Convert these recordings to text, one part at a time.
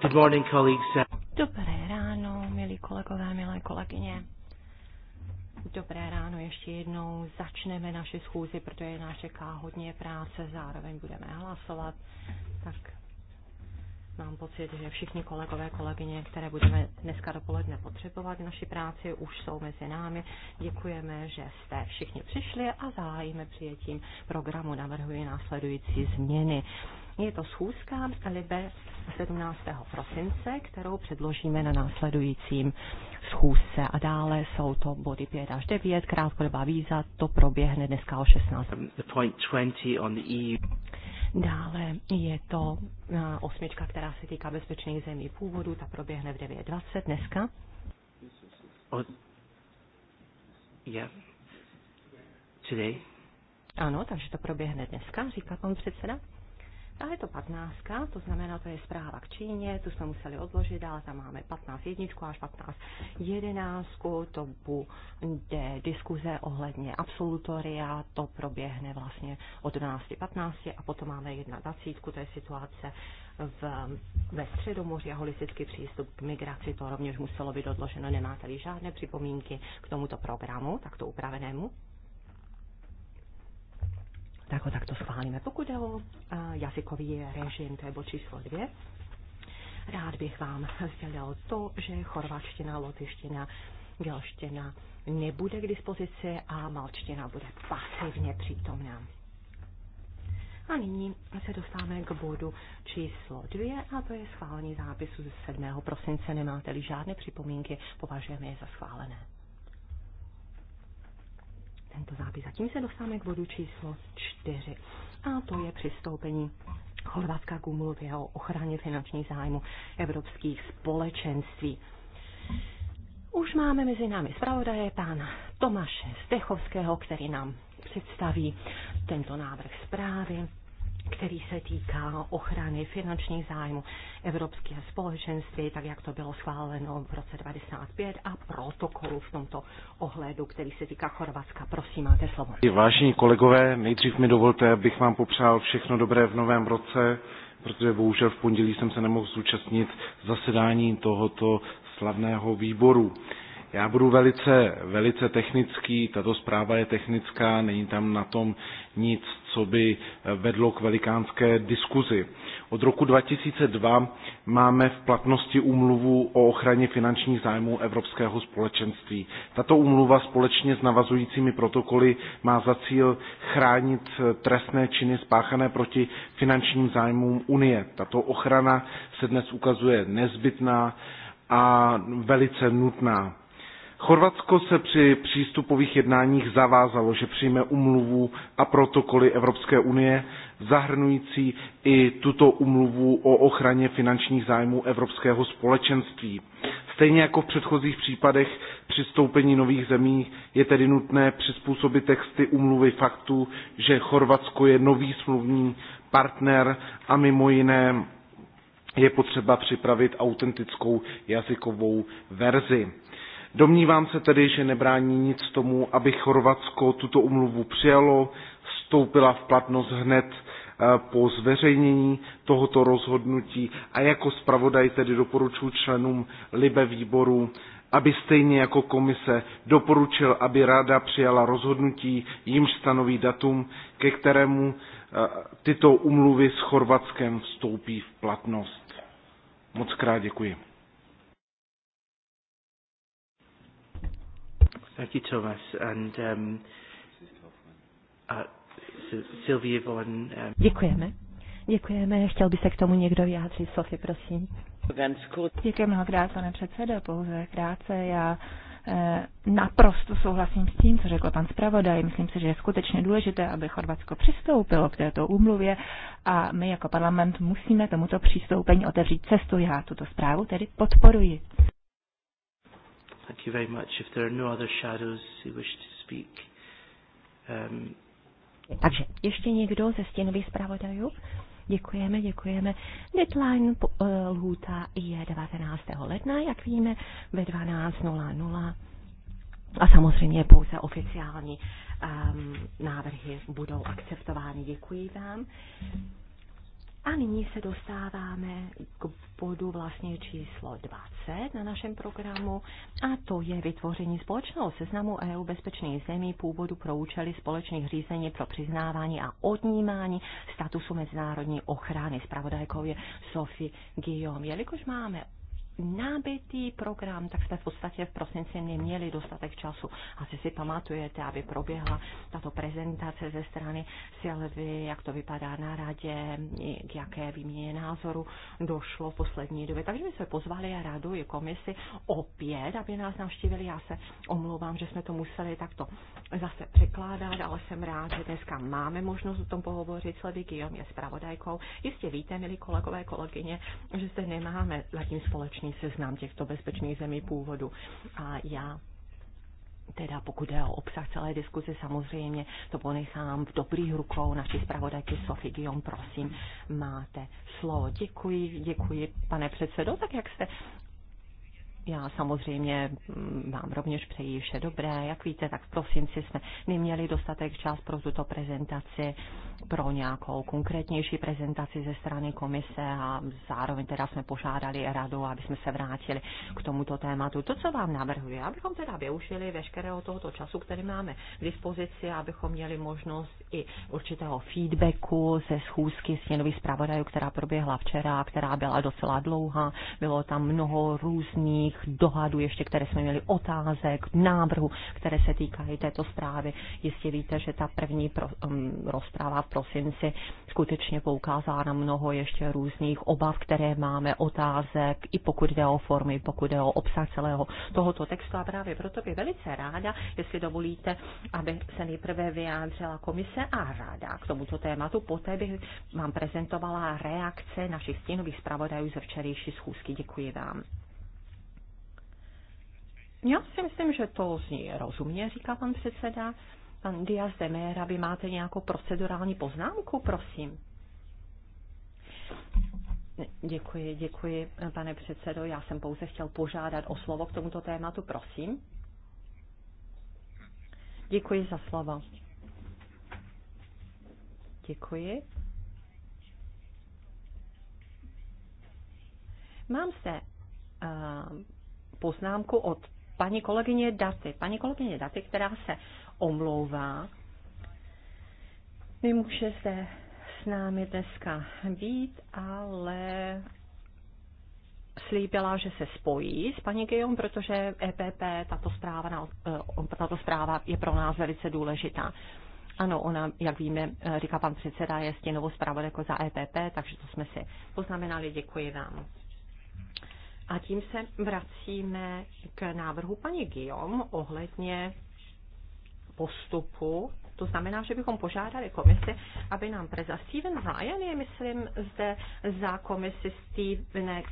Good morning, colleagues. Dobré ráno, milí kolegové, milé kolegyně. Dobré ráno ještě jednou. Začneme naši schůzi, protože nás čeká hodně práce, zároveň budeme hlasovat. Tak Mám pocit, že všichni kolegové, kolegyně, které budeme dneska dopoledne potřebovat v naší práci, už jsou mezi námi. Děkujeme, že jste všichni přišli a zahájíme přijetím programu. Navrhuji následující změny. Je to schůzka Libe 17. prosince, kterou předložíme na následujícím schůzce. A dále jsou to body 5 až 9, krátkodobá víza, to proběhne dneska o 16. Dále je to eh, osmička, která se týká bezpečných zemí původu, ta proběhne v 9.20 dneska. Today. Ano, takže to proběhne dneska, říká pan předseda. A je to 15, to znamená, to je zpráva k Číně, tu jsme museli odložit, ale tam máme 15 jedničku až 15 jedenáctku, to bude diskuze ohledně absolutoria, to proběhne vlastně od 12.15 a potom máme 21, to je situace v, ve Středomoří a holistický přístup k migraci, to rovněž muselo být odloženo, tady žádné připomínky k tomuto programu, takto upravenému tak ho takto schválíme. Pokud je o eh, jazykový režim, to je bod číslo dvě, rád bych vám sdělil to, že chorvačtina, lotyština, gelština nebude k dispozici a malčtina bude pasivně přítomná. A nyní se dostáváme k bodu číslo dvě a to je schválení zápisu ze 7. prosince. Nemáte-li žádné připomínky, považujeme je za schválené tento zápis. zatím se dostáváme k bodu číslo 4. A to je přistoupení Chorvatska k úmluvě o ochraně finančních zájmu evropských společenství. Už máme mezi námi zpravodaje pána Tomáše Stechovského, který nám představí tento návrh zprávy který se týká ochrany finančních zájmů Evropské společenství, tak jak to bylo schváleno v roce 1995 a protokolu v tomto ohledu, který se týká Chorvatska. Prosím, máte slovo. Vážení kolegové, nejdřív mi dovolte, abych vám popřál všechno dobré v novém roce, protože bohužel v pondělí jsem se nemohl zúčastnit zasedání tohoto slavného výboru. Já budu velice, velice technický, tato zpráva je technická, není tam na tom nic co by vedlo k velikánské diskuzi. Od roku 2002 máme v platnosti úmluvu o ochraně finančních zájmů Evropského společenství. Tato úmluva společně s navazujícími protokoly má za cíl chránit trestné činy spáchané proti finančním zájmům Unie. Tato ochrana se dnes ukazuje nezbytná a velice nutná. Chorvatsko se při přístupových jednáních zavázalo, že přijme umluvu a protokoly Evropské unie zahrnující i tuto umluvu o ochraně finančních zájmů Evropského společenství. Stejně jako v předchozích případech přistoupení nových zemí je tedy nutné přizpůsobit texty umluvy faktu, že Chorvatsko je nový smluvní partner a mimo jiné je potřeba připravit autentickou jazykovou verzi. Domnívám se tedy, že nebrání nic tomu, aby Chorvatsko tuto umluvu přijalo, vstoupila v platnost hned eh, po zveřejnění tohoto rozhodnutí a jako zpravodaj tedy doporučuji členům Libe výboru, aby stejně jako komise doporučil, aby ráda přijala rozhodnutí, jimž stanoví datum, ke kterému eh, tyto umluvy s Chorvatskem vstoupí v platnost. Moc krát děkuji. Thank you, Thomas. And, um, uh, Sylvie Yvonne, um... Děkujeme. Děkujeme. Chtěl by se k tomu někdo vyjádřit. Sofie, prosím. Děkuji mnohokrát, pane předsedo. Pouze krátce. Já eh, Naprosto souhlasím s tím, co řekl pan zpravodaj. Myslím si, že je skutečně důležité, aby Chorvatsko přistoupilo k této úmluvě a my jako parlament musíme tomuto přistoupení otevřít cestu. Já tuto zprávu tedy podporuji. Thank you very much. If there are no other shadows who wish to speak. Um... Takže ještě někdo ze stěnových zpravodajů? Děkujeme, děkujeme. Deadline eh, lhůta je 19. ledna, jak víme, ve 12.00. A samozřejmě pouze oficiální um, návrhy budou akceptovány. Děkuji vám. A nyní se dostáváme k bodu vlastně číslo 20 na našem programu a to je vytvoření společného seznamu EU bezpečných zemí původu pro účely společných řízení pro přiznávání a odnímání statusu mezinárodní ochrany. Spravodajkou je Sophie Guillaume. Jelikož máme nábitý program, tak jsme v podstatě v prosinci neměli dostatek času. Asi si pamatujete, aby proběhla tato prezentace ze strany Silvy, jak to vypadá na radě, k jaké výměně názoru došlo v poslední době. Takže my jsme pozvali radu i komisi opět, aby nás navštívili. Já se omlouvám, že jsme to museli takto zase překládat, ale jsem rád, že dneska máme možnost o tom pohovořit. Silvy Guillaume je zpravodajkou. Jistě víte, milí kolegové, kolegyně, že zde nemáme zatím společný detailní seznam těchto bezpečných zemí původu. A já teda pokud je o obsah celé diskuze, samozřejmě to ponechám v dobrých rukou naší zpravodajky Sofie Gion, prosím, máte slovo. Děkuji, děkuji, pane předsedo, tak jak jste já samozřejmě mm, vám rovněž přeji vše dobré. Jak víte, tak v prosinci jsme neměli dostatek čas pro tuto prezentaci, pro nějakou konkrétnější prezentaci ze strany komise a zároveň teda jsme požádali radu, aby jsme se vrátili k tomuto tématu. To, co vám navrhuji, abychom teda využili veškerého tohoto času, který máme k dispozici, abychom měli možnost i určitého feedbacku ze schůzky s sněnových zpravodajů, která proběhla včera, která byla docela dlouhá. Bylo tam mnoho různých různých dohadů ještě, které jsme měli, otázek, návrhu, které se týkají této zprávy. Jistě víte, že ta první pro, um, rozpráva v prosinci skutečně poukázala na mnoho ještě různých obav, které máme, otázek, i pokud jde o formy, pokud jde o obsah celého tohoto textu. A právě proto bych velice ráda, jestli dovolíte, aby se nejprve vyjádřila komise a ráda k tomuto tématu. Poté bych vám prezentovala reakce našich stínových zpravodajů ze včerejší schůzky. Děkuji vám. Já si myslím, že to zní rozumně, říká pan předseda. Pan Diaz de Mera, vy máte nějakou procedurální poznámku, prosím. Děkuji, děkuji, pane předsedo. Já jsem pouze chtěl požádat o slovo k tomuto tématu, prosím. Děkuji za slovo. Děkuji. Mám se uh, eh, poznámku od paní kolegyně Daty. Paní kolegyně Daty, která se omlouvá, nemůže se s námi dneska být, ale slíbila, že se spojí s paní Gejom, protože EPP, tato zpráva, eh, tato zpráva je pro nás velice důležitá. Ano, ona, jak víme, eh, říká pan předseda, je stěnovou zpravodajko za EPP, takže to jsme si poznamenali. Děkuji vám. A tím se vracíme k návrhu paní Guillaume ohledně postupu. To znamená, že bychom požádali komisi, aby nám preza Steven Ryan je, myslím, zde za komisi Steven.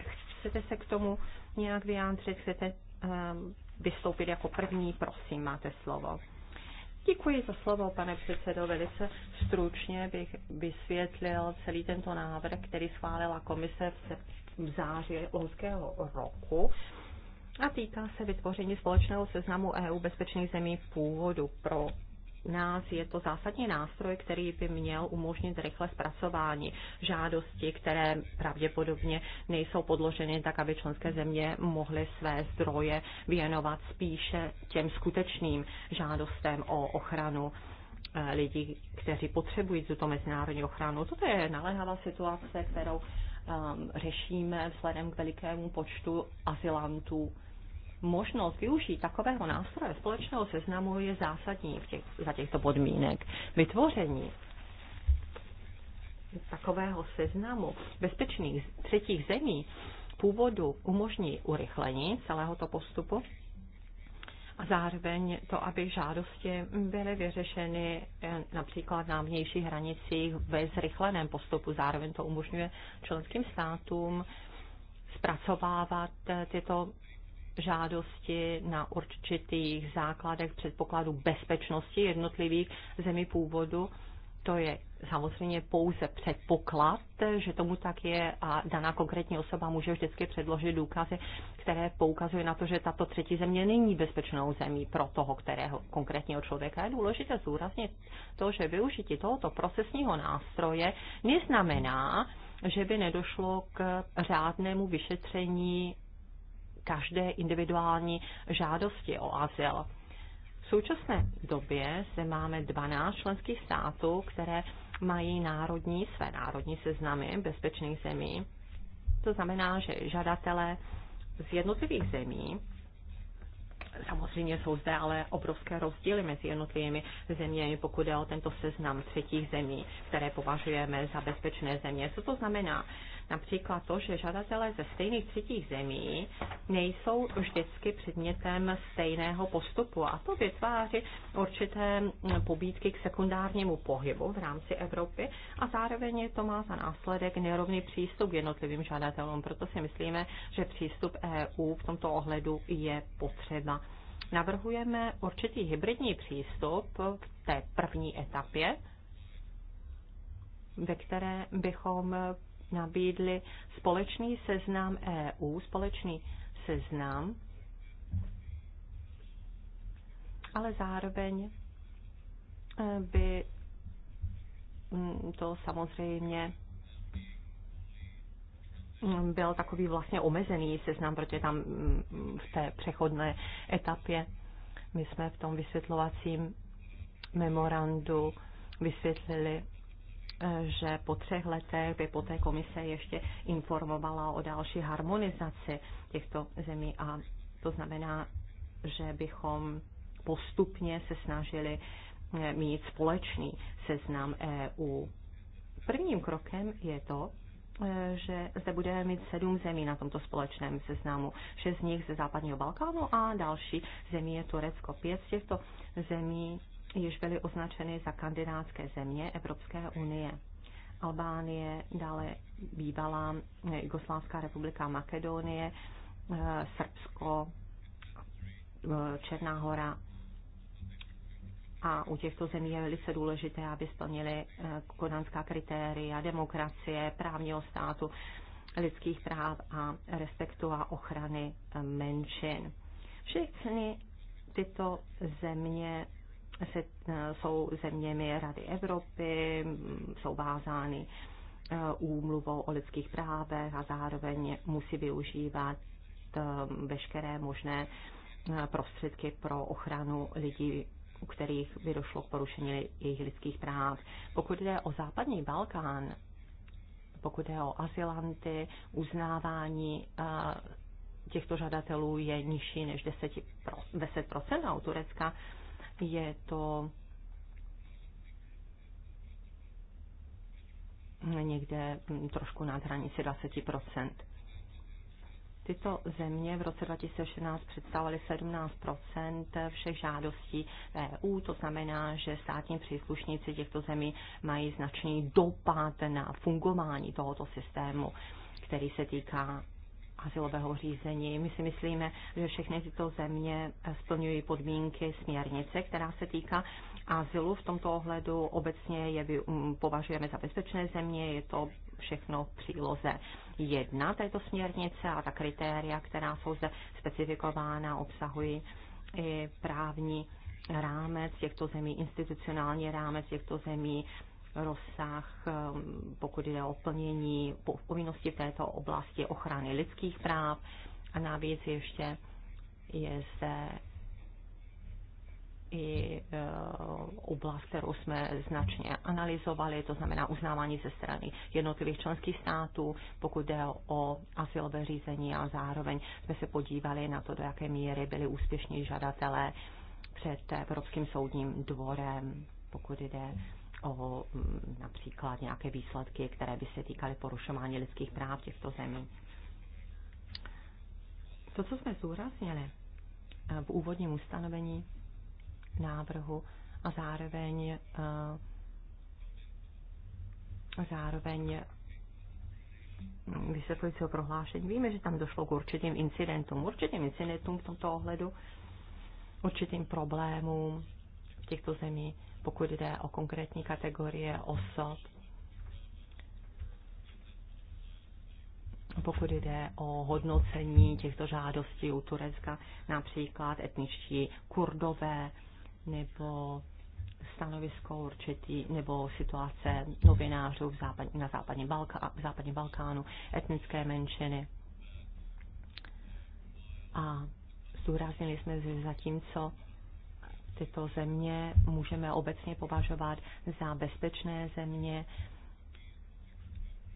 Chcete se k tomu nějak vyjádřit? Chcete um, vystoupit jako první? Prosím, máte slovo. Děkuji za slovo, pane předsedo. Velice stručně bych vysvětlil celý tento návrh, který schválila komise v v září loňského roku a týká se vytvoření společného seznamu EU bezpečných zemí v původu pro nás je to zásadní nástroj, který by měl umožnit rychle zpracování žádosti, které pravděpodobně nejsou podloženy tak, aby členské země mohly své zdroje věnovat spíše těm skutečným žádostem o ochranu eh, lidí, kteří potřebují tuto mezinárodní ochranu. Toto je naléhavá situace, kterou Um, řešíme vzhledem k velikému počtu asilantů. Možnost využít takového nástroje společného seznamu je zásadní v těch, za těchto podmínek. Vytvoření takového seznamu bezpečných třetích zemí původu umožní urychlení celého to postupu a zároveň to, aby žádosti byly vyřešeny eh, například na vnějších hranicích ve zrychleném postupu. Zároveň to umožňuje členským státům zpracovávat eh, tyto žádosti na určitých základech předpokladu bezpečnosti jednotlivých zemí původu to je samozřejmě pouze předpoklad, že tomu tak je a daná konkrétní osoba může vždycky předložit důkazy, které poukazují na to, že tato třetí země není bezpečnou zemí pro toho, kterého konkrétního člověka. Je důležité zúraznit to, že využití tohoto procesního nástroje neznamená, že by nedošlo k řádnému vyšetření každé individuální žádosti o azyl. V současné době se máme 12 členských států, které mají národní, své národní seznamy bezpečných zemí. To znamená, že žadatelé z jednotlivých zemí Samozřejmě jsou zde ale obrovské rozdíly mezi jednotlivými zeměmi, pokud je o tento seznam třetích zemí, které považujeme za bezpečné země. Co to znamená? Například to, že žadatelé ze stejných třetích zemí nejsou vždycky předmětem stejného postupu a to vytváří určité pobídky k sekundárnímu pohybu v rámci Evropy a zároveň to má za následek nerovný přístup k jednotlivým žadatelům. Proto si myslíme, že přístup EU v tomto ohledu je potřeba. Navrhujeme určitý hybridní přístup v té první etapě, ve které bychom nabídli společný seznam EU, společný seznam, ale zároveň eh, by mm, to samozřejmě byl takový vlastně omezený seznam, protože tam mm, v té přechodné etapě my jsme v tom vysvětlovacím memorandu vysvětlili že po třech letech by poté komise ještě informovala o další harmonizaci těchto zemí a to znamená, že bychom postupně se snažili eh, mít společný seznam EU. Prvním krokem je to, eh, že zde budeme mít sedm zemí na tomto společném seznamu. Šest z nich ze západního Balkánu a další zemí je Turecko. Pět z těchto zemí již byly označeny za kandidátské země Evropské unie. Albánie, dále bývalá eh, Jugoslávská republika Makedonie, eh, Srbsko, eh, Černá hora. A u těchto zemí je velice důležité, aby splnili kodanská kritéria demokracie, právního státu, lidských práv a respektu a ochrany menšin. Všechny tyto země se, eh, jsou zeměmi Rady Evropy, jsou vázány eh, úmluvou o lidských právech a zároveň musí využívat eh, veškeré možné prostředky pro ochranu lidí, u kterých by došlo k porušení jejich lidských práv. Pokud jde o západní Balkán, pokud jde o asilanty, uznávání těchto žadatelů je nižší než 10%, 10 a u Turecka je to někde trošku nad hranici 20%. Tyto země v roce 2016 představovaly 17 všech žádostí EU, to znamená, že státní příslušníci těchto zemí mají značný dopad na fungování tohoto systému, který se týká azylového řízení. My si myslíme, že všechny tyto země splňují podmínky směrnice, která se týká azylu. V tomto ohledu obecně je považujeme za bezpečné země, je to všechno v příloze jedna této směrnice a ta kritéria, která jsou zde specifikována, obsahují i právní rámec těchto zemí, institucionální rámec těchto zemí, rozsah, um, pokud jde o plnění povinnosti v této oblasti ochrany lidských práv. A navíc ještě je zde i uh, oblast, kterou jsme značně analyzovali, to znamená uznávání ze strany jednotlivých členských států, pokud jde o asilové řízení a zároveň jsme se podívali na to, do jaké míry byli úspěšní žadatelé před Evropským soudním dvorem, pokud jde o mm, například nějaké výsledky, které by se týkaly porušování lidských práv těchto zemí. To, co jsme zúraznili eh, v úvodním ustanovení návrhu a zároveň a eh, zároveň mm, vysvětlujícího prohlášení. Víme, že tam došlo k určitým incidentům, určitým incidentům v tomto ohledu, určitým problémům v těchto zemích pokud jde o konkrétní kategorie osob, pokud jde o hodnocení těchto žádostí u Turecka, například etničtí kurdové nebo stanovisko určitý, nebo situace novinářů v západ, na západní, Balka, v západní Balkánu, etnické menšiny. A zdůraznili jsme, že zatímco tyto země můžeme obecně považovat za bezpečné země.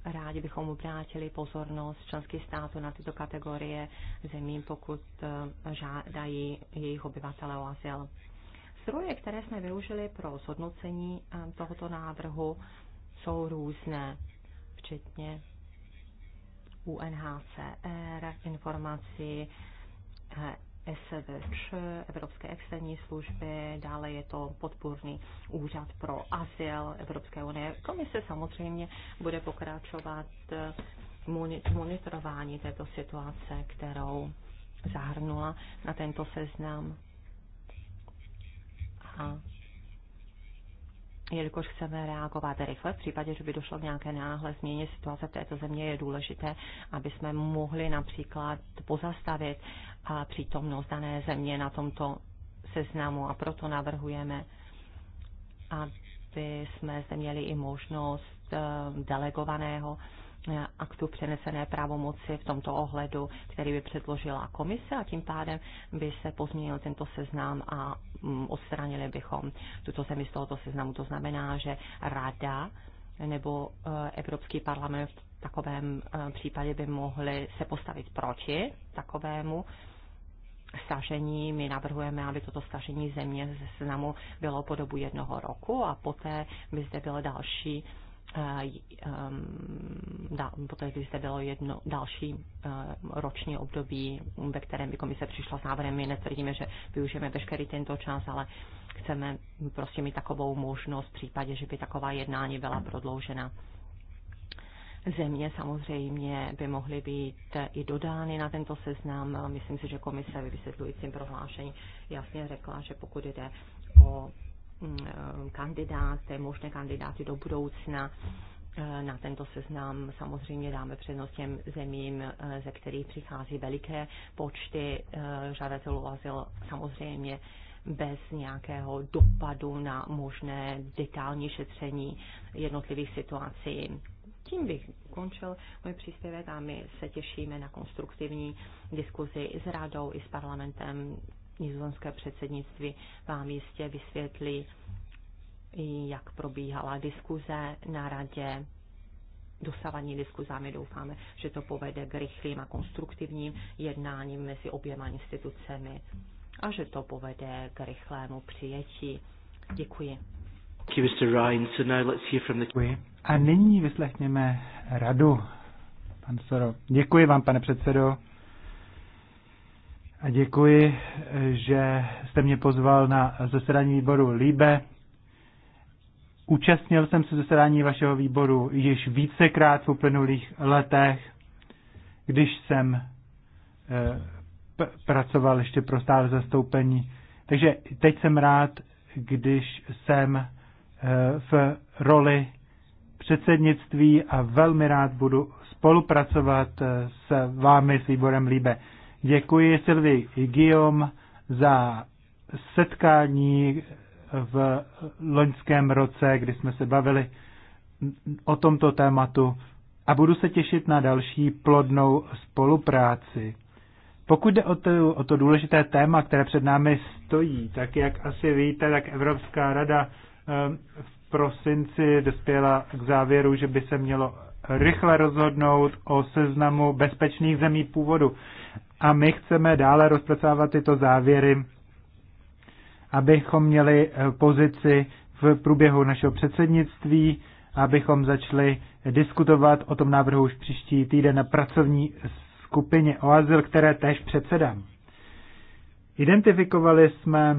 Rádi bychom obrátili pozornost členských států na tyto kategorie zemí, pokud eh, žádají jejich obyvatele o azyl. Zdroje, které jsme využili pro zhodnocení eh, tohoto návrhu, jsou různé, včetně UNHCR, informací eh, SVČ, Evropské externí služby, dále je to podpůrný úřad pro azyl Evropské unie. Komise samozřejmě bude pokračovat monitorování této situace, kterou zahrnula na tento seznam. A jelikož chceme reagovat rychle, v případě, že by došlo k nějaké náhle změně situace v této země, je důležité, aby jsme mohli například pozastavit a přítomnost dané země na tomto seznamu a proto navrhujeme, aby jsme zde měli i možnost eh, delegovaného eh, aktu přenesené pravomoci v tomto ohledu, který by předložila komise a tím pádem by se pozměnil tento seznam a mm, odstranili bychom tuto zemi z tohoto seznamu. To znamená, že rada nebo eh, Evropský parlament v takovém případě by mohli se postavit proti takovému stažení. My navrhujeme, aby toto stažení země ze seznamu bylo po dobu jednoho roku a poté by zde bylo další eh, ehm, poté, když zde bylo jedno další eh, roční období, ve kterém by komise přišla s návrhem, my netvrdíme, že využijeme veškerý tento čas, ale chceme prostě mít takovou možnost v případě, že by taková jednání byla prodloužena země samozřejmě by mohly být i dodány na tento seznam. Myslím si, že komise ve vysvětlujícím prohlášení jasně řekla, že pokud jde o mm, kandidáty, možné kandidáty do budoucna, eh, na tento seznam samozřejmě dáme přednost těm zemím, eh, ze kterých přichází veliké počty eh, žadatelů azyl. Samozřejmě bez nějakého dopadu na možné detailní šetření jednotlivých situací tím bych ukončil můj příspěvek a my se těšíme na konstruktivní diskuzi i s radou, i s parlamentem. Nizozemské předsednictví vám jistě vysvětlí, jak probíhala diskuze na radě, dosavadní diskuze a my doufáme, že to povede k rychlým a konstruktivním jednáním mezi oběma institucemi a že to povede k rychlému přijetí. Děkuji. Děkuji. A nyní vyslechněme radu. Pan Soro. Děkuji vám, pane předsedo. A děkuji, že jste mě pozval na zasedání výboru Líbe. Účastnil jsem se zasedání vašeho výboru již vícekrát v uplynulých letech, když jsem eh, pracoval ještě pro stále zastoupení. Takže teď jsem rád, když jsem v roli předsednictví a velmi rád budu spolupracovat s vámi, s výborem Líbe. Děkuji Silvi i Guillaume za setkání v loňském roce, kdy jsme se bavili o tomto tématu a budu se těšit na další plodnou spolupráci. Pokud jde o to, o to důležité téma, které před námi stojí, tak jak asi víte, tak Evropská rada Ehm, v prosinci dospěla k závěru, že by se mělo rychle rozhodnout o seznamu bezpečných zemí původu. A my chceme dále rozpracovat tyto závěry, abychom měli eh, pozici v průběhu našeho předsednictví, abychom začali diskutovat o tom návrhu už příští týden na pracovní skupině o azyl, které tež předsedám. Identifikovali jsme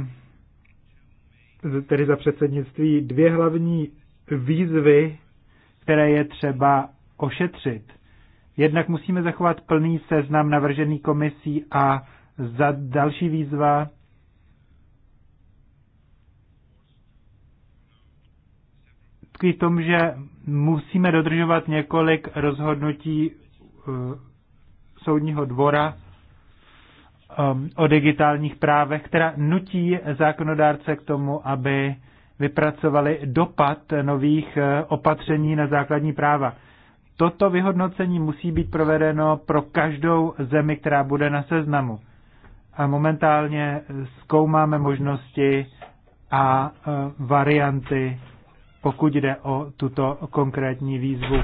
tedy za předsednictví, dvě hlavní výzvy, které je třeba ošetřit. Jednak musíme zachovat plný seznam navržený komisí a za další výzva tkví v tom, že musíme dodržovat několik rozhodnutí eh, soudního dvora Um, o digitálních právech, která nutí zákonodárce k tomu, aby vypracovali dopad nových eh, opatření na základní práva. Toto vyhodnocení musí být provedeno pro každou zemi, která bude na seznamu. A momentálně zkoumáme možnosti a eh, varianty, pokud jde o tuto konkrétní výzvu.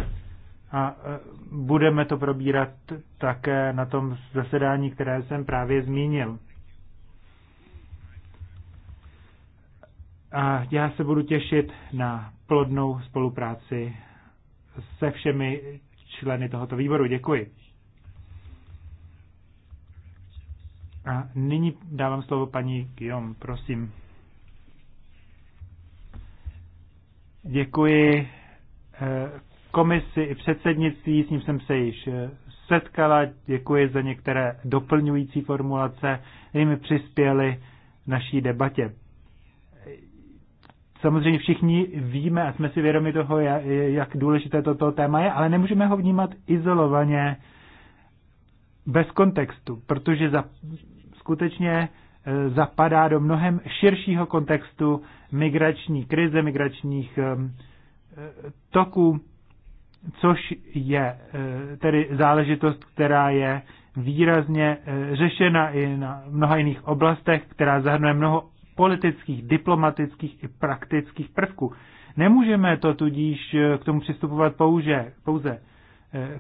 A e, budeme to probírat také na tom zasedání, které jsem právě zmínil. A já se budu těšit na plodnou spolupráci se všemi členy tohoto výboru. Děkuji. A nyní dávám slovo paní Kion, prosím. Děkuji e, komisi i předsednictví, s ním jsem se již eh, setkala, děkuji za některé doplňující formulace, jimi přispěli naší debatě. Samozřejmě všichni víme a jsme si vědomi toho, jak důležité toto téma je, ale nemůžeme ho vnímat izolovaně, bez kontextu, protože za, skutečně eh, zapadá do mnohem širšího kontextu migrační krize, migračních eh, toků což je eh, tedy záležitost, která je výrazně eh, řešena i na mnoha jiných oblastech, která zahrnuje mnoho politických, diplomatických i praktických prvků. Nemůžeme to tudíž eh, k tomu přistupovat pouze, pouze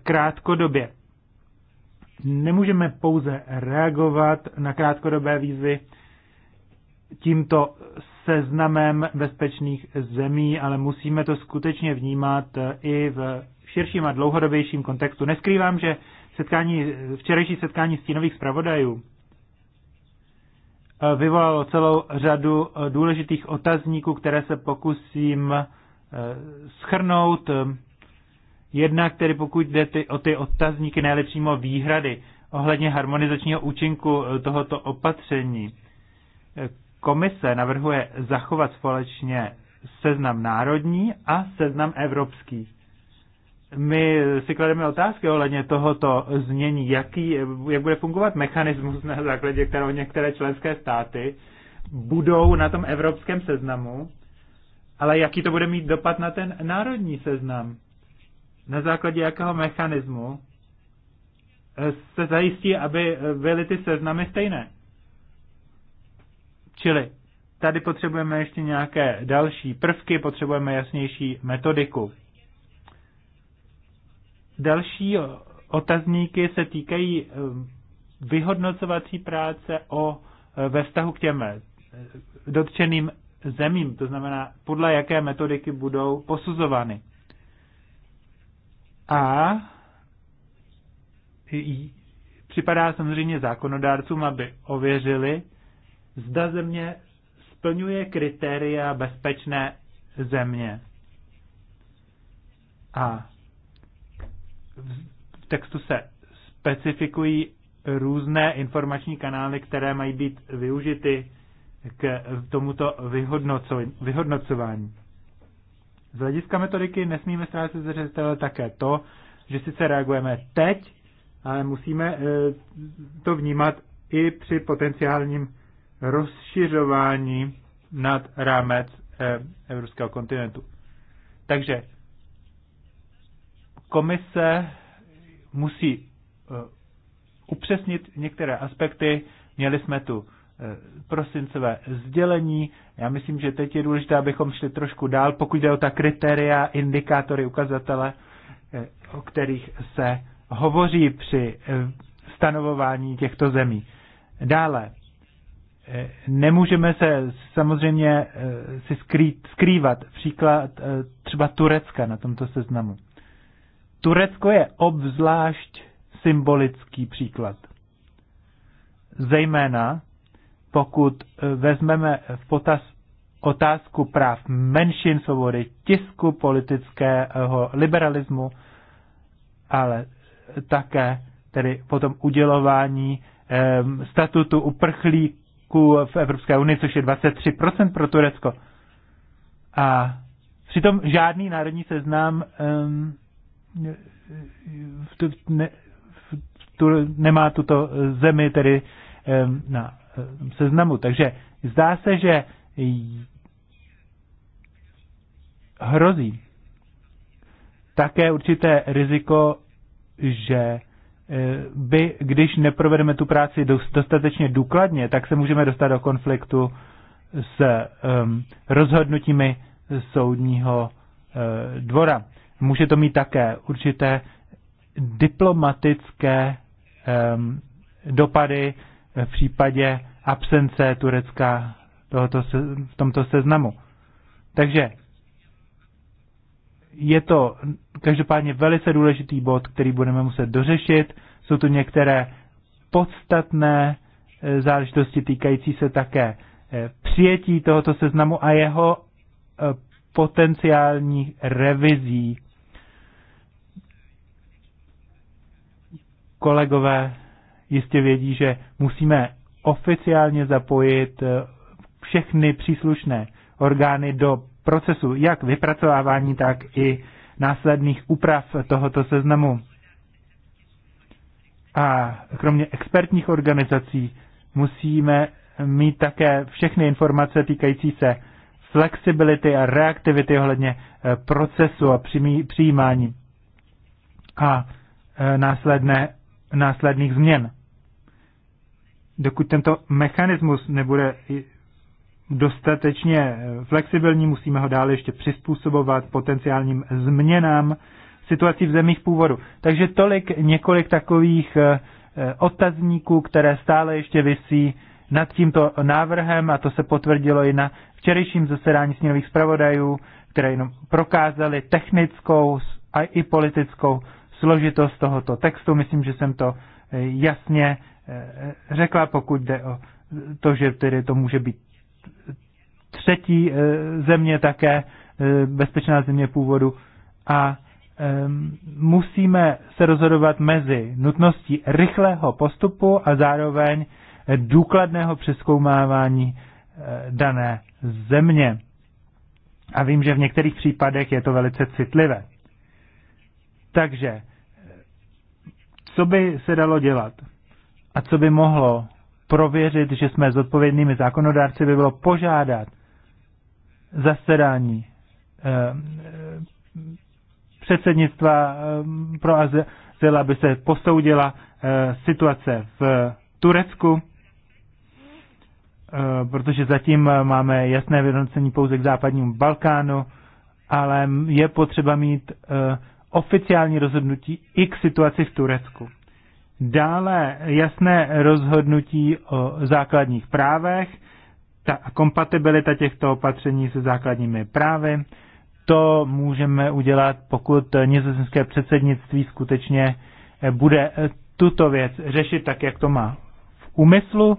krátkodobě. Nemůžeme pouze reagovat na krátkodobé výzvy tímto seznamem bezpečných zemí, ale musíme to skutečně vnímat eh, i v širším a dlouhodobějším kontextu. Neskrývám, že setkání, včerejší setkání stínových zpravodajů eh, vyvolalo celou řadu eh, důležitých otazníků, které se pokusím schrnout. Jedna, který pokud jde ty, o ty otazníky, ne výhrady ohledně harmonizačního účinku tohoto opatření. Komise navrhuje zachovat společně seznam národní a seznam evropský. My si klademe otázky ohledně tohoto změní, jaký, jak bude fungovat mechanismus, na základě kterého některé členské státy budou na tom evropském seznamu, ale jaký to bude mít dopad na ten národní seznam? Na základě jakého mechanismu se zajistí, aby byly ty seznamy stejné? Čili tady potřebujeme ještě nějaké další prvky, potřebujeme jasnější metodiku. Další otazníky se týkají eh, vyhodnocovací práce o, eh, ve vztahu k těm eh, dotčeným zemím, to znamená, podle jaké metodiky budou posuzovány. A připadá samozřejmě zákonodárcům, aby ověřili, zda země splňuje kritéria bezpečné země. A v textu se specifikují různé informační kanály, které mají být využity k tomuto vyhodnocování. Z hlediska metodiky nesmíme ztrácet ze zřetele také to, že sice reagujeme teď, ale musíme eh, to vnímat i při potenciálním rozšiřování nad rámec eh, evropského kontinentu. Takže komise musí eh, upřesnit některé aspekty. Měli jsme tu eh, prosincové sdělení. Já myslím, že teď je důležité, abychom šli trošku dál, pokud jde o ta kritéria, indikátory, ukazatele, o kterých se hovoří při stanovování těchto zemí. Dále, nemůžeme se samozřejmě eh, si skrýt, skrývat. Příklad eh, třeba Turecka na tomto seznamu. Turecko je obzvlášť symbolický příklad. Zejména pokud eh, vezmeme v potaz otázku práv menšin, svobody tisku, politického liberalismu, ale také tedy potom udělování statutu uprchlík uprchlíků v Evropské unii, což je 23% pro Turecko. A přitom žádný národní seznam um, v, ne, v, tu, nemá tuto zemi tedy um, na um, seznamu. Takže zdá se, že hrozí také určité riziko, že by, když neprovedeme tu práci dostatečně důkladně, tak se můžeme dostat do konfliktu s um, rozhodnutími soudního uh, dvora. Může to mít také určité diplomatické um, dopady v případě absence Turecka tohoto, v tomto seznamu. Takže je to každopádně velice důležitý bod, který budeme muset dořešit. Jsou tu některé podstatné eh, záležitosti týkající se také eh, přijetí tohoto seznamu a jeho eh, potenciální revizí. Kolegové jistě vědí, že musíme oficiálně zapojit všechny příslušné orgány do procesu, jak vypracovávání, tak i následných úprav tohoto seznamu. A kromě expertních organizací musíme mít také všechny informace týkající se flexibility a reaktivity ohledně eh, procesu a přijímání a eh, následné, následných změn. Dokud tento mechanismus nebude dostatečně eh, flexibilní, musíme ho dále ještě přizpůsobovat potenciálním změnám situací v zemích původu. Takže tolik několik takových eh, eh, otazníků, které stále ještě visí nad tímto návrhem a to se potvrdilo i na včerejším zasedání sněhových zpravodajů, které jenom prokázaly technickou a i politickou složitost tohoto textu. Myslím, že jsem to jasně řekla, pokud jde o to, že tedy to může být třetí eh, země také, eh, bezpečná země původu. A musíme se rozhodovat mezi nutností rychlého postupu a zároveň důkladného přeskoumávání eh, dané země. A vím, že v některých případech je to velice citlivé. Takže, co by se dalo dělat? A co by mohlo prověřit, že jsme zodpovědnými zákonodárci, by bylo požádat zasedání eh, eh, předsednictva eh, pro azyl, aby se posoudila situace v Turecku, protože zatím máme jasné vyhodnocení pouze k západnímu Balkánu, ale je potřeba mít oficiální rozhodnutí i k situaci v Turecku. Dále jasné rozhodnutí o základních právech, a kompatibilita těchto opatření se základními právy. To můžeme udělat, pokud nizozemské předsednictví skutečně bude tuto věc řešit tak, jak to má v úmyslu.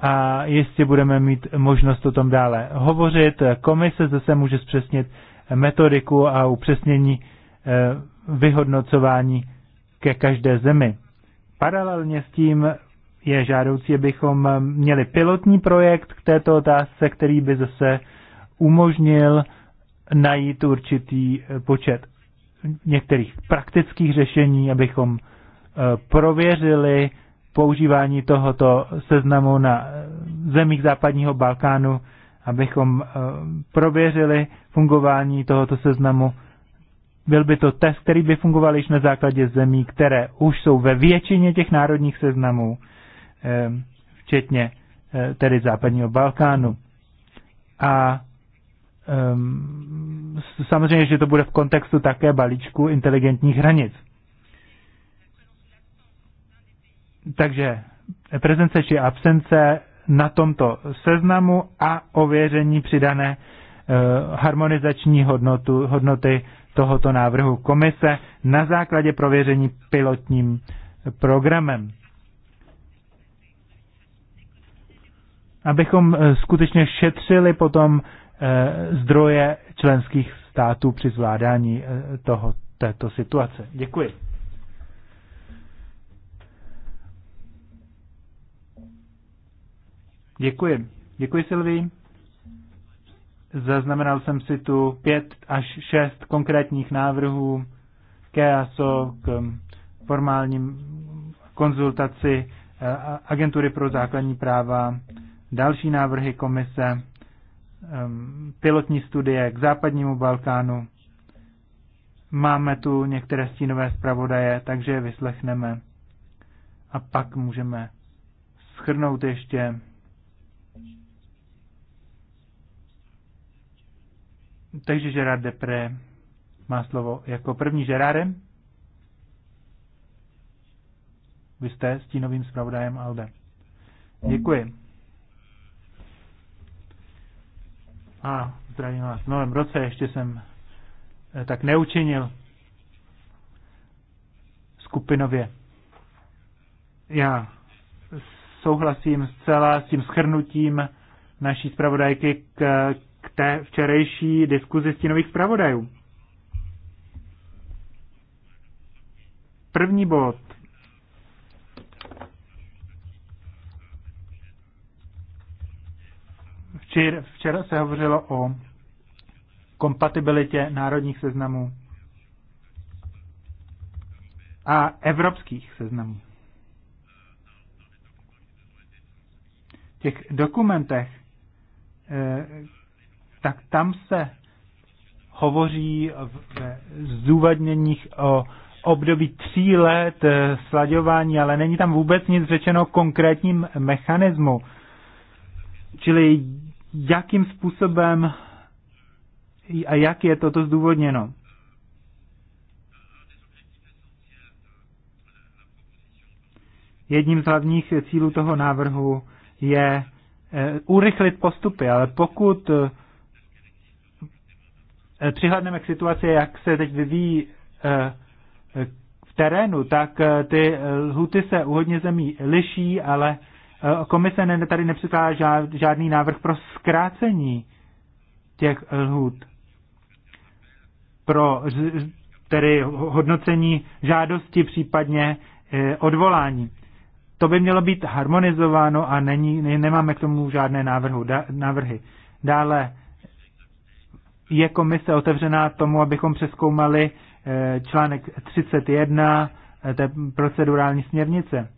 A jestli budeme mít možnost o tom dále hovořit. Komise zase může zpřesnit metodiku a upřesnění eh, vyhodnocování ke každé zemi. Paralelně s tím je žádoucí, abychom měli pilotní projekt k této otázce, který by zase umožnil najít určitý eh, počet některých praktických řešení, abychom eh, prověřili používání tohoto seznamu na eh, zemích západního Balkánu, abychom prověřili fungování tohoto seznamu byl by to test, který by fungoval již na základě zemí, které už jsou ve většině těch národních seznamů, ehm, včetně eh, tedy západního Balkánu. A ehm, samozřejmě, že to bude v kontextu také balíčku inteligentních hranic. Takže prezence či absence na tomto seznamu a ověření přidané eh, harmonizační hodnotu, hodnoty tohoto návrhu komise na základě prověření pilotním programem. Abychom eh, skutečně šetřili potom eh, zdroje členských států při zvládání eh, toho, této situace. Děkuji. Děkuji. Děkuji, Sylvie. Zaznamenal jsem si tu pět až šest konkrétních návrhů k EASO, k um, formálním konzultaci eh, Agentury pro základní práva, další návrhy komise, um, pilotní studie k západnímu Balkánu. Máme tu některé stínové zpravodaje, takže je vyslechneme. A pak můžeme schrnout ještě Takže Gerard Depré má slovo jako první Gerardem. Vy jste stínovým zpravodajem Alde. Děkuji. A zdravím vás v novém roce, ještě jsem eh, tak neučinil skupinově. Já souhlasím zcela s tím schrnutím naší zpravodajky k, té včerejší diskuzi stínových zpravodajů. První bod. Včera, včera se hovořilo o kompatibilitě národních seznamů a evropských seznamů. V těch dokumentech, eh, tak tam se hovoří v zúvadněních o období tří let eh, slaďování, ale není tam vůbec nic řečeno konkrétním mechanismu. Čili jakým způsobem a jak je toto zdůvodněno. Jedním z hlavních cílů toho návrhu je eh, urychlit postupy, ale pokud eh, Eh, přihledneme k situaci, jak se teď vyvíjí eh, eh, v terénu, tak ty lhuty se u hodně zemí liší, ale komise tady nepřikládá žádný návrh pro zkrácení těch lhut pro tedy hodnocení žádosti, případně odvolání. To by mělo být harmonizováno a není, nemáme k tomu žádné návrhu, návrhy. Dále je komise otevřená tomu, abychom přeskoumali eh, článek 31 eh, té procedurální směrnice.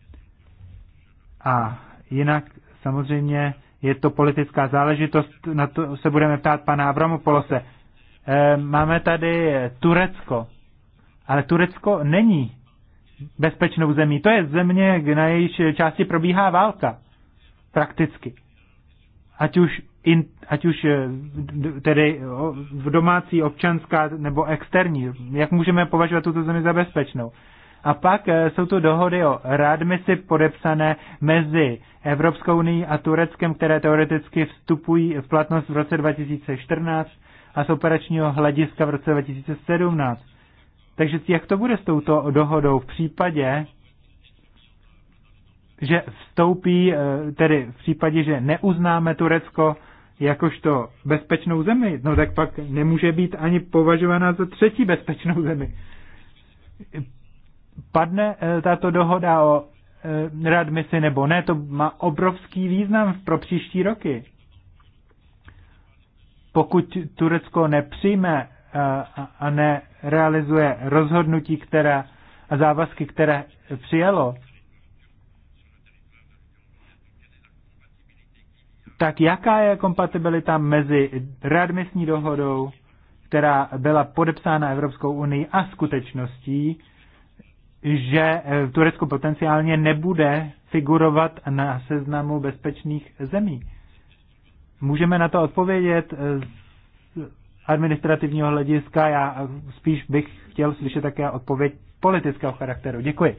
A jinak samozřejmě je to politická záležitost, na to se budeme ptát pana Avramopolose. Eh, máme tady Turecko, ale Turecko není bezpečnou zemí. To je země, na jejíž části probíhá válka. Prakticky ať už, in, ať už eh, tedy v domácí, občanská nebo externí, jak můžeme považovat tuto zemi za bezpečnou. A pak eh, jsou tu dohody o rádmisi podepsané mezi Evropskou unii a Tureckem, které teoreticky vstupují v platnost v roce 2014 a z operačního hlediska v roce 2017. Takže jak to bude s touto dohodou v případě, že vstoupí, eh, tedy v případě, že neuznáme Turecko jakožto bezpečnou zemi, no tak pak nemůže být ani považovaná za třetí bezpečnou zemi. Padne eh, tato dohoda o eh, readmisi nebo ne, to má obrovský význam pro příští roky. Pokud Turecko nepřijme a nerealizuje rozhodnutí která, a závazky, které přijalo, tak jaká je kompatibilita mezi readmisní dohodou, která byla podepsána Evropskou unii a skutečností, že eh, Turecko potenciálně nebude figurovat na seznamu bezpečných zemí. Můžeme na to odpovědět eh, z administrativního hlediska. Já eh, spíš bych chtěl slyšet také odpověď politického charakteru. Děkuji.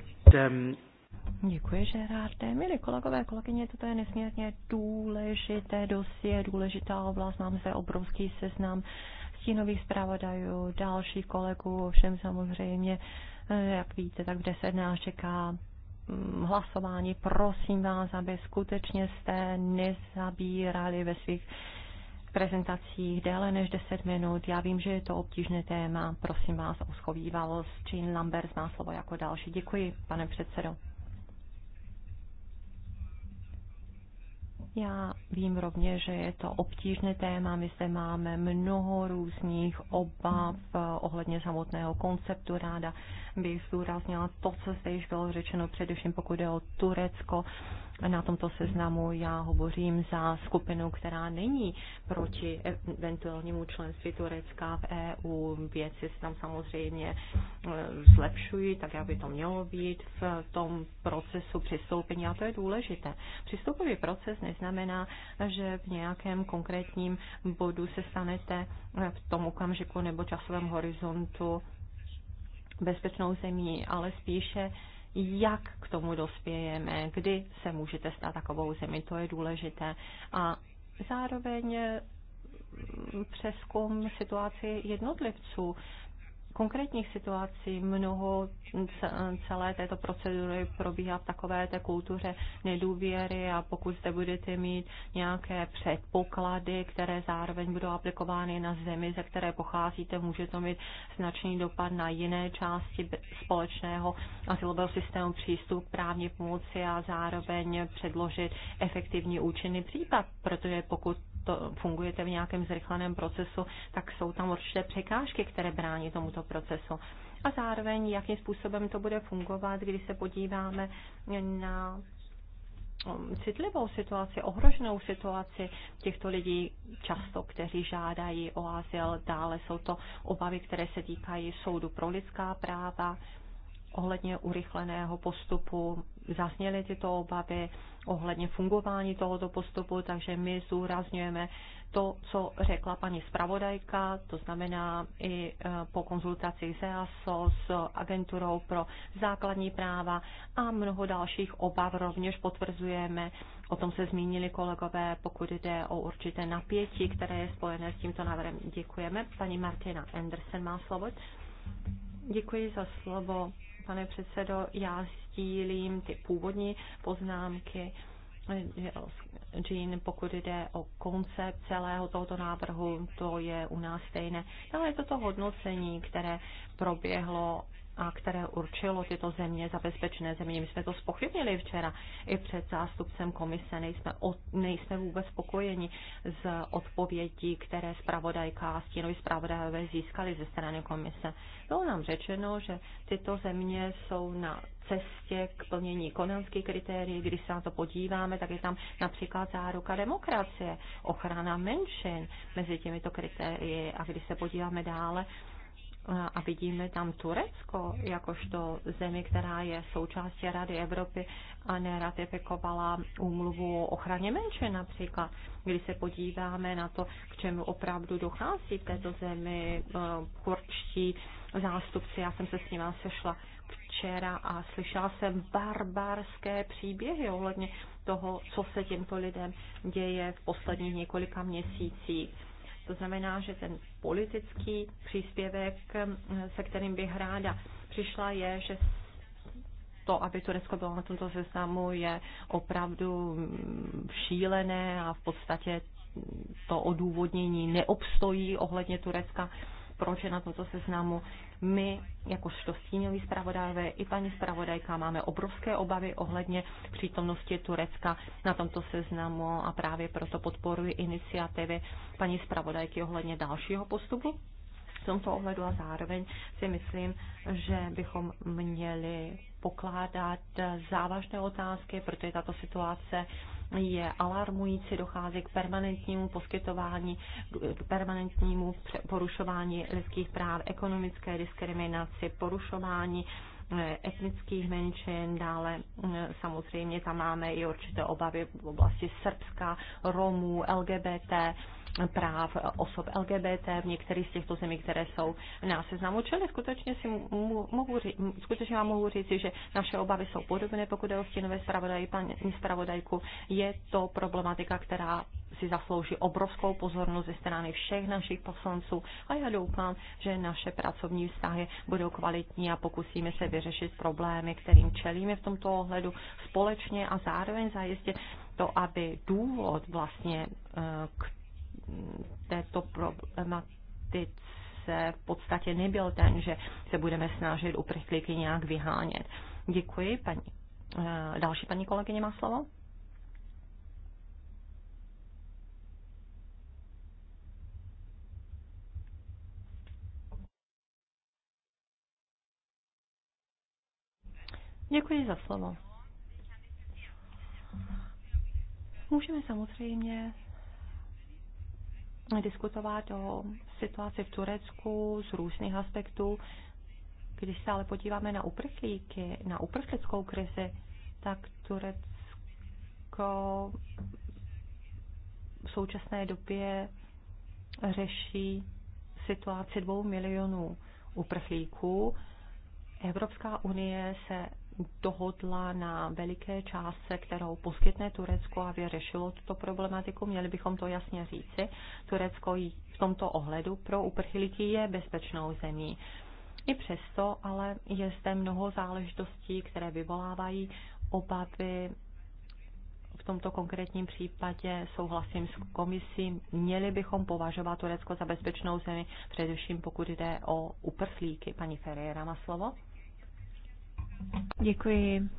Děkuji, Žerárde. Milí kolegové, kolegyně, toto je nesmírně důležité dosie, důležitá oblast. Mám se obrovský seznam stínových zpravodajů, dalších kolegů, všem samozřejmě, eh, jak víte, tak v 10 nás čeká mm, hlasování. Prosím vás, aby skutečně jste nezabírali ve svých prezentacích déle než 10 minut. Já vím, že je to obtížné téma. Prosím vás o schovývalost. Jean Lambert má slovo jako další. Děkuji, pane předsedo. Já vím rovněž, že je to obtížné téma. My zde máme mnoho různých obav eh, ohledně samotného konceptu. Ráda bych zdůraznila to, co zde již bylo řečeno, především pokud je o Turecko na tomto seznamu. Já hovořím za skupinu, která není proti eventuálnímu členství Turecka v EU. Věci se tam samozřejmě e, zlepšují, tak aby to mělo být v tom procesu přistoupení. A to je důležité. Přistoupový proces neznamená, že v nějakém konkrétním bodu se stanete e, v tom okamžiku nebo časovém horizontu bezpečnou zemí, ale spíše jak k tomu dospějeme, kdy se můžete stát takovou zemi, to je důležité. A zároveň mm, přeskum situaci jednotlivců konkrétních situací mnoho celé této procedury probíhá v takové té kultuře nedůvěry a pokud zde budete mít nějaké předpoklady, které zároveň budou aplikovány na zemi, ze které pocházíte, může to mít značný dopad na jiné části společného asilového systému přístup k právní pomoci a zároveň předložit efektivní účinný případ, protože pokud to fungujete v nějakém zrychleném procesu, tak jsou tam určité překážky, které brání tomuto procesu. A zároveň, jakým způsobem to bude fungovat, když se podíváme na um, citlivou situaci, ohroženou situaci těchto lidí často, kteří žádají o azyl. Dále jsou to obavy, které se týkají soudu pro lidská práva, ohledně urychleného postupu. Zazněly tyto obavy, ohledně fungování tohoto postupu, takže my zúrazňujeme to, co řekla paní zpravodajka, to znamená i e, po konzultaci s EASO, s agenturou pro základní práva a mnoho dalších obav rovněž potvrzujeme. O tom se zmínili kolegové, pokud jde o určité napětí, které je spojené s tímto návrhem. Děkujeme. Paní Martina Andersen má slovo. Děkuji za slovo pane předsedo. Já sdílím ty původní poznámky eh, eh, Jean, pokud jde o koncept celého tohoto návrhu, to je u nás stejné. Ale je toto hodnocení, které proběhlo a které určilo tyto země za bezpečné země. My jsme to spochybnili včera i před zástupcem komise. Nejsme, od, nejsme vůbec spokojeni z odpovědí, které zpravodajka a stínoví zpravodajové získali ze strany komise. Bylo nám řečeno, že tyto země jsou na cestě k plnění konanských kritérií. Když se na to podíváme, tak je tam například záruka demokracie, ochrana menšin mezi těmito kritérii. A když se podíváme dále, a vidíme tam Turecko jakožto zemi, která je součástí Rady Evropy a neratifikovala úmluvu o ochraně menšin například. Když se podíváme na to, k čemu opravdu dochází v této zemi no, kurčtí zástupci, já jsem se s nimi sešla včera a slyšela jsem barbarské příběhy ohledně toho, co se těmto lidem děje v posledních několika měsících. To znamená, že ten politický příspěvek, se kterým bych ráda přišla, je, že to, aby Turecko bylo na tomto seznamu, je opravdu šílené a v podstatě to odůvodnění neobstojí ohledně Turecka proč je na toto seznamu. My, jako stínoví zpravodajové, i paní zpravodajka, máme obrovské obavy ohledně přítomnosti Turecka na tomto seznamu a právě proto podporuji iniciativy paní zpravodajky ohledně dalšího postupu v tomto ohledu a zároveň si myslím, že bychom měli pokládat závažné otázky, protože tato situace je alarmující, dochází k permanentnímu poskytování, k permanentnímu porušování lidských práv, ekonomické diskriminaci, porušování eh, etnických menšin, dále hm, samozřejmě tam máme i určité obavy v oblasti Srbska, Romů, LGBT, práv osob LGBT v některých z těchto zemí, které jsou na seznamu. Čili skutečně, si mohu, říct, skutečně vám mohu říct, že naše obavy jsou podobné, pokud je o stínové zpravodaji, paní zpravodajku. Je to problematika, která si zaslouží obrovskou pozornost ze strany všech našich poslanců a já doufám, že naše pracovní vztahy budou kvalitní a pokusíme se vyřešit problémy, kterým čelíme v tomto ohledu společně a zároveň zajistit to, aby důvod vlastně eh, k této problematice v podstatě nebyl ten, že se budeme snažit uprchlíky nějak vyhánět. Děkuji, paní. Eh, další paní kolegyně má slovo. Děkuji za slovo. Můžeme samozřejmě diskutovat o situaci v Turecku z různých aspektů. Když se ale podíváme na uprchlíky, na uprchlickou krizi, tak Turecko v současné době řeší situaci dvou milionů uprchlíků. Evropská unie se dohodla na veliké částce, kterou poskytne Turecko, a vyřešilo tuto problematiku. Měli bychom to jasně říci. Turecko v tomto ohledu pro uprchlíky je bezpečnou zemí. I přesto ale je zde mnoho záležitostí, které vyvolávají obavy. V tomto konkrétním případě souhlasím s komisí, měli bychom považovat Turecko za bezpečnou zemi, především pokud jde o uprchlíky. Paní Ferreira má slovo. Děkuji.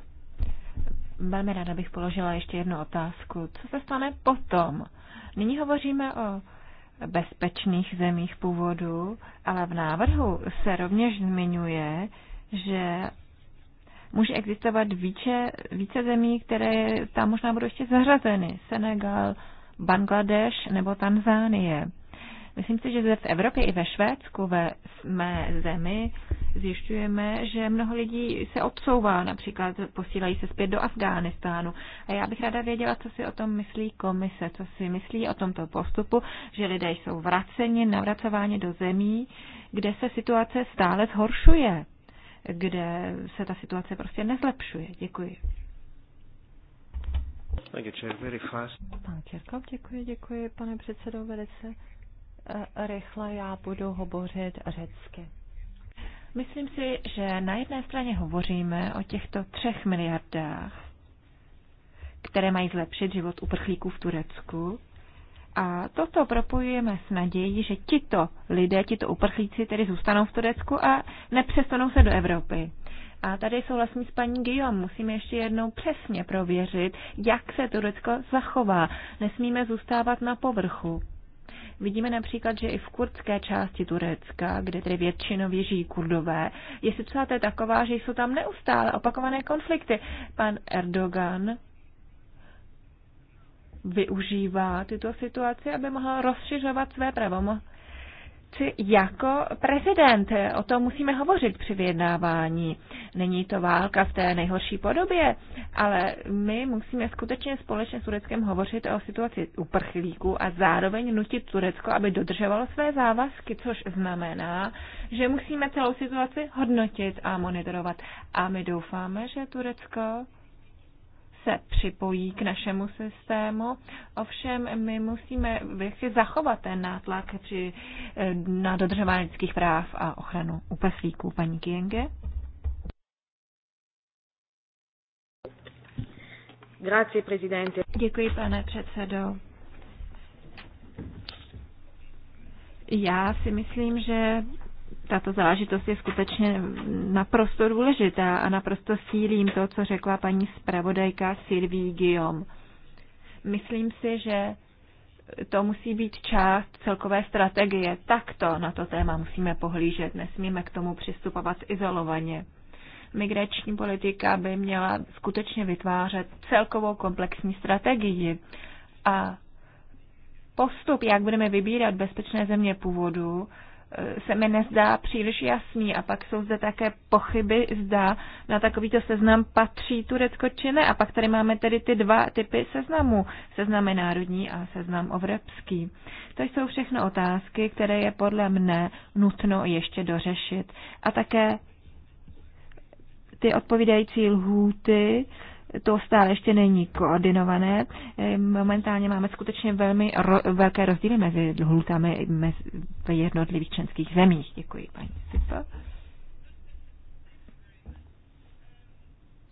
Velmi ráda bych položila ještě jednu otázku. Co se stane potom? Nyní hovoříme o bezpečných zemích původu, ale v návrhu se rovněž zmiňuje, že může existovat více, více zemí, které tam možná budou ještě zařazeny. Senegal, Bangladeš nebo Tanzánie. Myslím si, že v Evropě i ve Švédsku, ve mé zemi, zjišťujeme, že mnoho lidí se odsouvá, například posílají se zpět do Afghánistánu. A já bych ráda věděla, co si o tom myslí komise, co si myslí o tomto postupu, že lidé jsou vraceni, navracováni do zemí, kde se situace stále zhoršuje, kde se ta situace prostě nezlepšuje. Děkuji. Pan Čerkov, děkuji, děkuji, pane předsedo, velice Eh, rychle, já budu hovořit řecky. Myslím si, že na jedné straně hovoříme o těchto třech miliardách, které mají zlepšit život uprchlíků v Turecku. A toto propojujeme s nadějí, že tito lidé, tito uprchlíci tedy zůstanou v Turecku a nepřestanou se do Evropy. A tady souhlasím s paní Guillaume, musíme ještě jednou přesně prověřit, jak se Turecko zachová. Nesmíme zůstávat na povrchu. Vidíme například, že i v kurdské části Turecka, kde tedy většinově žijí kurdové, je situace taková, že jsou tam neustále opakované konflikty. Pan Erdogan využívá tyto situace, aby mohl rozšiřovat své pravomoci funkci jako prezident. O tom musíme hovořit při vyjednávání. Není to válka v té nejhorší podobě, ale my musíme skutečně společně s Tureckem hovořit o situaci uprchlíků a zároveň nutit Turecko, aby dodržovalo své závazky, což znamená, že musíme celou situaci hodnotit a monitorovat. A my doufáme, že Turecko se připojí k našemu systému. Ovšem, my musíme si zachovat ten nátlak při, eh, na dodržování lidských práv a ochranu uprchlíků. Paní Kienge? Grazie, presidente. Děkuji, pane předsedo. Já si myslím, že tato záležitost je skutečně naprosto důležitá a naprosto sílím to, co řekla paní zpravodajka Sylvie Guillaume. Myslím si, že to musí být část celkové strategie. Takto na to téma musíme pohlížet, nesmíme k tomu přistupovat izolovaně. Migrační politika by měla skutečně vytvářet celkovou komplexní strategii a postup, jak budeme vybírat bezpečné země původu, se mi nezdá příliš jasný. A pak jsou zde také pochyby, zda na takovýto seznam patří Turecko či ne. A pak tady máme tedy ty dva typy seznamů. Seznamy národní a seznam evropský. To jsou všechno otázky, které je podle mne nutno ještě dořešit. A také ty odpovídající lhůty, to stále ještě není koordinované. Momentálně máme skutečně velmi ro- velké rozdíly mezi lhůtami mezi jednotlivých členských zemích. Děkuji, paní Sipa.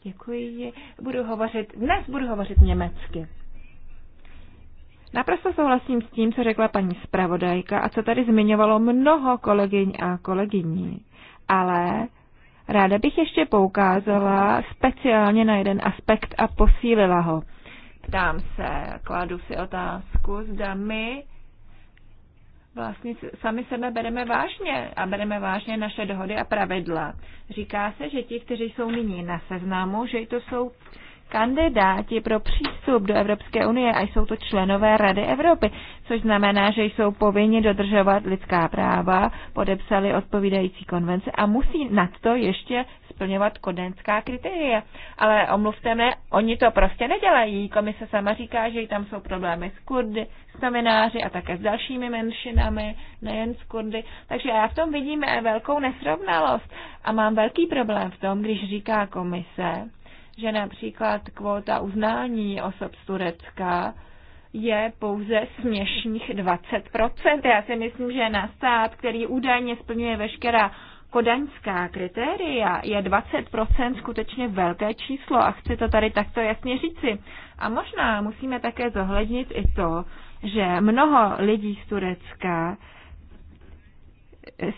Děkuji. Budu hovořit, dnes budu hovořit německy. Naprosto souhlasím s tím, co řekla paní zpravodajka a co tady zmiňovalo mnoho kolegyň a kolegyní. Ale Ráda bych ještě poukázala speciálně na jeden aspekt a posílila ho. Ptám se, kladu si otázku, zda my vlastně sami sebe bereme vážně a bereme vážně naše dohody a pravidla. Říká se, že ti, kteří jsou nyní na seznamu, že to jsou kandidáti pro přístup do Evropské unie a jsou to členové Rady Evropy, což znamená, že jsou povinni dodržovat lidská práva, podepsali odpovídající konvence a musí nad to ještě splňovat kodenská kritéria. Ale omluvte mne, oni to prostě nedělají. Komise sama říká, že tam jsou problémy s Kurdy, s novináři a také s dalšími menšinami, nejen s Kurdy. Takže já v tom vidím velkou nesrovnalost a mám velký problém v tom, když říká komise, že například kvóta uznání osob z Turecka je pouze směšných 20%. Já si myslím, že na stát, který údajně splňuje veškerá kodaňská kritéria, je 20% skutečně velké číslo a chci to tady takto jasně říci. A možná musíme také zohlednit i to, že mnoho lidí z Turecka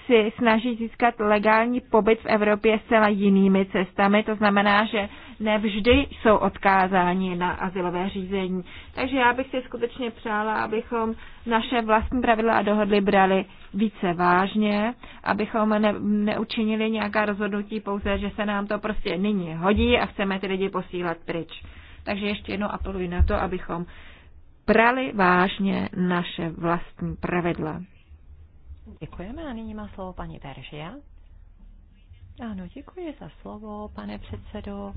si snaží získat legální pobyt v Evropě zcela jinými cestami. To znamená, že nevždy jsou odkázáni na asilové řízení. Takže já bych si skutečně přála, abychom naše vlastní pravidla a dohodly brali více vážně, abychom ne, neučinili nějaká rozhodnutí pouze, že se nám to prostě nyní hodí a chceme ty lidi posílat pryč. Takže ještě jednou apeluji na to, abychom brali vážně naše vlastní pravidla. Děkujeme a nyní má slovo paní Veržia. Ano, děkuji za slovo, pane předsedo.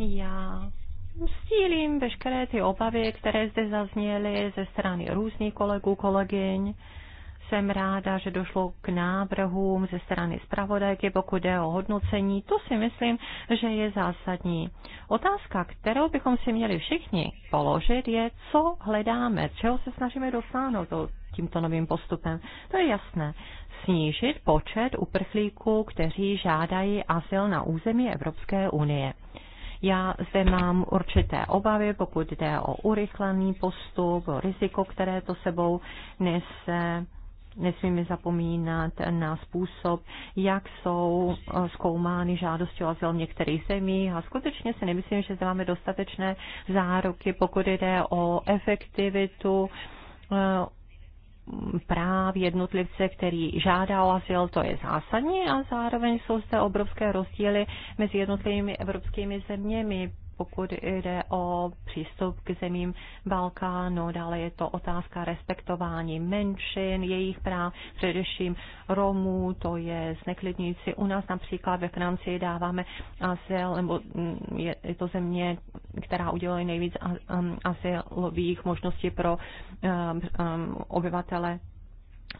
Já sdílím veškeré ty obavy, které zde zazněly ze strany různých kolegů, kolegyň. Jsem ráda, že došlo k návrhům ze strany zpravodajky, pokud jde o hodnocení. To si myslím, že je zásadní. Otázka, kterou bychom si měli všichni položit, je, co hledáme, čeho se snažíme dosáhnout tímto novým postupem? To je jasné. Snížit počet uprchlíků, kteří žádají azyl na území Evropské unie. Já zde mám určité obavy, pokud jde o urychlený postup, o riziko, které to sebou nese. Nesmíme zapomínat na způsob, jak jsou eh, zkoumány žádosti o azyl v některých zemích a skutečně si nemyslím, že zde máme dostatečné záruky, pokud jde o efektivitu eh, práv jednotlivce, který žádá o azyl, to je zásadní a zároveň jsou zde obrovské rozdíly mezi jednotlivými evropskými zeměmi pokud jde o přístup k zemím Balkánu. Dále je to otázka respektování menšin, jejich práv, především Romů, to je zneklidňující. U nás například ve Francii dáváme azyl, nebo mm, je to země, která udělala nejvíc azylových možností pro eh, eh, obyvatele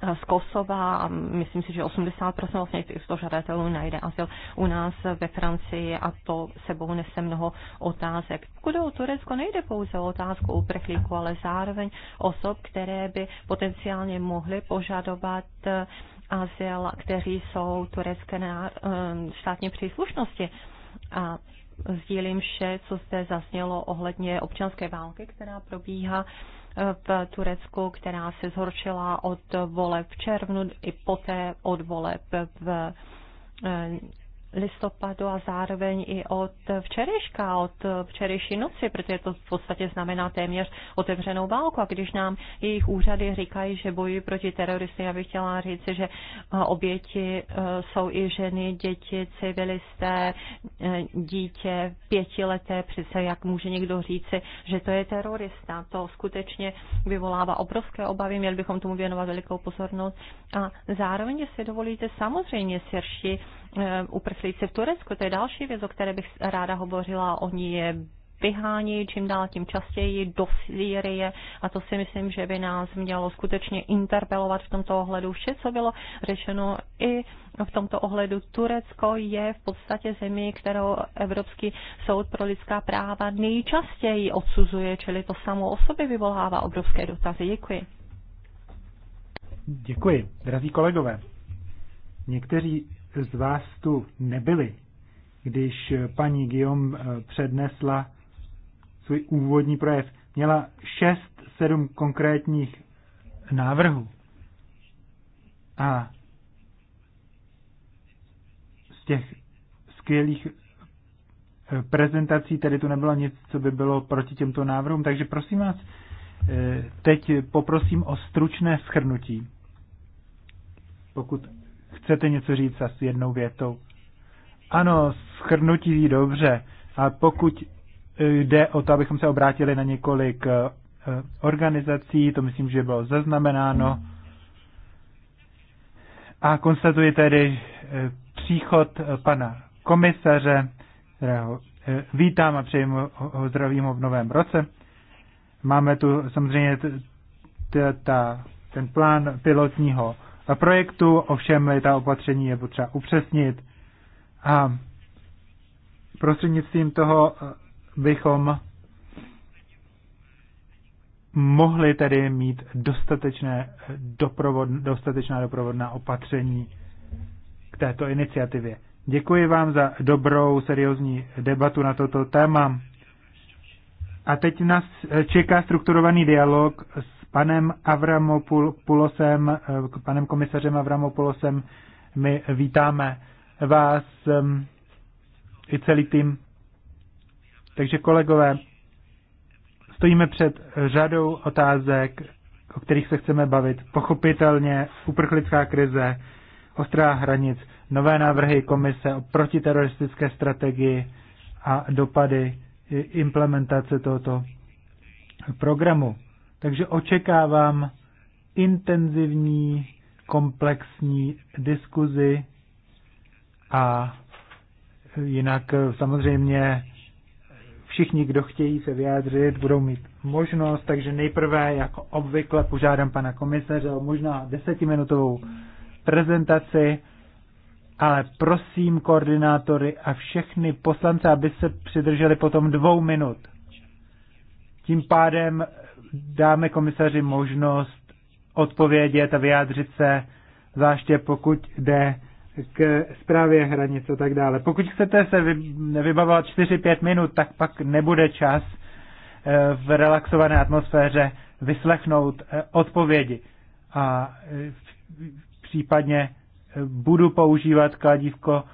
Eh, z Kosova a myslím si, že 80% vlastně to žadatelů najde azyl u nás ve Francii a to sebou nese mnoho otázek. Pokud o Turecko nejde pouze o otázku uprchlíku, ale zároveň osob, které by potenciálně mohly požadovat eh, azyl, kteří jsou turecké na eh, státní příslušnosti. A sdílím vše, co zde zaznělo ohledně občanské války, která probíhá v Turecku, která se zhoršila od voleb v červnu i poté od voleb v eh, listopadu a zároveň i od včerejška, od včerejší noci, protože to v podstatě znamená téměř otevřenou válku. A když nám jejich úřady říkají, že bojují proti teroristy, já bych chtěla říct, že eh, oběti eh, jsou i ženy, děti, civilisté, eh, dítě, pětileté. Přece jak může někdo říci, že to je terorista. To skutečně vyvolává obrovské obavy, měli bychom tomu věnovat velikou pozornost. A zároveň, jestli dovolíte, samozřejmě sirši uprchlíci uprchlíci v Turecku, to je další věc, o které bych ráda hovořila. Oni je vyhání čím dál tím častěji do Sýrie a to si myslím, že by nás mělo skutečně interpelovat v tomto ohledu. Vše, co bylo řešeno i v tomto ohledu, Turecko je v podstatě zemi, kterou Evropský soud pro lidská práva nejčastěji odsuzuje, čili to samo o sobě vyvolává obrovské dotazy. Děkuji. Děkuji, drazí kolegové. Někteří z vás tu nebyli, když paní Guillaume eh, přednesla svůj úvodní projev. Měla šest, sedm konkrétních návrhů. A z těch skvělých eh, prezentací tady tu nebylo nic, co by bylo proti těmto návrhům. Takže prosím vás, eh, teď poprosím o stručné schrnutí, pokud chcete něco říct asi jednou větou? Ano, schrnutí dobře, A pokud eh, jde o to, abychom se obrátili na několik eh, organizací, to myslím, že bylo zaznamenáno, a konstatuji tedy eh, příchod pana komisaře, kterého vítám a přeji mu ho zdravím ho v novém roce. Máme tu samozřejmě ten plán pilotního projektu, ovšem ta opatření je potřeba upřesnit a prostřednictvím toho eh, bychom mohli tedy mít dostatečné eh, doprovod, dostatečná doprovodná opatření k této iniciativě. Děkuji vám za dobrou, seriózní debatu na toto téma. A teď nás eh, čeká strukturovaný dialog s panem Avramopulosem, eh, panem komisařem Avramopulosem. My vítáme vás ehm, i celý tým. Takže kolegové, stojíme před řadou otázek, o kterých se chceme bavit. Pochopitelně uprchlická krize, ostrá hranic, nové návrhy komise o protiteroristické strategii a dopady implementace tohoto programu. Takže očekávám intenzivní, komplexní diskuzi a jinak eh, samozřejmě všichni, kdo chtějí se vyjádřit, budou mít možnost, takže nejprve, jako obvykle, požádám pana komisaře o možná desetiminutovou prezentaci, ale prosím koordinátory a všechny poslance, aby se přidrželi potom dvou minut. Tím pádem dáme komisaři možnost odpovědět a vyjádřit se, zvláště pokud jde k zprávě hranic a tak dále. Pokud chcete se vybavovat 4-5 minut, tak pak nebude čas eh, v relaxované atmosféře vyslechnout eh, odpovědi. A eh, případně budu používat kladívko,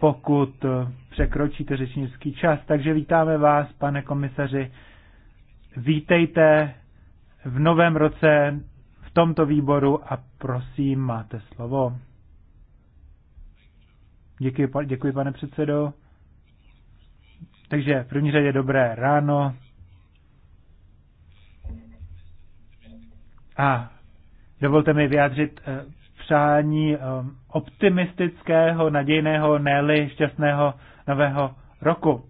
pokud překročíte řečnický čas. Takže vítáme vás, pane komisaři. Vítejte v novém roce v tomto výboru a prosím, máte slovo. Děkuji, děkuji pane předsedo. Takže v první řadě dobré ráno. A dovolte mi vyjádřit eh, přání eh, optimistického, nadějného, neli šťastného nového roku.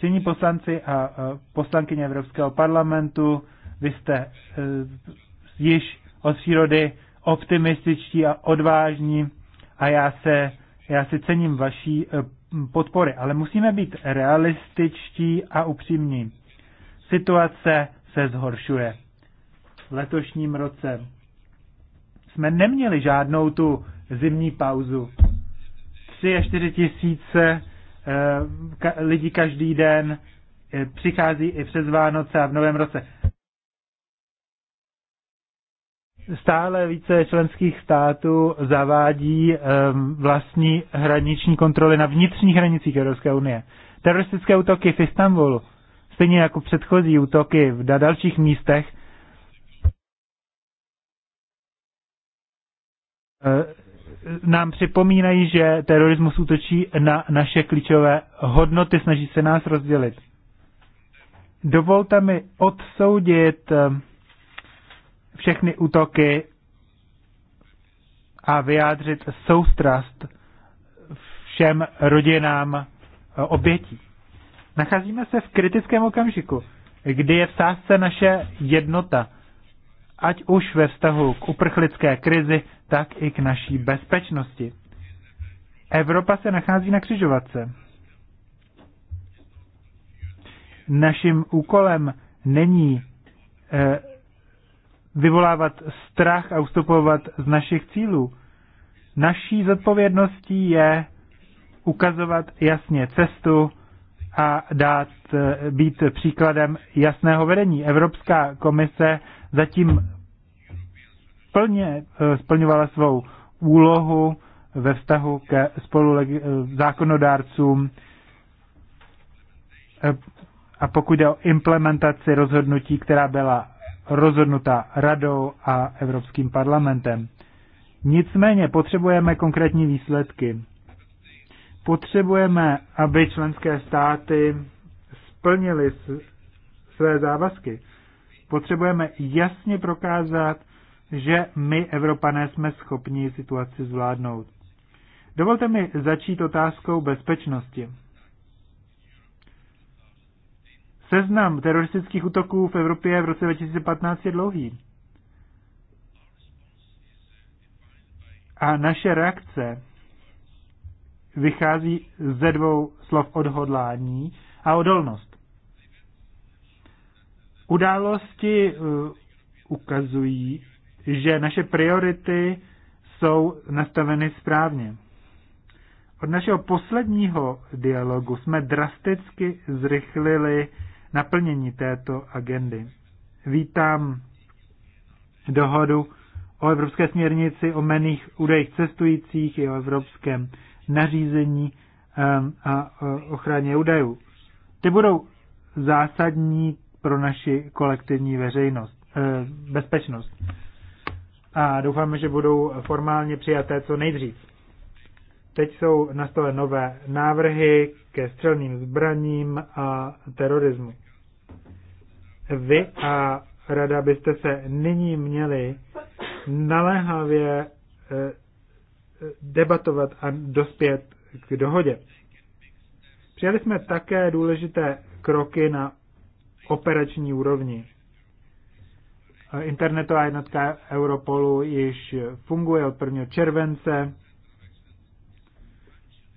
Cíní poslanci a eh, poslankyně Evropského parlamentu vy jste eh, již od přírody optimističtí a odvážní a já, se, já si cením vaší eh, podpory, ale musíme být realističtí a upřímní. Situace se zhoršuje. V letošním roce jsme neměli žádnou tu zimní pauzu. 3 až 4 tisíce eh, lidí každý den přichází i přes Vánoce a v Novém roce. stále více členských států zavádí vlastní hraniční kontroly na vnitřních hranicích Evropské unie. Teroristické útoky v Istanbulu, stejně jako předchozí útoky v dalších místech, eh, nám připomínají, že terorismus útočí na naše klíčové hodnoty, snaží se nás rozdělit. Dovolte mi odsoudit eh, všechny útoky a vyjádřit soustrast všem rodinám eh, obětí. Nacházíme se v kritickém okamžiku, kdy je v sázce naše jednota, ať už ve vztahu k uprchlické krizi, tak i k naší bezpečnosti. Evropa se nachází na křižovatce. Naším úkolem není eh, vyvolávat strach a ustupovat z našich cílů. Naší zodpovědností je ukazovat jasně cestu a dát e, být příkladem jasného vedení. Evropská komise zatím plně e, splňovala svou úlohu ve vztahu ke spolu e, zákonodárcům a pokud jde o implementaci rozhodnutí, která byla rozhodnutá radou a Evropským parlamentem. Nicméně potřebujeme konkrétní výsledky. Potřebujeme, aby členské státy splnily své závazky. Potřebujeme jasně prokázat, že my, Evropané, jsme schopni situaci zvládnout. Dovolte mi začít otázkou bezpečnosti. Seznam teroristických útoků v Evropě v roce 2015 je dlouhý. A naše reakce vychází ze dvou slov odhodlání a odolnost. Události eh, ukazují, že naše priority jsou nastaveny správně. Od našeho posledního dialogu jsme drasticky zrychlili naplnění této agendy. Vítám dohodu o Evropské směrnici o mených údajích cestujících i o Evropském nařízení ehm, a e, ochraně údajů. Ty budou zásadní pro naši kolektivní veřejnost, e, bezpečnost. A doufáme, že budou formálně přijaté co nejdřív. Teď jsou na stole nové návrhy ke střelným zbraním a terorismu vy a rada byste se nyní měli naléhavě eh, eh, debatovat a dospět k dohodě. Přijali jsme také důležité kroky na operační úrovni. Eh, internetová jednotka Europolu již funguje od 1. července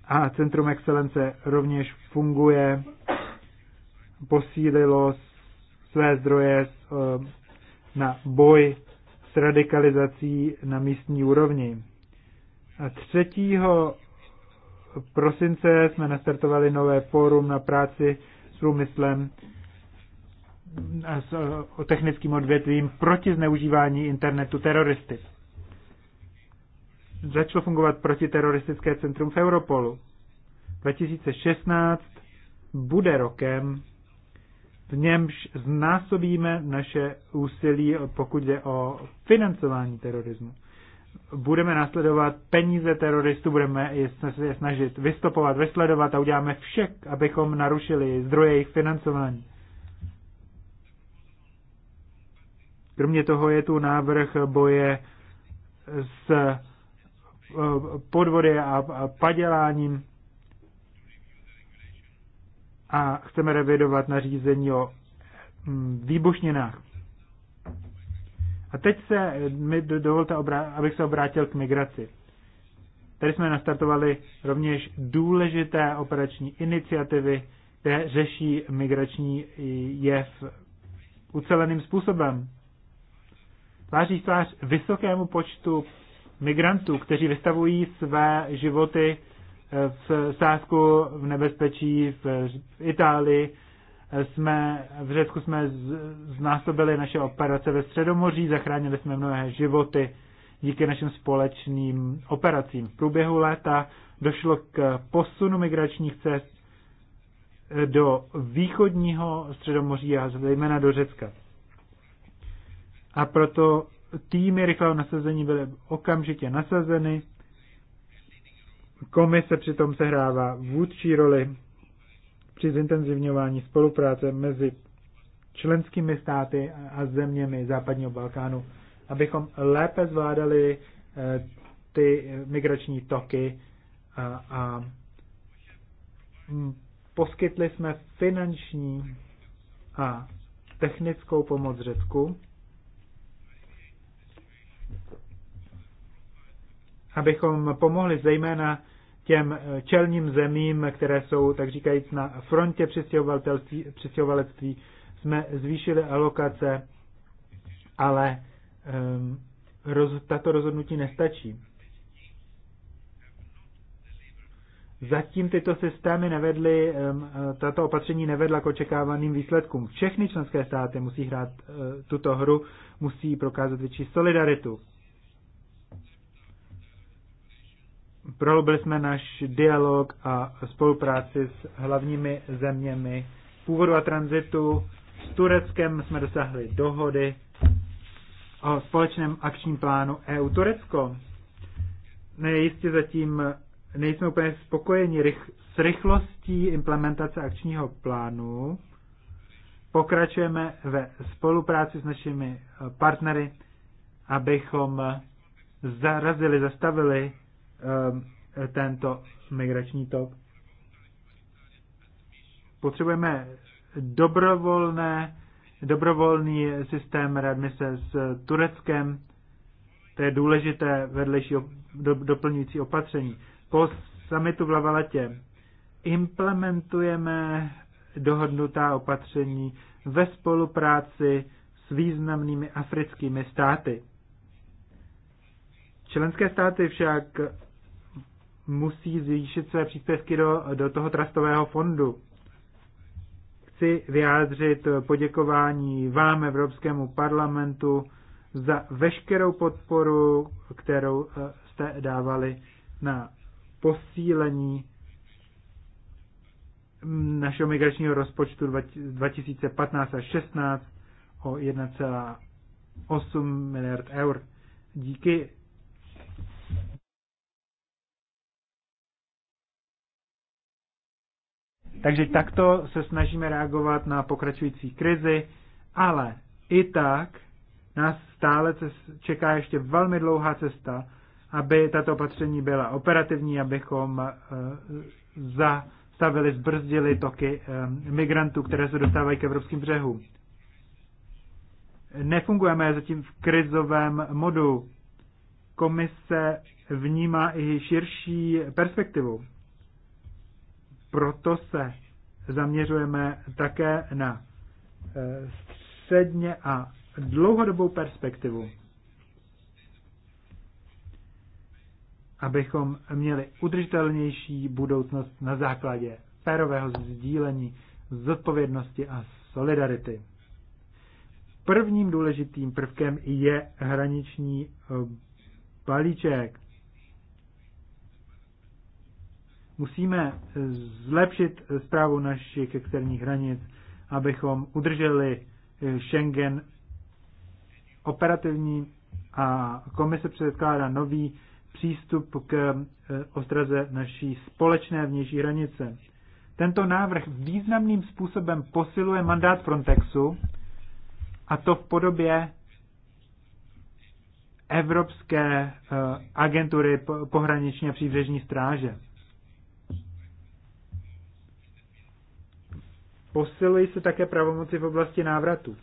a Centrum excelence rovněž funguje. Posílilo své zdroje eh, na boj s radikalizací na místní úrovni. A 3. prosince jsme nastartovali nové fórum na práci s průmyslem a s o eh, technickým odvětvím proti zneužívání internetu teroristy. Začalo fungovat protiteroristické centrum v Europolu. 2016 bude rokem v němž znásobíme naše úsilí, pokud je o financování terorismu. Budeme následovat peníze teroristů, budeme je snažit vystopovat, vysledovat a uděláme všech abychom narušili zdroje jejich financování. Kromě toho je tu návrh boje s eh, podvody a paděláním a chceme revidovat nařízení o mm, výbušninách. A teď se mi dovolte, abych se obrátil k migraci. Tady jsme nastartovali rovněž důležité operační iniciativy, které řeší migrační jev uceleným způsobem. Tváří tvář vysokému počtu migrantů, kteří vystavují své životy v Sásku, v nebezpečí, v Itálii. Jsme, v Řecku jsme znásobili naše operace ve Středomoří, zachránili jsme mnohé životy díky našim společným operacím. V průběhu léta došlo k posunu migračních cest do východního Středomoří a zejména do Řecka. A proto týmy rychlého nasazení byly okamžitě nasazeny Komise přitom sehrává vůdčí roli při zintenzivňování spolupráce mezi členskými státy a zeměmi západního Balkánu, abychom lépe zvládali eh, ty migrační toky a, a mm, poskytli jsme finanční a technickou pomoc Řecku, abychom pomohli zejména těm eh, čelním zemím, které jsou, tak říkajíc, na frontě přistěhovalectví, jsme zvýšili alokace, ale um, roz, tato rozhodnutí nestačí. Zatím tyto systémy nevedly, ehm, eh, tato opatření nevedla k očekávaným výsledkům. Všechny členské státy musí hrát eh, tuto hru, musí prokázat větší solidaritu. prohlubili jsme náš dialog a spolupráci s hlavními zeměmi původu a tranzitu. S Tureckem jsme dosáhli dohody o společném akčním plánu EU Turecko. Nejistě zatím nejsme úplně spokojeni rych, s rychlostí implementace akčního plánu. Pokračujeme ve spolupráci s našimi eh, partnery, abychom zarazili, zastavili Ehm, tento migrační tok. Potřebujeme dobrovolné, dobrovolný systém readmise s Tureckem. To je důležité vedlejší do, doplňující opatření. Po summitu v Lavaletě implementujeme dohodnutá opatření ve spolupráci s významnými africkými státy. Členské státy však musí zvýšit své příspěvky do, do toho trastového fondu. Chci vyjádřit poděkování vám, Evropskému parlamentu, za veškerou podporu, kterou eh, jste dávali na posílení našeho migračního rozpočtu 2015 až 16 o 1,8 miliard eur. Díky Takže takto se snažíme reagovat na pokračující krizi, ale i tak nás stále čeká ještě velmi dlouhá cesta, aby tato opatření byla operativní, abychom eh, zastavili, zbrzdili toky eh, migrantů, které se dostávají k evropským břehům. Nefungujeme zatím v krizovém modu. Komise vnímá i širší perspektivu proto se zaměřujeme také na e, středně a dlouhodobou perspektivu, abychom měli udržitelnější budoucnost na základě férového sdílení, zodpovědnosti a solidarity. Prvním důležitým prvkem je hraniční e, balíček. Musíme eh, zlepšit zprávu eh, našich externích hranic, abychom udrželi eh, Schengen operativní a komise předkládá nový přístup k ostraze naší společné vnější hranice. Tento návrh významným způsobem posiluje mandát Frontexu a to v podobě Evropské agentury pohraniční a příbřežní stráže. Posilují se také pravomoci v oblasti návratu.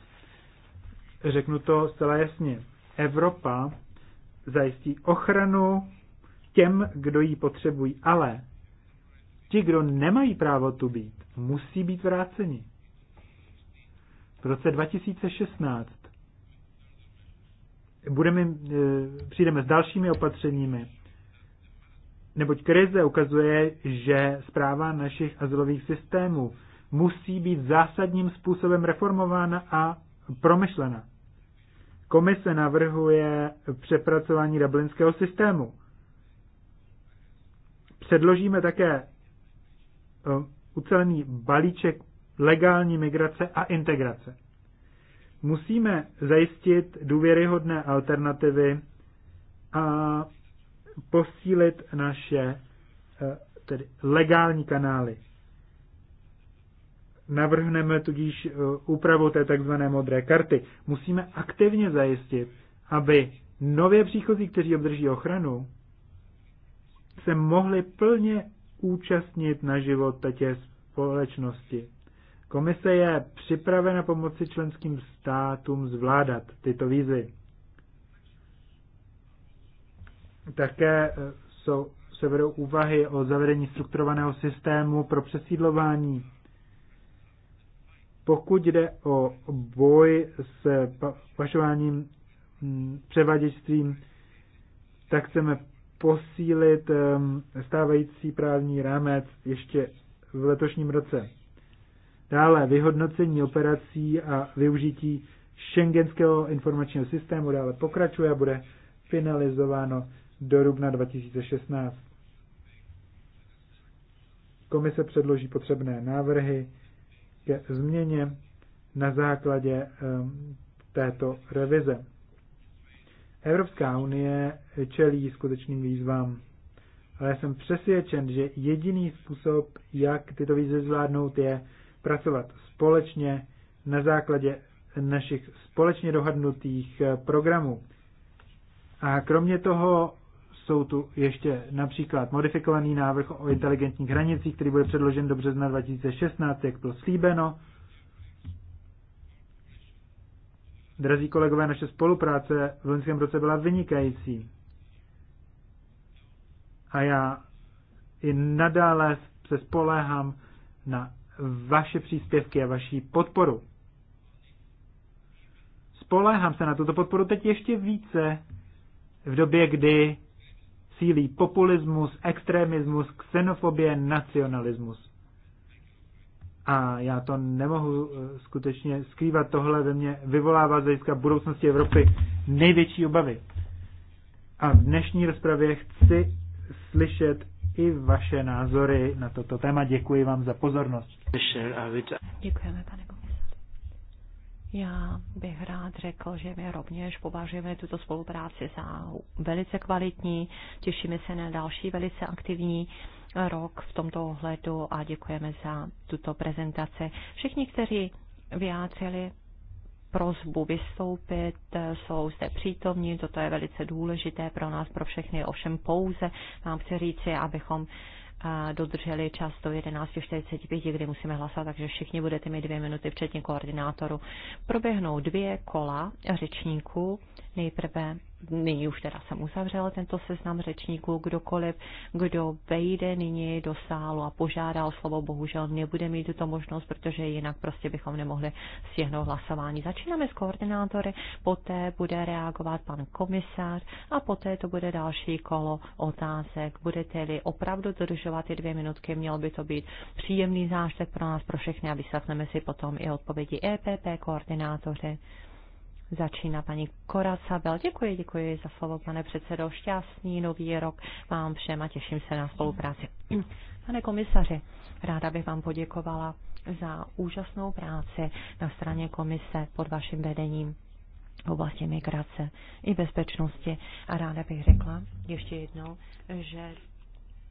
Řeknu to zcela jasně. Evropa zajistí ochranu těm, kdo ji potřebují, ale ti, kdo nemají právo tu být, musí být vráceni. V roce 2016 budeme, eh, přijdeme s dalšími opatřeními, neboť krize ukazuje, že zpráva našich azylových systémů musí být zásadním způsobem reformována a promyšlena. Komise navrhuje přepracování dublinského systému. Předložíme také eh, ucelený balíček legální migrace a integrace. Musíme zajistit důvěryhodné alternativy a posílit naše eh, tedy legální kanály. Navrhneme tudíž eh, úpravu té tzv. modré karty. Musíme aktivně zajistit, aby nově příchozí, kteří obdrží ochranu, se mohli plně účastnit na život životě společnosti. Komise je připravena pomoci členským státům zvládat tyto výzvy. Také eh, jsou, se vedou úvahy o zavedení strukturovaného systému pro přesídlování pokud jde o boj s pašováním, mm, převaděčstvím, tak chceme posílit ehm, stávající právní rámec ještě v letošním roce. Dále vyhodnocení operací a využití šengenského informačního systému dále pokračuje a bude finalizováno do rubna 2016. Komise předloží potřebné návrhy ke změně na základě této revize. Evropská unie čelí skutečným výzvám, ale jsem přesvědčen, že jediný způsob, jak tyto výzvy zvládnout, je pracovat společně na základě našich společně dohodnutých eh, programů. A kromě toho jsou tu ještě například modifikovaný návrh o inteligentních hranicích, který bude předložen do března 2016, jak bylo slíbeno. Drazí kolegové, naše spolupráce v loňském roce byla vynikající. A já i nadále se spoléhám na vaše příspěvky a vaší podporu. Spoléhám se na tuto podporu teď ještě více v době, kdy sílí populismus, extremismus, xenofobie, nacionalismus. A já to nemohu eh, skutečně skrývat, tohle ve mně vyvolává z hlediska budoucnosti Evropy největší obavy. A v dnešní rozpravě chci slyšet i vaše názory na toto téma. Děkuji vám za pozornost. Děkujeme, pane já bych rád řekl, že my rovněž považujeme tuto spolupráci za velice kvalitní, těšíme se na další velice aktivní rok v tomto ohledu a děkujeme za tuto prezentaci. Všichni, kteří vyjádřili prozbu vystoupit, jsou zde přítomní, toto je velice důležité pro nás, pro všechny, ovšem pouze vám chci říci, abychom dodrželi čas do 11.45, kdy musíme hlasovat, takže všichni budete mít dvě minuty, včetně koordinátoru. Proběhnou dvě kola řečníků. Nejprve nyní už teda jsem uzavřela tento seznam řečníků, kdokoliv, kdo vejde nyní do sálu a požádá o slovo, bohužel nebude mít tuto možnost, protože jinak prostě bychom nemohli stihnout hlasování. Začínáme s koordinátory, poté bude reagovat pan komisář a poté to bude další kolo otázek. Budete-li opravdu dodržovat ty dvě minutky, mělo by to být příjemný zážitek pro nás, pro všechny a vyslechneme si potom i odpovědi EPP koordinátoři. Začíná paní Kora Sabel. Děkuji, děkuji za slovo, pane předsedo. Šťastný nový rok vám všem a těším se na spolupráci. Pane komisaři, ráda bych vám poděkovala za úžasnou práci na straně komise pod vaším vedením v oblasti migrace i bezpečnosti. A ráda bych řekla ještě jednou, že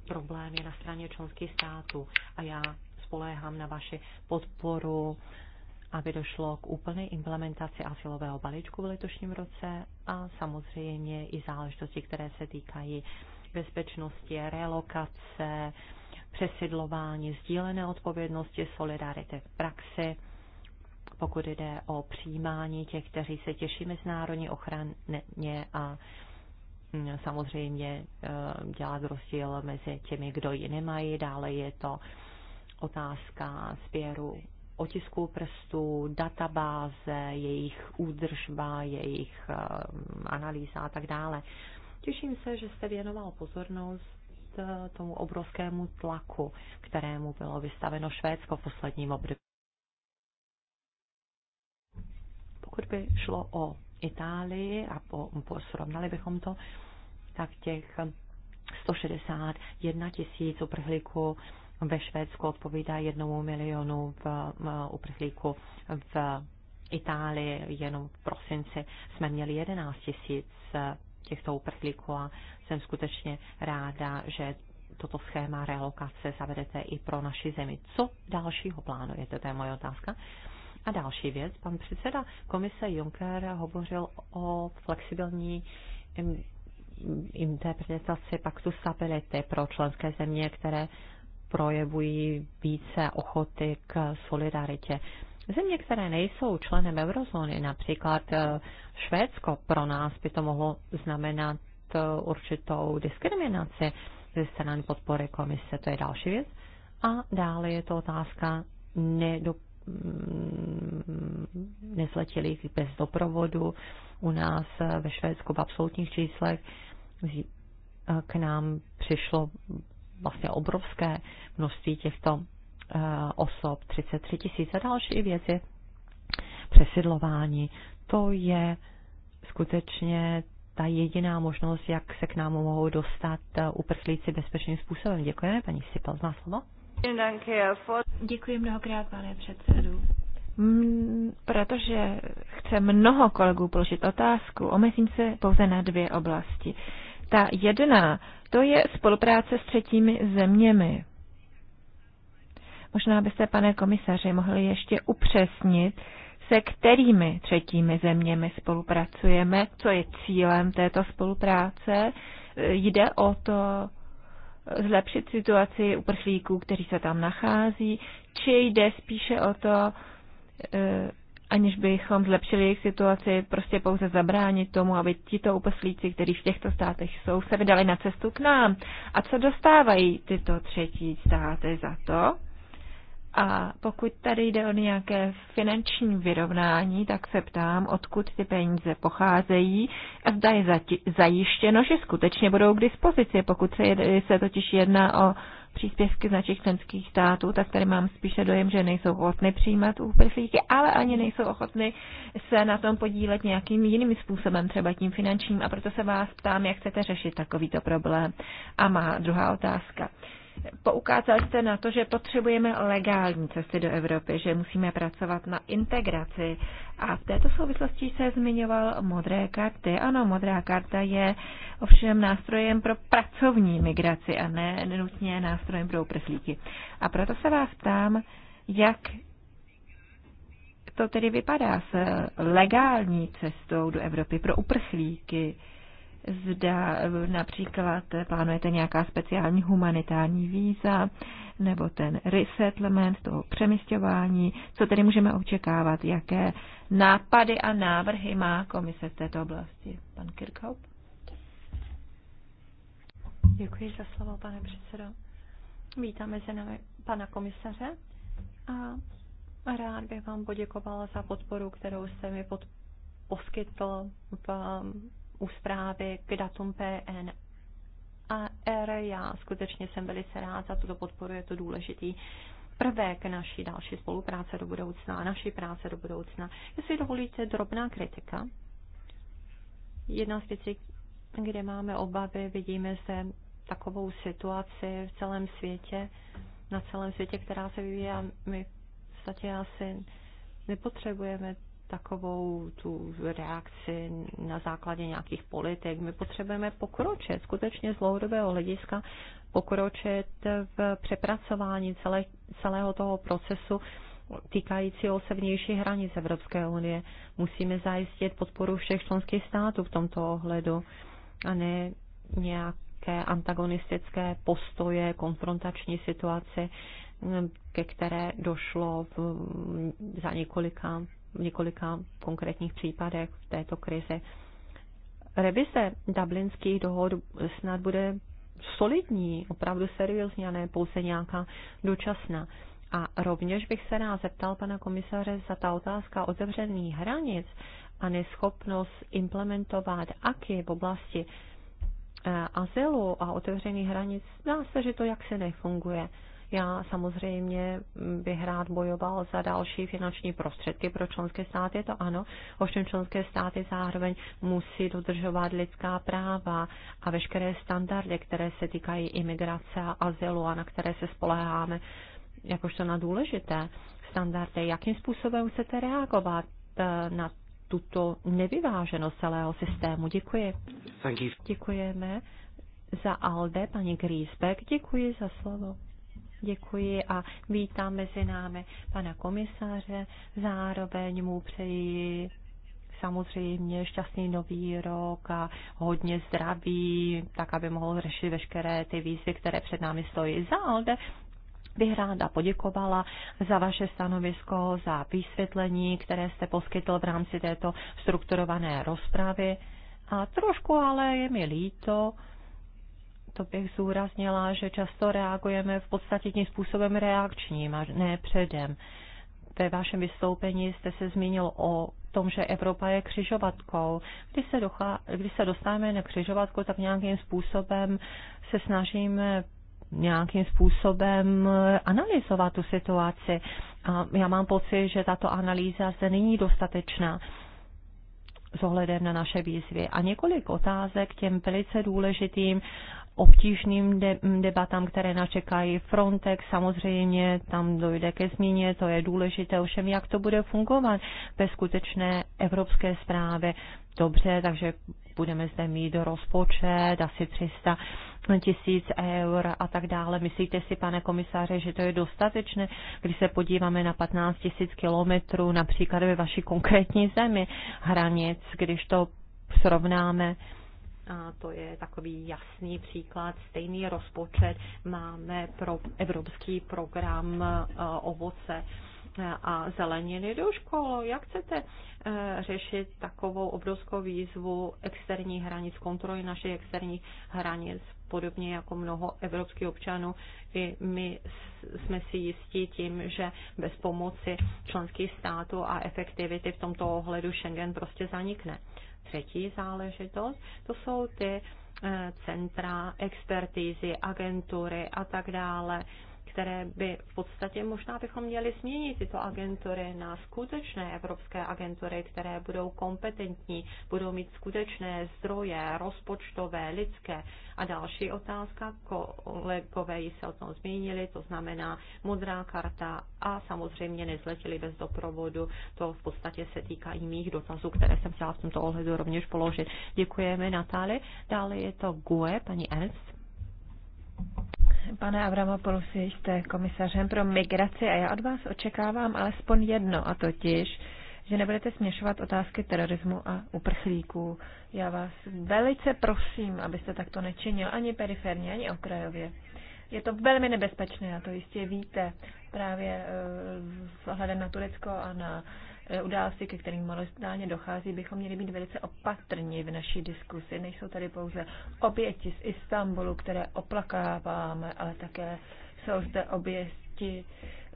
problém je na straně členských států a já spoléhám na vaši podporu aby došlo k úplné implementaci asilového balíčku v letošním roce a samozřejmě i záležitosti, které se týkají bezpečnosti, relokace, přesidlování, sdílené odpovědnosti, solidarity v praxi, pokud jde o přijímání těch, kteří se těší mezinárodní ochraně a mm, samozřejmě e, dělat rozdíl mezi těmi, kdo ji nemají. Dále je to otázka sběru otisků prstů, databáze, jejich údržba, jejich eh, analýza a tak dále. Těším se, že jste věnoval pozornost eh, tomu obrovskému tlaku, kterému bylo vystaveno Švédsko v posledním období. Pokud by šlo o Itálii a po, po, srovnali bychom to, tak těch 161 tisíc uprchlíků ve Švédsku odpovídá jednomu milionu v, uprchlíku. v Itálii jenom v prosinci jsme měli 11 tisíc těchto uprchlíků a jsem skutečně ráda, že toto schéma relokace zavedete i pro naši zemi. Co dalšího plánujete? To je moje otázka. A další věc, pan předseda komise Juncker hovořil o flexibilní interpretaci paktu stability pro členské země, které projevují více ochoty k solidaritě. Země, které nejsou členem eurozóny, například eh, Švédsko, pro nás by to mohlo znamenat eh, určitou diskriminaci ze strany podpory komise, to je další věc. A dále je to otázka nedo, mm, nezletilých bez doprovodu. U nás eh, ve Švédsku v absolutních číslech k nám přišlo vlastně obrovské množství těchto eh, osob, 33 tisíc a další věci, přesidlování. To je skutečně ta jediná možnost, jak se k nám mohou dostat eh, uprchlíci bezpečným způsobem. Děkujeme, paní Sipel, má slovo. Děkuji mnohokrát, pane předsedu. Mm, protože chce mnoho kolegů položit otázku, omezím se pouze na dvě oblasti. Ta jedna, to je spolupráce s třetími zeměmi. Možná byste, pane komisaři, mohli ještě upřesnit, se kterými třetími zeměmi spolupracujeme, co je cílem této spolupráce. Jde o to zlepšit situaci uprchlíků, kteří se tam nachází, či jde spíše o to eh, aniž bychom zlepšili jejich situaci, prostě pouze zabránit tomu, aby tito uprchlíci, kteří v těchto státech jsou, se vydali na cestu k nám. A co dostávají tyto třetí státy za to? A pokud tady jde o nějaké finanční vyrovnání, tak se ptám, odkud ty peníze pocházejí a zda je zajištěno, že skutečně budou k dispozici, pokud se, se totiž jedná o příspěvky z našich členských států, tak tady mám spíše dojem, že nejsou ochotny přijímat úprchlíky, ale ani nejsou ochotny se na tom podílet nějakým jiným způsobem, třeba tím finančním. A proto se vás ptám, jak chcete řešit takovýto problém. A má druhá otázka. Poukázal jste na to, že potřebujeme legální cesty do Evropy, že musíme pracovat na integraci a v této souvislosti se zmiňoval modré karty. Ano, modrá karta je ovšem nástrojem pro pracovní migraci a ne nutně nástrojem pro uprchlíky. A proto se vás ptám, jak to tedy vypadá s legální cestou do Evropy pro uprchlíky zda eh, například eh, plánujete nějaká speciální humanitární víza nebo ten resettlement, toho přemysťování, co tedy můžeme očekávat, jaké nápady a návrhy má komise v této oblasti. Pan Kirkhope? Děkuji za slovo, pane předsedo. Vítáme se na pana komisaře a rád bych vám poděkovala za podporu, kterou jste mi pod, poskytl v u zprávy k datum PN a R. Já skutečně jsem velice rád za tuto podporu, je to důležitý prvek naší další spolupráce do budoucna a naší práce do budoucna. Jestli dovolíte, drobná kritika. Jedna z věcí, kde máme obavy, vidíme se takovou situaci v celém světě, na celém světě, která se vyvíjí a my v podstatě asi nepotřebujeme takovou tu reakci na základě nějakých politik. My potřebujeme pokročit, skutečně z dlouhodobého hlediska pokročit v přepracování celé, celého toho procesu týkajícího se vnější hranic Evropské unie. Musíme zajistit podporu všech členských států v tomto ohledu a ne nějaké antagonistické postoje, konfrontační situace, ke které došlo v, za několika v několika konkrétních případech v této krizi. Revize dublinských dohod snad bude solidní, opravdu seriózní a ne pouze nějaká dočasná. A rovněž bych se rád zeptal pana komisaře za ta otázka otevřených hranic a neschopnost implementovat aky v oblasti eh, azylu a otevřených hranic. Zdá se, že to jaksi nefunguje. Já samozřejmě mm, bych rád bojoval za další finanční prostředky pro členské státy, to ano, ovšem členské státy zároveň musí dodržovat lidská práva a veškeré standardy, které se týkají imigrace a azylu a na které se spoleháme jakožto na důležité standardy. Jakým způsobem chcete reagovat eh, na tuto nevyváženost celého systému? Děkuji. Děkujeme za ALDE, paní Griesbeck. Děkuji za slovo. Děkuji a vítám mezi námi pana komisaře. Zároveň mu přeji samozřejmě šťastný nový rok a hodně zdraví, tak aby mohl řešit veškeré ty výzvy, které před námi stojí. Za Alde bych ráda poděkovala za vaše stanovisko, za vysvětlení, které jste poskytl v rámci této strukturované rozpravy. A trošku ale je mi líto, to bych zúraznila, že často reagujeme v podstatě tím způsobem reakčním a ne předem. Ve vašem vystoupení jste se zmínil o tom, že Evropa je křižovatkou. Když se, dochá, když se dostáváme na křižovatku, tak nějakým způsobem se snažíme nějakým způsobem analyzovat tu situaci. A já mám pocit, že tato analýza zde není dostatečná s ohledem na naše výzvy. A několik otázek těm velice důležitým obtížným debatám, které načekají Frontex samozřejmě, tam dojde ke změně, to je důležité, ovšem jak to bude fungovat ve skutečné evropské zprávě. Dobře, takže budeme zde mít rozpočet asi 300 tisíc eur a tak dále. Myslíte si, pane komisáře, že to je dostatečné, když se podíváme na 15 tisíc kilometrů, například ve vaší konkrétní zemi hranic, když to srovnáme to je takový jasný příklad. Stejný rozpočet máme pro evropský program e, ovoce a zeleniny do škol. Jak chcete e, řešit takovou obrovskou výzvu externích hranic, kontroly našich externích hranic, podobně jako mnoho evropských občanů. I my jsme si jistí tím, že bez pomoci členských států a efektivity v tomto ohledu Schengen prostě zanikne třetí záležitost, to jsou ty eh, centra expertízy, agentury a tak dále které by v podstatě možná bychom měli změnit tyto agentury na skutečné evropské agentury, které budou kompetentní, budou mít skutečné zdroje rozpočtové, lidské. A další otázka, kolegové ji se o tom zmínili, to znamená modrá karta a samozřejmě nezletili bez doprovodu. To v podstatě se týká i mých dotazů, které jsem chtěla v tomto ohledu rovněž položit. Děkujeme Natáli. Dále je to GUE, paní Ernst. Pane Avramopoulosi, jste komisařem pro migraci a já od vás očekávám alespoň jedno, a totiž, že nebudete směšovat otázky terorismu a uprchlíků. Já vás velice prosím, abyste takto nečinil ani periferně, ani okrajově. Je to velmi nebezpečné, a to jistě víte, právě vzhledem eh, na Turecko a na uh, Eh, události, ke kterým momentálně dochází, bychom měli být velice opatrní v naší diskusi. Nejsou tady pouze oběti z Istanbulu, které oplakáváme, ale také jsou zde oběti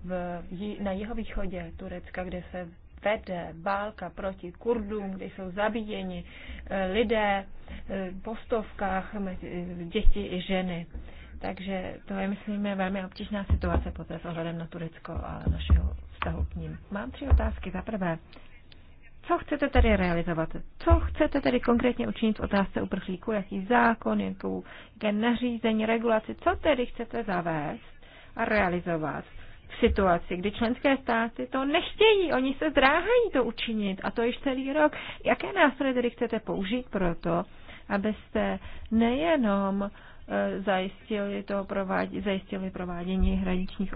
v, na jihovýchodě Turecka, kde se vede válka proti Kurdům, kde jsou zabíjeni eh, lidé eh, po stovkách děti i ženy. Takže to je, myslím, velmi obtížná situace poté s ohledem na Turecko a našeho vztahu k ním. Mám tři otázky. Za prvé, co chcete tedy realizovat? Co chcete tedy konkrétně učinit v otázce uprchlíků? Jaký zákon, jakou, jaké nařízení, regulaci? Co tedy chcete zavést a realizovat v situaci, kdy členské státy to nechtějí? Oni se zdráhají to učinit a to již celý rok. Jaké nástroje tedy chcete použít pro to, abyste nejenom uh, Eh, zajistili, to provádě, zajistili provádění hraničních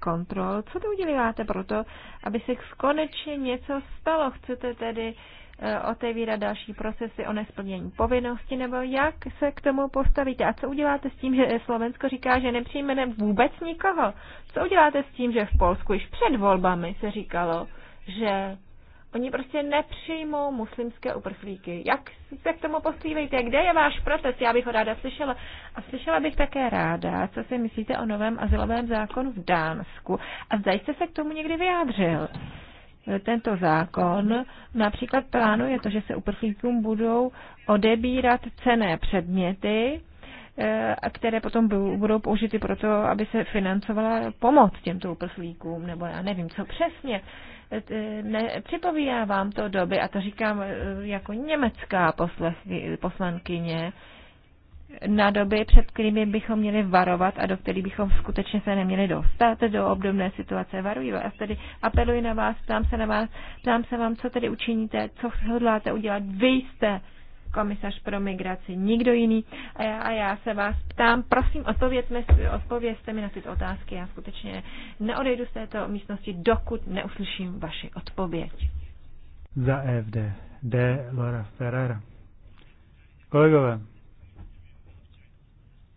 kontrol. Co to uděláte proto, aby se konečně něco stalo? Chcete tedy eh, otevírat další procesy o nesplnění povinnosti, nebo jak se k tomu postavíte? A co uděláte s tím, že Slovensko říká, že nepřijmeme vůbec nikoho? Co uděláte s tím, že v Polsku již před volbami se říkalo, že Oni prostě nepřijmou muslimské uprchlíky. Jak se k tomu postívejte? Kde je váš protest? Já bych ho ráda slyšela. A slyšela bych také ráda, co si myslíte o novém azylovém zákonu v Dánsku. A zda jste se k tomu někdy vyjádřil. Tento zákon například plánuje to, že se uprchlíkům budou odebírat cené předměty, eh, a které potom budou použity pro to, aby se financovala pomoc těmto uprchlíkům, nebo já nevím, co přesně. Nepřipovídá vám to doby, a to říkám e, jako německá poslankyně, na doby, před kterými bychom měli varovat a do kterých bychom skutečně se neměli dostat do obdobné situace. Varuji vás tedy, apeluji na vás, ptám se na vás, ptám se vám, co tedy učiníte, co hodláte udělat. Vy jste komisař pro migraci, nikdo jiný. A já, a já se vás ptám, prosím, odpovězte mi na tyto otázky. Já skutečně neodejdu z této místnosti, dokud neuslyším vaši odpověď. Za EFD. D. Laura Ferrara. Kolegové,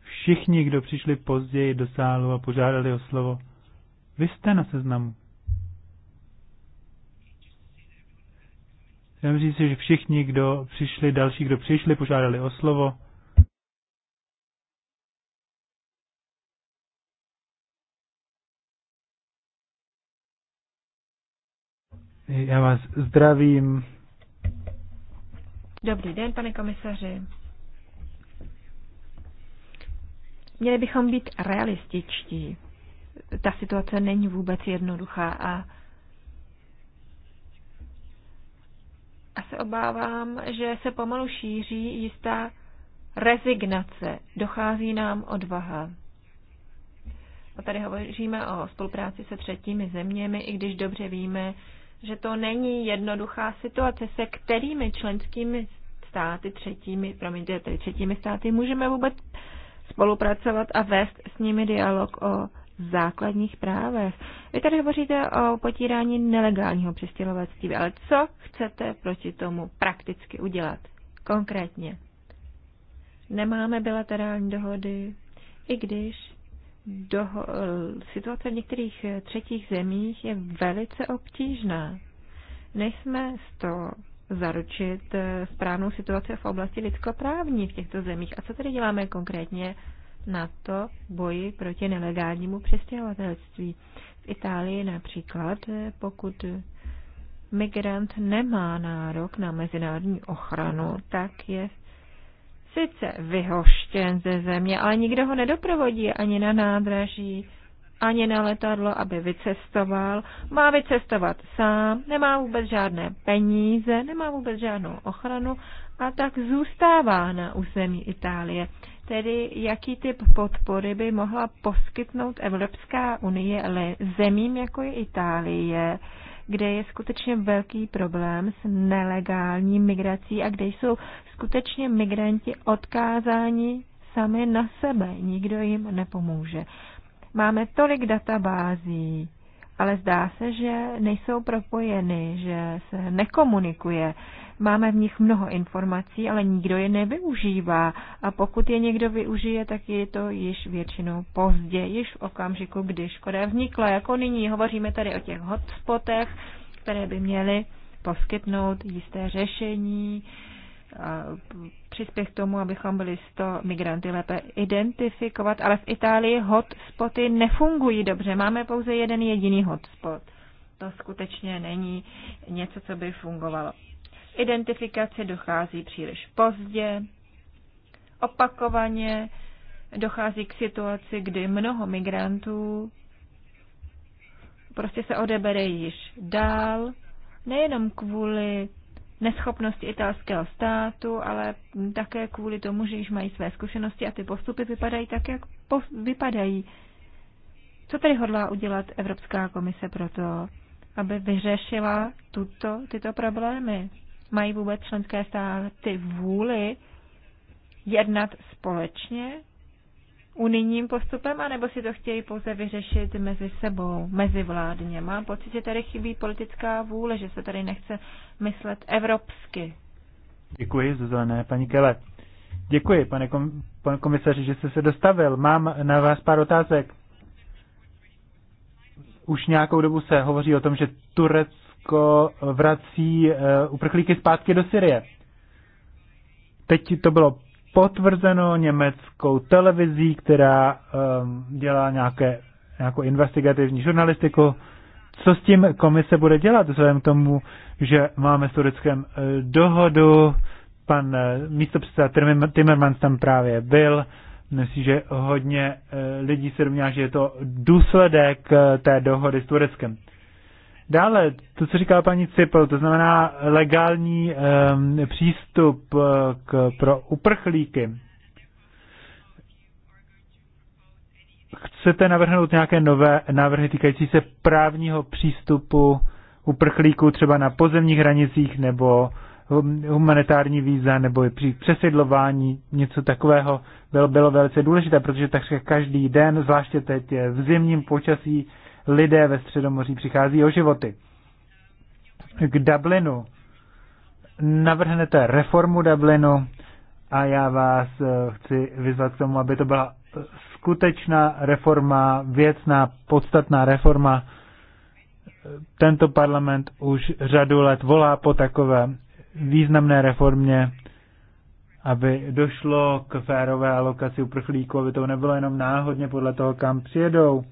všichni, kdo přišli později do sálu a požádali o slovo, vy jste na seznamu. Chci říct, že všichni, kdo přišli, další, kdo přišli, požádali o slovo. Já vás zdravím. Dobrý den, pane komisaři. Měli bychom být realističtí. Ta situace není vůbec jednoduchá a a se obávám, že se pomalu šíří jistá rezignace. Dochází nám odvaha. A tady hovoříme o spolupráci se třetími zeměmi, i když dobře víme, že to není jednoduchá situace, se kterými členskými státy třetími, promiňte, třetími státy můžeme vůbec spolupracovat a vést s nimi dialog o základních právech. Vy tady hovoříte o potírání nelegálního přistěhovalectví, ale co chcete proti tomu prakticky udělat? Konkrétně. Nemáme bilaterální dohody, i když doho- situace v některých třetích zemích je velice obtížná. Nejsme z toho zaručit eh, správnou situaci v oblasti lidskoprávní v těchto zemích. A co tedy děláme konkrétně na to boji proti nelegálnímu přestěhovatelství. V Itálii například, pokud migrant nemá nárok na mezinárodní ochranu, tak je sice vyhoštěn ze země, ale nikdo ho nedoprovodí ani na nádraží, ani na letadlo, aby vycestoval. Má vycestovat sám, nemá vůbec žádné peníze, nemá vůbec žádnou ochranu a tak zůstává na území Itálie tedy jaký typ podpory by mohla poskytnout Evropská unie ale zemím, jako je Itálie, kde je skutečně velký problém s nelegální migrací a kde jsou skutečně migranti odkázáni sami na sebe. Nikdo jim nepomůže. Máme tolik databází, ale zdá se, že nejsou propojeny, že se nekomunikuje. Máme v nich mnoho informací, ale nikdo je nevyužívá. A pokud je někdo využije, tak je to již většinou pozdě, již v okamžiku, kdy škoda vznikla. Jako nyní hovoříme tady o těch hotspotech, které by měly poskytnout jisté řešení, přispěch k tomu, abychom byli 100 migranty lépe identifikovat, ale v Itálii hotspoty nefungují dobře. Máme pouze jeden jediný hotspot. To skutečně není něco, co by fungovalo identifikace dochází příliš pozdě, opakovaně dochází k situaci, kdy mnoho migrantů prostě se odebere již dál, nejenom kvůli neschopnosti italského státu, ale také kvůli tomu, že již mají své zkušenosti a ty postupy vypadají tak, jak vypadají. Co tedy hodlá udělat Evropská komise pro to, aby vyřešila tuto, tyto problémy? Mají vůbec členské státy vůli jednat společně unijním postupem, anebo si to chtějí pouze vyřešit mezi sebou, mezi vládně. Mám pocit, že tady chybí politická vůle, že se tady nechce myslet evropsky. Děkuji, Zuzane, paní Kele. Děkuji, pane kom, pan komisaři, že jste se dostavil. Mám na vás pár otázek. Už nějakou dobu se hovoří o tom, že Turec, Turecko vrací eh, uprchlíky zpátky do Syrie. Teď to bylo potvrzeno německou televizí, která ehm, dělá nějaké, nějakou investigativní žurnalistiku. Co s tím komise bude dělat, vzhledem k tomu, že máme s Tureckem eh, dohodu, pan eh, místopředseda Timmermans tam právě byl, Myslím, že hodně lidí se domnívá, že je to důsledek té dohody s Tureckem. Dále, to, co říká paní Cipl, to znamená legální um, přístup eh, k, pro uprchlíky. Chcete navrhnout nějaké nové návrhy týkající se právního přístupu uprchlíků třeba na pozemních hranicích nebo humanitární víza nebo při přesedlování, něco takového bylo, bylo velice důležité, protože takřka každý den, zvláště teď v zimním počasí, lidé ve Středomoří přichází o životy. K Dublinu. Navrhnete reformu Dublinu a já vás eh, chci vyzvat k tomu, aby to byla skutečná reforma, věcná, podstatná reforma. Tento parlament už řadu let volá po takové významné reformě, aby došlo k férové alokaci uprchlíků, aby to nebylo jenom náhodně podle toho, kam přijedou.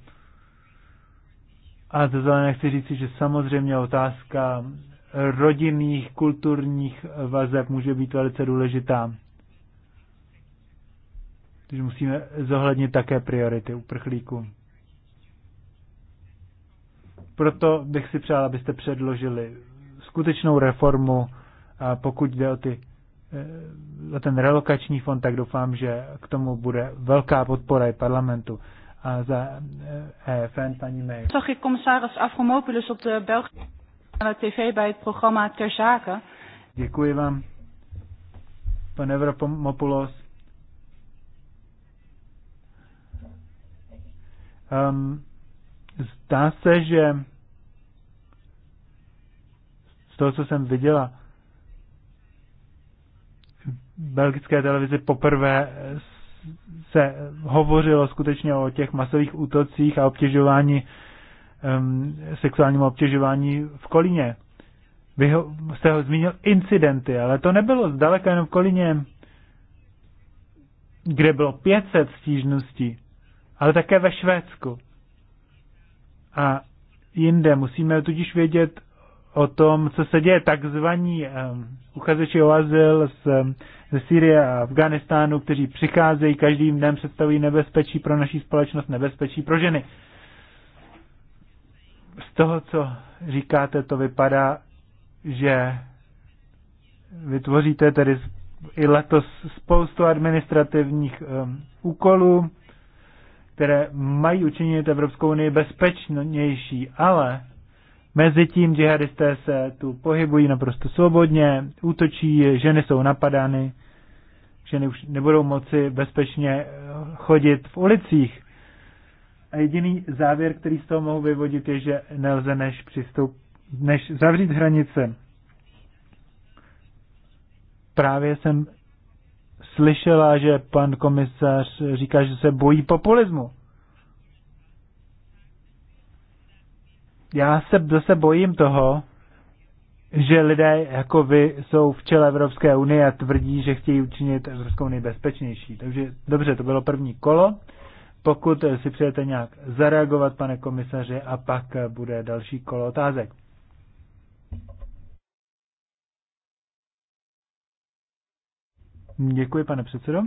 A to znamená, chci říct, že samozřejmě otázka rodinných, kulturních vazeb může být velice důležitá. Takže musíme zohlednit také priority uprchlíků. Proto bych si přál, abyste předložili skutečnou reformu, a pokud jde o, ty, eh, o ten relokační fond, tak doufám, že k tomu bude velká podpora i parlamentu. Eh, eh, Zag ik commissaris Afromopoulos op de Belgische TV bij het programma Ter Zaken. Děkuji vám, pane Avramopoulos. Um, ehm, zdá se, že z toho, co jsem viděla, belgické televize poprvé se hovořilo skutečně o těch masových útocích a obtěžování, um, sexuálním obtěžování v Kolíně. Vy ho, jste ho zmínil incidenty, ale to nebylo zdaleka jenom v Kolíně, kde bylo 500 stížností, ale také ve Švédsku. A jinde musíme tudíž vědět o tom, co se děje. Takzvaní um, uchazeči o azyl z um, ze Syrie a Afganistánu, kteří přicházejí každým dnem, představují nebezpečí pro naší společnost, nebezpečí pro ženy. Z toho, co říkáte, to vypadá, že vytvoříte tedy i letos spoustu administrativních um, úkolů, které mají učinit Evropskou unii bezpečnější, ale mezi tím džihadisté se tu pohybují naprosto svobodně, útočí, ženy jsou napadány, občany už nebudou moci bezpečně eh, chodit v ulicích. A jediný závěr, který z toho mohu vyvodit, je, že nelze než, přistup, než zavřít hranice. Právě jsem slyšela, že pan komisař říká, že se bojí populismu. Já se zase bojím toho, že lidé jako vy jsou v čele Evropské unie a tvrdí, že chtějí učinit Evropskou unii bezpečnější. Takže dobře, to bylo první kolo. Pokud si přejete nějak zareagovat, pane komisaři, a pak bude další kolo otázek. Děkuji, pane předsedo.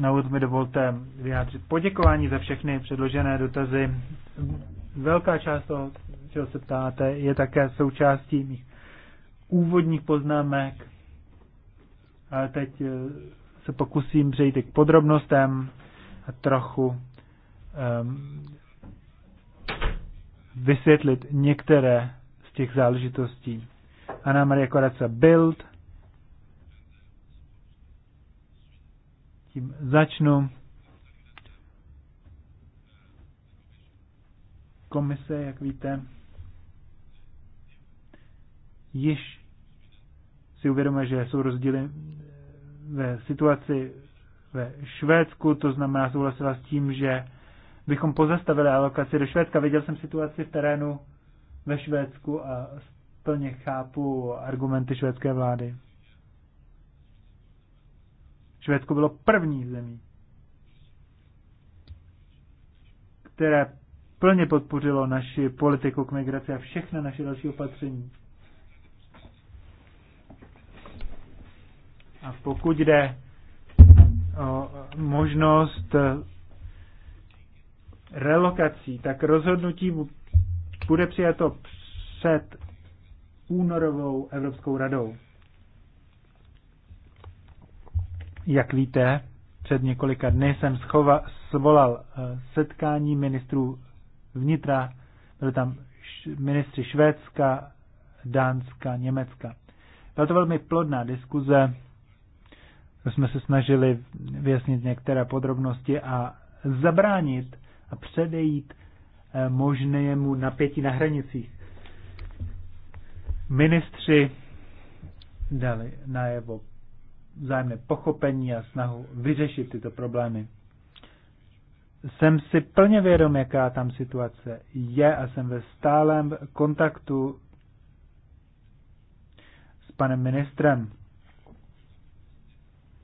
Na úvod mi dovolte vyjádřit poděkování za všechny předložené dotazy velká část toho, čeho se ptáte, je také součástí mých úvodních poznámek. Ale teď eh, se pokusím přejít k podrobnostem a trochu um, vysvětlit některé z těch záležitostí. Anna Maria Koraca Build. Tím začnu. komise, jak víte, již si uvědomuje, že jsou rozdíly ve situaci ve Švédsku, to znamená souhlasila s tím, že bychom pozastavili alokaci do Švédska. Viděl jsem situaci v terénu ve Švédsku a plně chápu argumenty švédské vlády. Švédsko bylo první zemí, které plně podpořilo naši politiku k migraci a všechna naše další opatření. A pokud jde o možnost relokací, tak rozhodnutí bude přijato před únorovou Evropskou radou. Jak víte, před několika dny jsem schova, svolal eh, setkání ministrů vnitra, byli tam ministři Švédska, Dánska, Německa. Byla to velmi plodná diskuze, jsme se snažili vyjasnit některé podrobnosti a zabránit a předejít eh, možnému napětí na hranicích. Ministři dali najevo zájemné pochopení a snahu vyřešit tyto problémy jsem si plně vědom, jaká tam situace je a jsem ve stálem kontaktu s panem ministrem.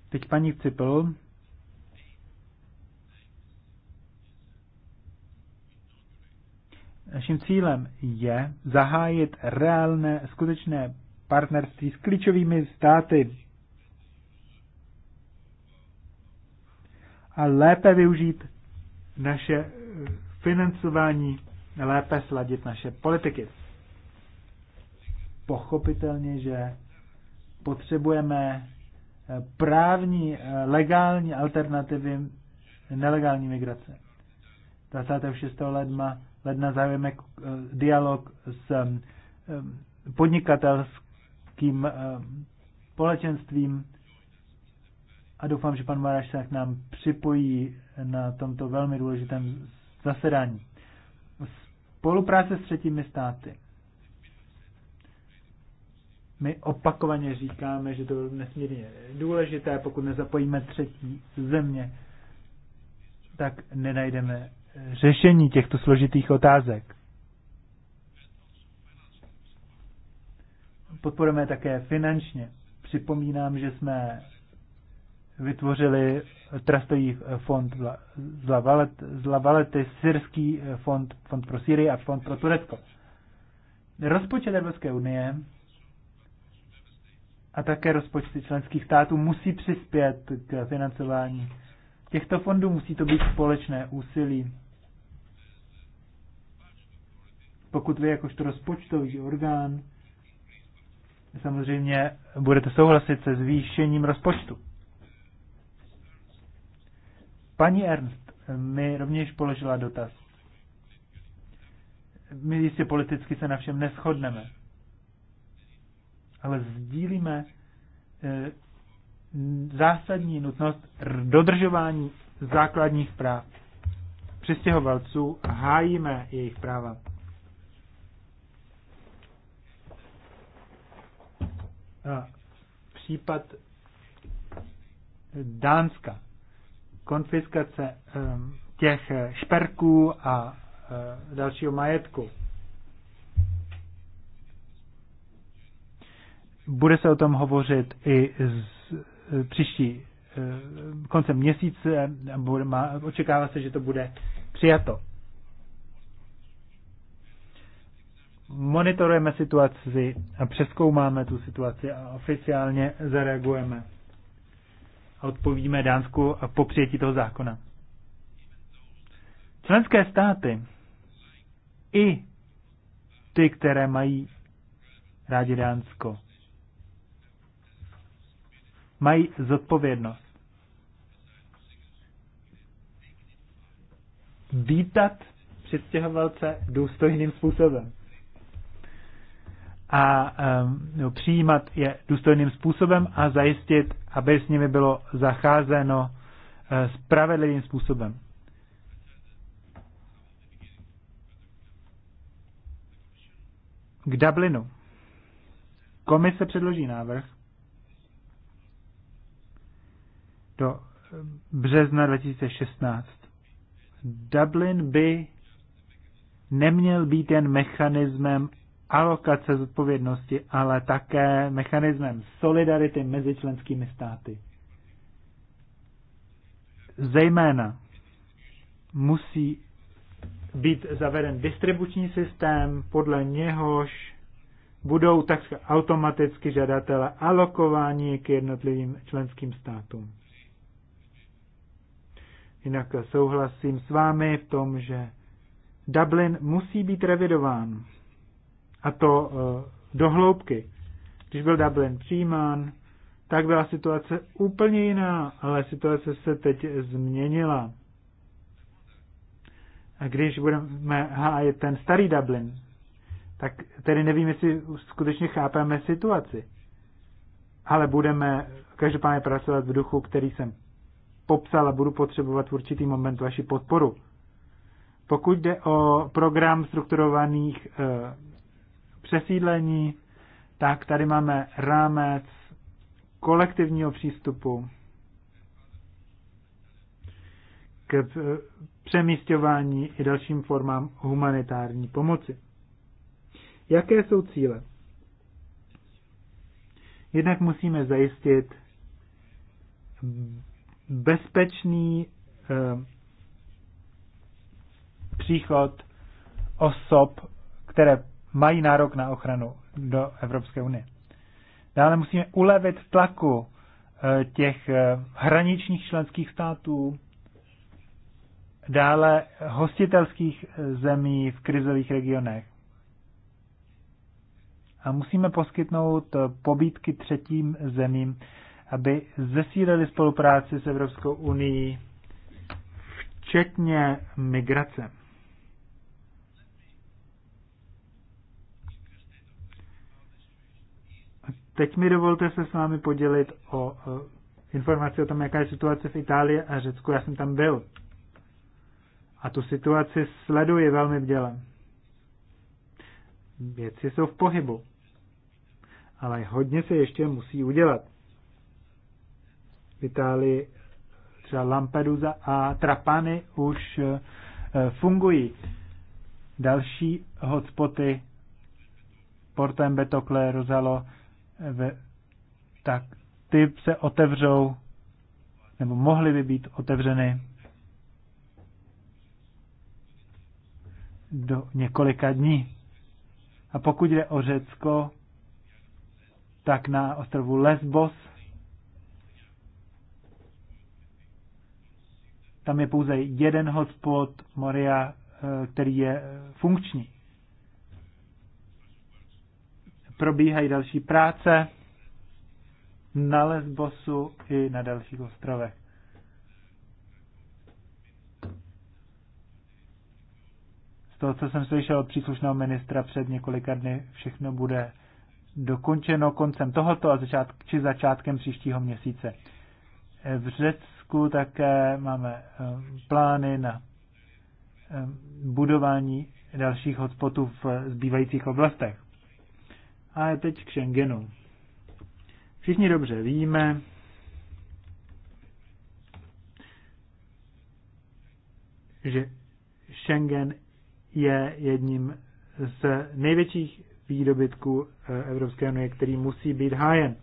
Teď paní Cipl. Naším cílem je zahájit reálné, skutečné partnerství s klíčovými státy a lépe využít naše eh, financování, lépe sladit naše politiky. Pochopitelně, že potřebujeme eh, právní, eh, legální alternativy nelegální migrace. 26. ledna, ledna zahajujeme dialog s podnikatelským společenstvím a doufám, že pan Maraš se k nám připojí na tomto velmi důležitém zasedání. Spolupráce s třetími státy. My opakovaně říkáme, že to je nesmírně důležité, pokud nezapojíme třetí země, tak nenajdeme řešení těchto složitých otázek. Podporujeme také finančně. Připomínám, že jsme vytvořili trastový fond z Valety, syrský fond, fond pro Syrii a fond pro Turecko. Rozpočet Evropské unie a také rozpočty členských států musí přispět k financování těchto fondů. Musí to být společné úsilí. Pokud vy jakožto rozpočtový orgán samozřejmě budete souhlasit se zvýšením rozpočtu. Paní Ernst mi rovněž položila dotaz. My jistě politicky se na všem neschodneme, ale sdílíme eh, zásadní nutnost dodržování základních práv přistěhovalců a hájíme jejich práva. A případ Dánska konfiskace ehm, těch eh, šperků a eh, dalšího majetku. Bude se o tom hovořit i z eh, příští koncem měsíce a očekává se, že to bude přijato. Monitorujeme situaci a přeskoumáme tu situaci a oficiálně zareagujeme a odpovíme Dánsku po přijetí toho zákona. Členské státy i ty, které mají rádi Dánsko, mají zodpovědnost vítat přistěhovalce důstojným způsobem a um, přijímat je důstojným způsobem a zajistit, aby s nimi bylo zacházeno uh, spravedlivým způsobem. K Dublinu. Komise předloží návrh do eh, března 2016. Dublin by neměl být jen mechanismem alokace zodpovědnosti, ale také mechanismem solidarity mezi členskými státy. Zejména musí být zaveden distribuční systém, podle něhož budou tak automaticky žadatele alokováni k jednotlivým členským státům. Jinak souhlasím s vámi v tom, že Dublin musí být revidován a to eh, do hloubky. Když byl Dublin přijímán, tak byla situace úplně jiná, ale situace se teď změnila. A když budeme hájet ten starý Dublin, tak tedy nevím, jestli skutečně chápeme situaci. Ale budeme každopádně pracovat v duchu, který jsem popsal a budu potřebovat v určitý moment vaši podporu. Pokud jde o program strukturovaných eh, přesídlení, tak tady máme rámec kolektivního přístupu k přemístování i dalším formám humanitární pomoci. Jaké jsou cíle? Jednak musíme zajistit bezpečný eh, příchod osob, které mají nárok na ochranu do Evropské unie. Dále musíme ulevit tlaku eh, těch eh, hraničních členských států, dále hostitelských eh, zemí v krizových regionech. A musíme poskytnout pobídky třetím zemím, aby zesílili spolupráci s Evropskou unii, včetně migrace. Teď mi dovolte se s vámi podělit o informaci o tom, jaká je situace v Itálii a Řecku. Já jsem tam byl. A tu situaci sleduji velmi bděle. Věci jsou v pohybu. Ale hodně se ještě musí udělat. V Itálii třeba Lampedusa a Trapany už e, fungují. Další hotspoty Portem Tokle, Rozalo, ve, tak ty se otevřou, nebo mohly by být otevřeny do několika dní. A pokud jde o Řecko, tak na ostrovu Lesbos, tam je pouze jeden hotspot Moria, eh, který je eh, funkční probíhají další práce na Lesbosu i na dalších ostrovech. Z toho, co jsem slyšel od příslušného ministra před několika dny, všechno bude dokončeno koncem tohoto a začátk, či začátkem příštího měsíce. V Řecku také máme eh, plány na eh, budování dalších hotspotů v zbývajících oblastech. A je teď k Schengenu. Všichni dobře víme, že Schengen je jedním z největších výdobytků eh, Evropské unie, který musí být hájen.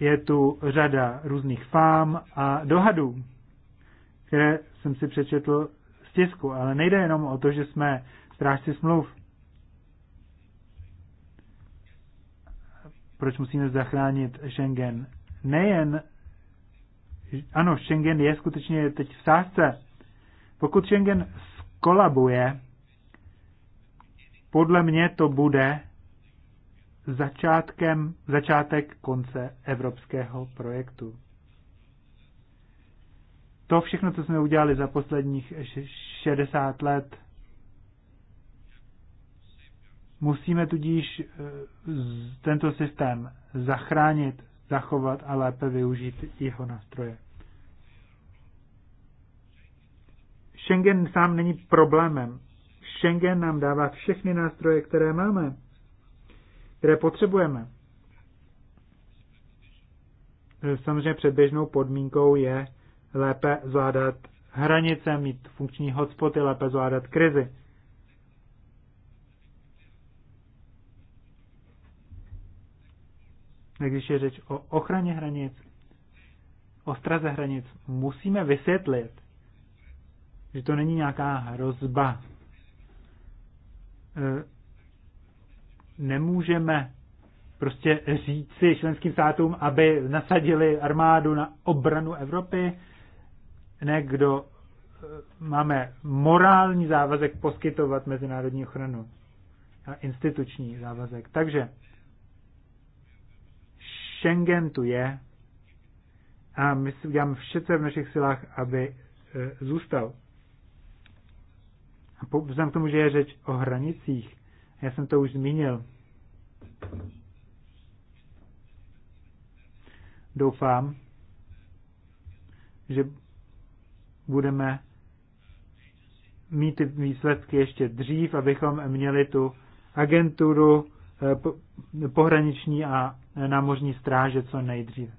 Je tu řada různých fám a dohadů, které jsem si přečetl z tisku, ale nejde jenom o to, že jsme strážci smluv. proč musíme zachránit Schengen. Nejen, ano, Schengen je skutečně teď v sázce. Pokud Schengen skolabuje, podle mě to bude začátkem, začátek konce evropského projektu. To všechno, co jsme udělali za posledních 60 let, Musíme tudíž eh, tento systém zachránit, zachovat a lépe využít jeho nástroje. Schengen sám není problémem. Schengen nám dává všechny nástroje, které máme, které potřebujeme. Eh, samozřejmě předběžnou podmínkou je lépe zvládat hranice, mít funkční hotspoty, lépe zvládat krizi. když je řeč o ochraně hranic, ostraze hranic, musíme vysvětlit, že to není nějaká hrozba. E, nemůžeme prostě říci členským státům, aby nasadili armádu na obranu Evropy. Ne, kdo e, máme morální závazek poskytovat mezinárodní ochranu a instituční závazek. Takže Schengen tu je a my si uděláme vše, co je v našich silách, aby e, zůstal. A vzhledem k tomu, že je řeč o hranicích, já jsem to už zmínil, doufám, že budeme mít ty výsledky ještě dřív, abychom měli tu agenturu e, pohraniční a námořní stráže co nejdříve.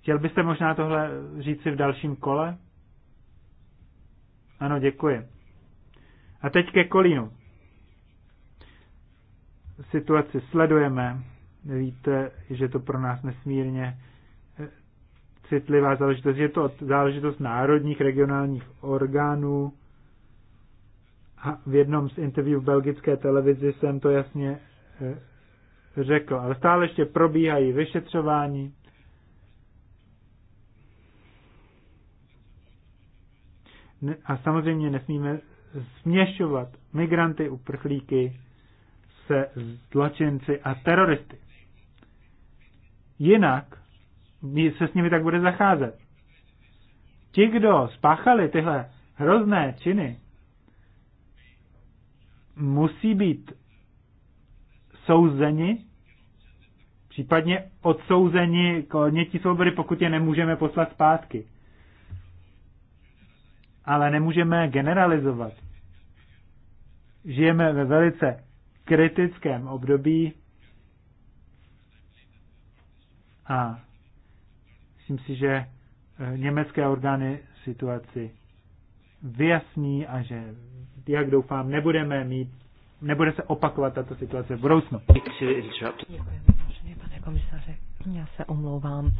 Chtěl byste možná tohle říci v dalším kole? Ano, děkuji. A teď ke Kolínu. Situaci sledujeme. Víte, že to pro nás nesmírně eh, citlivá záležitost. Je to záležitost národních regionálních orgánů. A v jednom z interview v belgické televizi jsem to jasně eh, řekl, ale stále ještě probíhají vyšetřování. A samozřejmě nesmíme směšovat migranty, uprchlíky se zločinci a teroristy. Jinak se s nimi tak bude zacházet. Ti, kdo spáchali tyhle hrozné činy, musí být souzeni, případně odsouzeni k odnětí svobody, pokud je nemůžeme poslat zpátky. Ale nemůžeme generalizovat. Žijeme ve velice kritickém období a myslím si, že eh, německé orgány situaci vyjasní a že, jak doufám, nebudeme mít nebude se opakovat tato situace v budoucnu. pane komisaře. Já se omlouvám,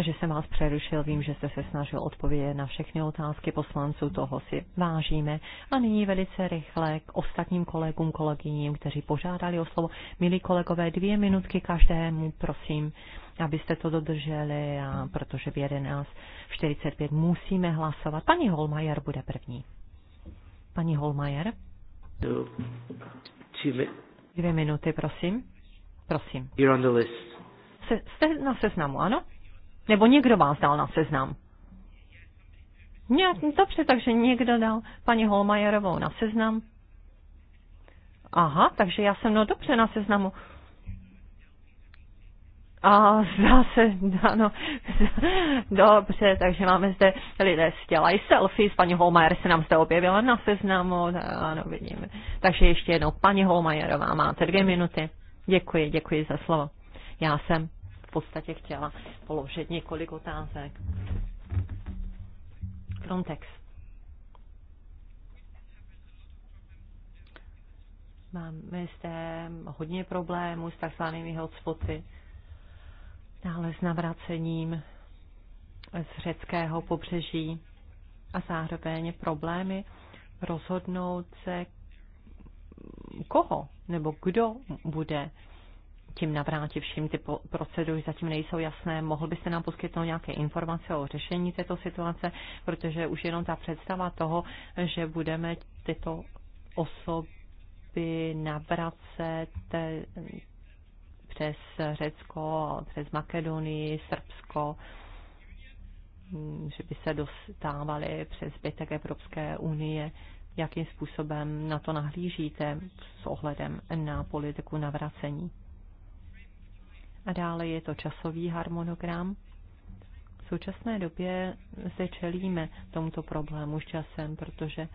že jsem vás přerušil. Vím, že jste se snažil odpovědět na všechny otázky poslanců, toho si vážíme. A nyní velice rychle k ostatním kolegům, kolegyním, kteří požádali o slovo. Milí kolegové, dvě minutky každému, prosím, abyste to dodrželi, a protože v 11.45 musíme hlasovat. Paní Holmajer bude první. Paní Holmajer. Dvě minuty, prosím. Prosím. You're on the list. Se, jste na seznamu, ano? Nebo někdo vás dal na seznam? Nějak, dobře, takže někdo dal paní Holmajerovou na seznam. Aha, takže já jsem, no dobře, na seznamu. A zdá se, ano, dobře, takže máme zde lidé z těla i selfie, paní Holmajer se nám zde objevila na seznamu, no, ano, vidíme. Takže ještě jednou, paní Holmajerová, máte dvě minuty. Děkuji, děkuji za slovo. Já jsem v podstatě chtěla položit několik otázek. Frontex. Máme zde hodně problémů s takzvanými hotspoty dále s navracením z řeckého pobřeží a zároveň problémy rozhodnout se, koho nebo kdo bude tím navrátivším. Ty procedury zatím nejsou jasné. Mohl byste nám poskytnout nějaké informace o řešení této situace, protože už jenom ta představa toho, že budeme tyto osoby navracet, přes Řecko, přes Makedonii, Srbsko, že by se dostávali přes zbytek Evropské unie. Jakým způsobem na to nahlížíte s ohledem na politiku navracení? A dále je to časový harmonogram. V současné době se čelíme tomuto problému s časem, protože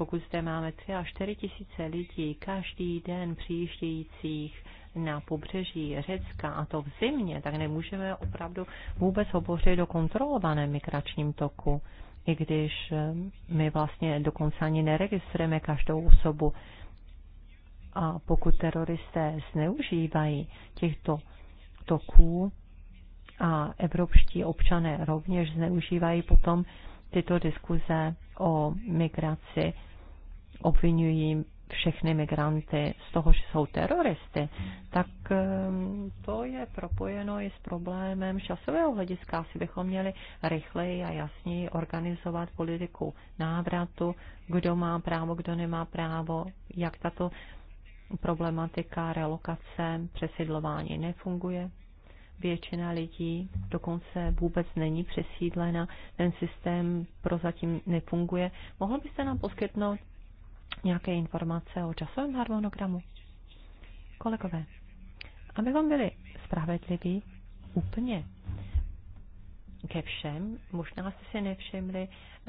pokud zde máme 3 a 4 tisíce lidí každý den přijíždějících na pobřeží Řecka a to v zimě, tak nemůžeme opravdu vůbec hovořit o kontrolovaném migračním toku, i když eh, my vlastně dokonce ani neregistrujeme každou osobu. A pokud teroristé zneužívají těchto toků a evropští občané rovněž zneužívají potom tyto diskuze o migraci, obvinují všechny migranty z toho, že jsou teroristy, tak ehm, to je propojeno i s problémem časového hlediska. Asi bychom měli rychleji a jasněji organizovat politiku návratu, kdo má právo, kdo nemá právo, jak tato problematika relokace, přesidlování nefunguje. Většina lidí dokonce vůbec není přesídlena, ten systém prozatím nefunguje. Mohl byste nám poskytnout nějaké informace o časovém harmonogramu? Kolegové, abychom byli spravedliví úplně ke všem, možná jste si nevšimli,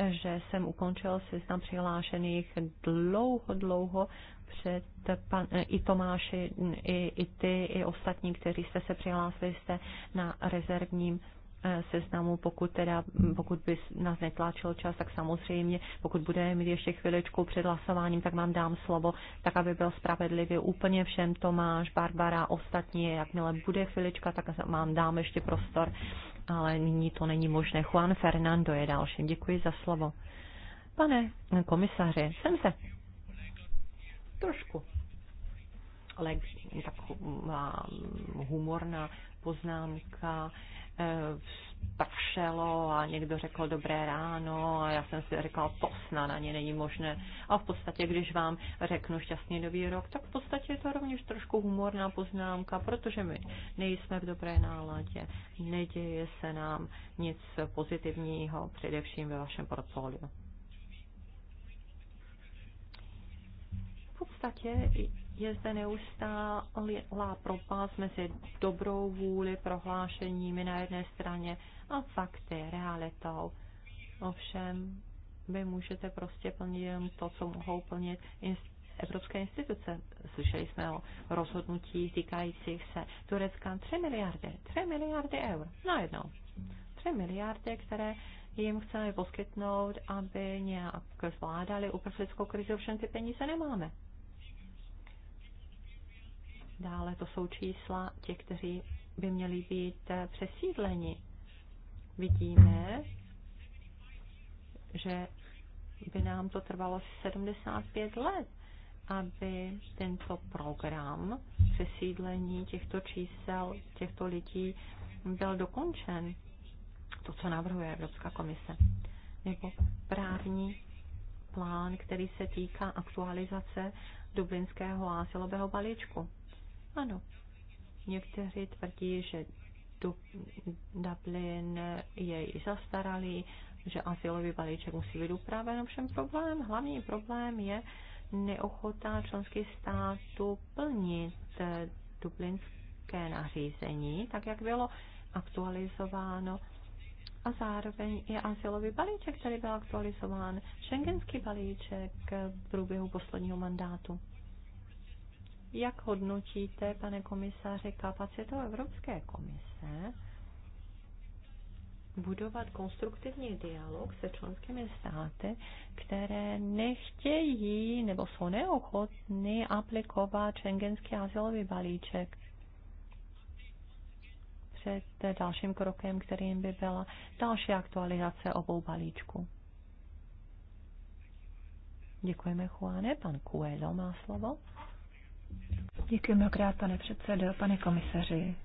že jsem ukončil seznam přihlášených dlouho, dlouho před pan, eh, i Tomáši, i, i ty, i ostatní, kteří jste se přihlásili, jste na rezervním Eh, seznamu, pokud, teda, pokud by nás netlačil čas, tak samozřejmě, pokud budeme mít ještě chviličku před hlasováním, tak vám dám slovo, tak aby byl spravedlivý úplně všem Tomáš, Barbara, ostatní, jakmile bude chvilička, tak vám dám ještě prostor, ale nyní to není možné. Juan Fernando je dalším. Děkuji za slovo. Pane komisaři, jsem se. Trošku. Ale taková humorná poznámka pršelo eh, a někdo řekl dobré ráno a já jsem si řekla, to snad ani není možné. A v podstatě, když vám řeknu šťastný nový rok, tak v podstatě je to rovněž trošku humorná poznámka, protože my nejsme v dobré náladě, neděje se nám nic pozitivního, především ve vašem portfoliu. V podstatě je zde neustálá propast mezi dobrou vůli, prohlášeními na jedné straně a fakty, realitou. Ovšem, vy můžete prostě plnit jenom to, co mohou plnit evropské instituce. Slyšeli jsme o rozhodnutí týkajících se Turecka 3 miliardy, 3 miliardy eur najednou. 3 miliardy, které jim chceme poskytnout, aby nějak zvládali uprchlickou krizi, ovšem ty peníze nemáme. Dále to jsou čísla těch, kteří by měli být eh, přesídleni. Vidíme, že by nám to trvalo 75 let, aby tento program přesídlení těchto čísel, těchto lidí byl dokončen. To, co navrhuje Evropská komise. Nebo právní plán, který se týká aktualizace dublinského asilového balíčku. Ano, někteří tvrdí, že Dublin je i zastaralý, že asilový balíček musí být upraven. Ovšem problém, hlavní problém je neochota členských států plnit eh, dublinské nařízení, tak jak bylo aktualizováno a zároveň i asilový balíček, který byl aktualizován, šengenský balíček v průběhu posledního mandátu. Jak hodnotíte, pane komisáře, kapacitu Evropské komise budovat konstruktivní dialog se členskými státy, které nechtějí nebo jsou neochotny aplikovat šengenský asilový balíček před dalším krokem, kterým by byla další aktualizace obou balíčků. Děkujeme, Juane. Pan Kuelo má slovo. Děkuji mnohokrát, pane předsedo, pane komisaři.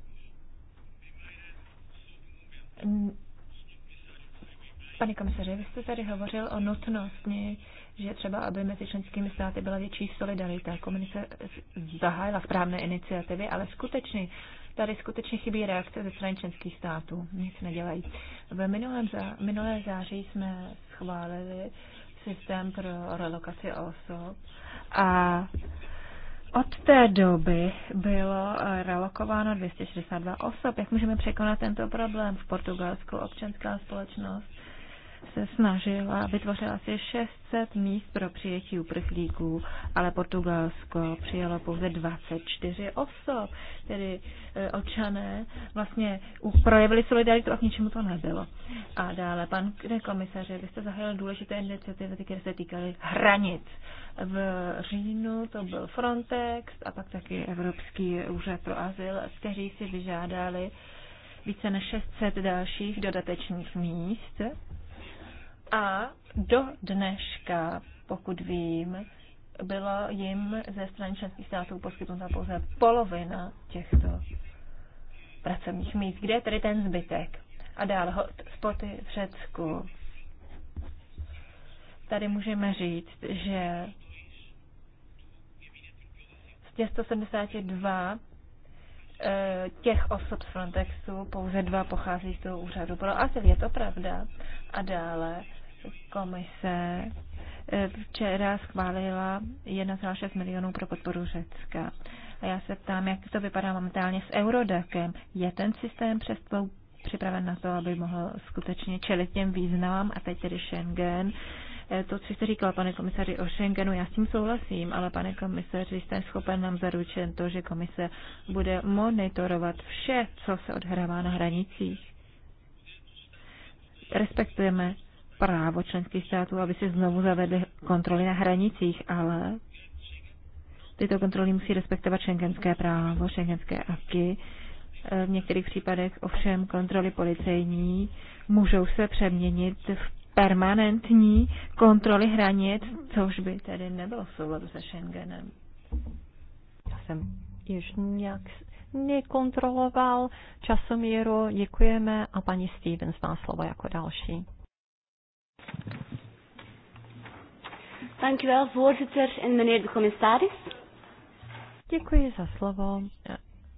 Pane komisaři, vy jste tady hovořil o nutnosti, že třeba, aby mezi členskými státy byla větší solidarita. Komise zahájila správné iniciativy, ale skutečně tady skutečně chybí reakce ze strany členských států. Nic nedělají. V minulém zá, minulé září jsme schválili systém pro relokaci osob a od té doby bylo eh, relokováno 262 osob. Jak můžeme překonat tento problém? V Portugalsku občanská společnost se snažila vytvořila asi 600 míst pro přijetí uprchlíků, ale Portugalsko přijalo pouze 24 osob, tedy e, občané vlastně projevili solidaritu a k ničemu to nebylo. A dále, pan komisaře, vy jste zahájil důležité iniciativy, které se týkaly hranic. V říjnu to byl Frontex a pak taky Evropský úřad pro azyl, kteří si vyžádali více než 600 dalších dodatečných míst a do dneška, pokud vím, byla jim ze strany členských států poskytnuta pouze polovina těchto pracovních míst. Kde je tedy ten zbytek? A dál hotspoty v Řecku. Tady můžeme říct, že z 172 eh, těch osob z Frontexu pouze dva pochází z toho úřadu pro asi Je to pravda? A dále Komise eh, včera schválila 1,6 milionů pro podporu Řecka. A já se ptám, jak to vypadá momentálně s Eurodakem. Je ten systém přestou připraven na to, aby mohl skutečně čelit těm významám a teď tedy Schengen. Eh, to, co jste říkala, pane komisaři, o Schengenu, já s tím souhlasím, ale pane komisaři, jste schopen nám zaručen to, že komise bude monitorovat vše, co se odhrává na hranicích. Respektujeme právo členských států, aby se znovu zavedly kontroly na hranicích, ale tyto kontroly musí respektovat šengenské právo, šengenské aky. E, v některých případech ovšem kontroly policejní můžou se přeměnit v permanentní kontroly hranic, což by tedy nebylo v souladu se Schengenem. Já jsem již nějak nekontroloval časomíru. Děkujeme a paní Stevens má slovo jako další. Dank u wel, voorzitter en meneer de commissaris. Děkuji za slovo.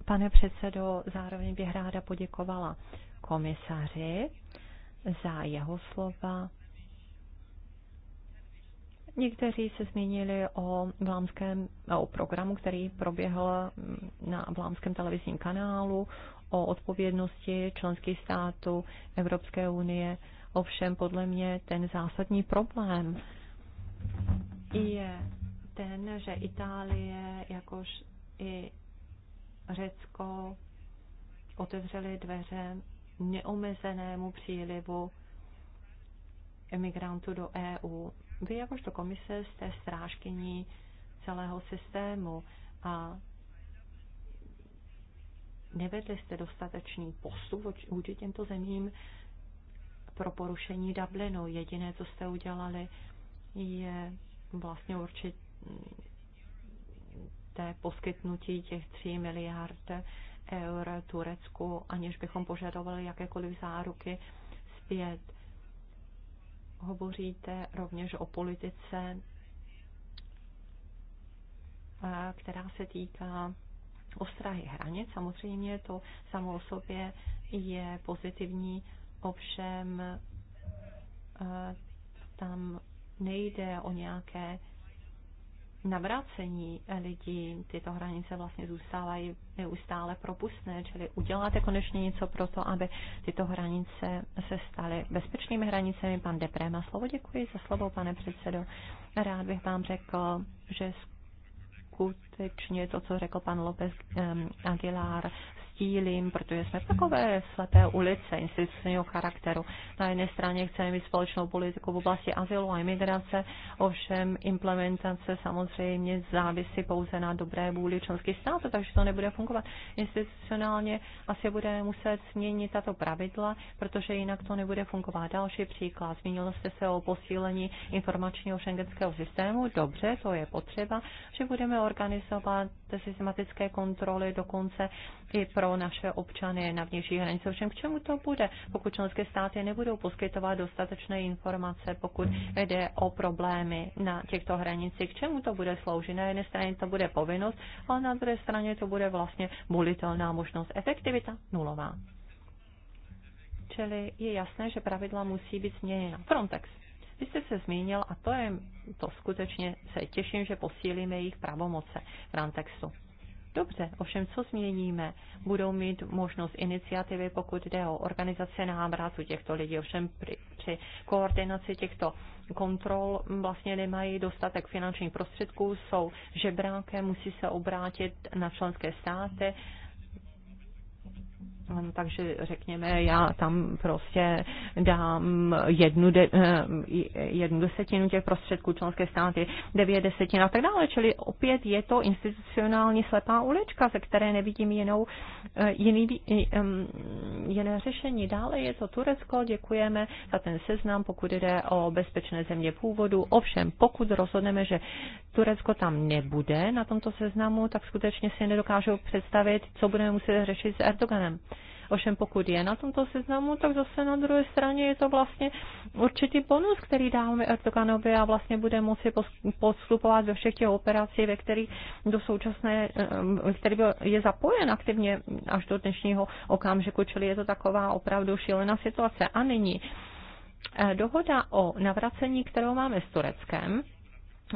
Pane předsedo, zároveň bych ráda poděkovala komisaři za jeho slova. Někteří se zmínili o, vlámském, o programu, který proběhl na vlámském televizním kanálu, o odpovědnosti členských států Evropské unie. Ovšem podle mě ten zásadní problém je ten, že Itálie, jakož i Řecko otevřeli dveře neomezenému přílivu emigrantů do EU. Vy jakožto komise jste strážkyní celého systému a nevedli jste dostatečný postup vůči těmto zemím pro porušení Dublinu. Jediné, co jste udělali, je vlastně určité poskytnutí těch 3 miliard eur Turecku, aniž bychom požadovali jakékoliv záruky zpět. Hovoříte rovněž o politice, eh, která se týká ostrahy hranic. Samozřejmě to samo o sobě je pozitivní, ovšem eh, tam nejde o nějaké navrácení lidí, tyto hranice vlastně zůstávají neustále propustné, čili uděláte konečně něco pro to, aby tyto hranice se staly bezpečnými hranicemi. Pan Depré má slovo, děkuji za slovo, pane předsedo. Rád bych vám řekl, že skutečně to, co řekl pan López um, Aguilar, sdílím, protože jsme takové slepé ulice institucionálního charakteru. Na jedné straně chceme mít společnou politiku v oblasti azylu a imigrace, ovšem implementace samozřejmě závisí pouze na dobré vůli členských států, takže to nebude fungovat. Institucionálně asi budeme muset změnit tato pravidla, protože jinak to nebude fungovat. Další příklad. Zmínilo jste se o posílení informačního šengenského systému. Dobře, to je potřeba, že budeme organizovat systematické kontroly dokonce i pro naše občany na vnější hranice. Všem k čemu to bude, pokud členské státy nebudou poskytovat dostatečné informace, pokud jde o problémy na těchto hranicích, k čemu to bude sloužit? Na jedné straně to bude povinnost, ale na druhé straně to bude vlastně volitelná možnost. Efektivita nulová. Čili je jasné, že pravidla musí být změněna. Frontex. Vy jste se zmínil, a to je, to skutečně se těším, že posílíme jejich pravomoce v Rantexu. Dobře, ovšem co změníme? Budou mít možnost iniciativy, pokud jde o organizaci návratu těchto lidí, ovšem při, při koordinaci těchto kontrol vlastně nemají dostatek finančních prostředků, jsou žebrákem, musí se obrátit na členské státy, No, takže řekněme, já tam prostě dám jednu, de, eh, jednu desetinu těch prostředků členské státy, devět desetin a tak dále. Čili opět je to institucionální slepá ulička, ze které nevidím jinou, eh, jiný, eh, jiné řešení. Dále je to Turecko, děkujeme za ten seznam, pokud jde o bezpečné země původu. Ovšem, pokud rozhodneme, že Turecko tam nebude na tomto seznamu, tak skutečně si nedokážou představit, co budeme muset řešit s Erdoganem. Ovšem pokud je na tomto seznamu, tak zase na druhé straně je to vlastně určitý bonus, který dáme Erdoganovi a vlastně bude moci postupovat ve všech těch operací, ve kterých do současné, eh, který je zapojen aktivně až do dnešního okamžiku, čili je to taková opravdu šílená situace. A nyní eh, dohoda o navracení, kterou máme s Tureckem,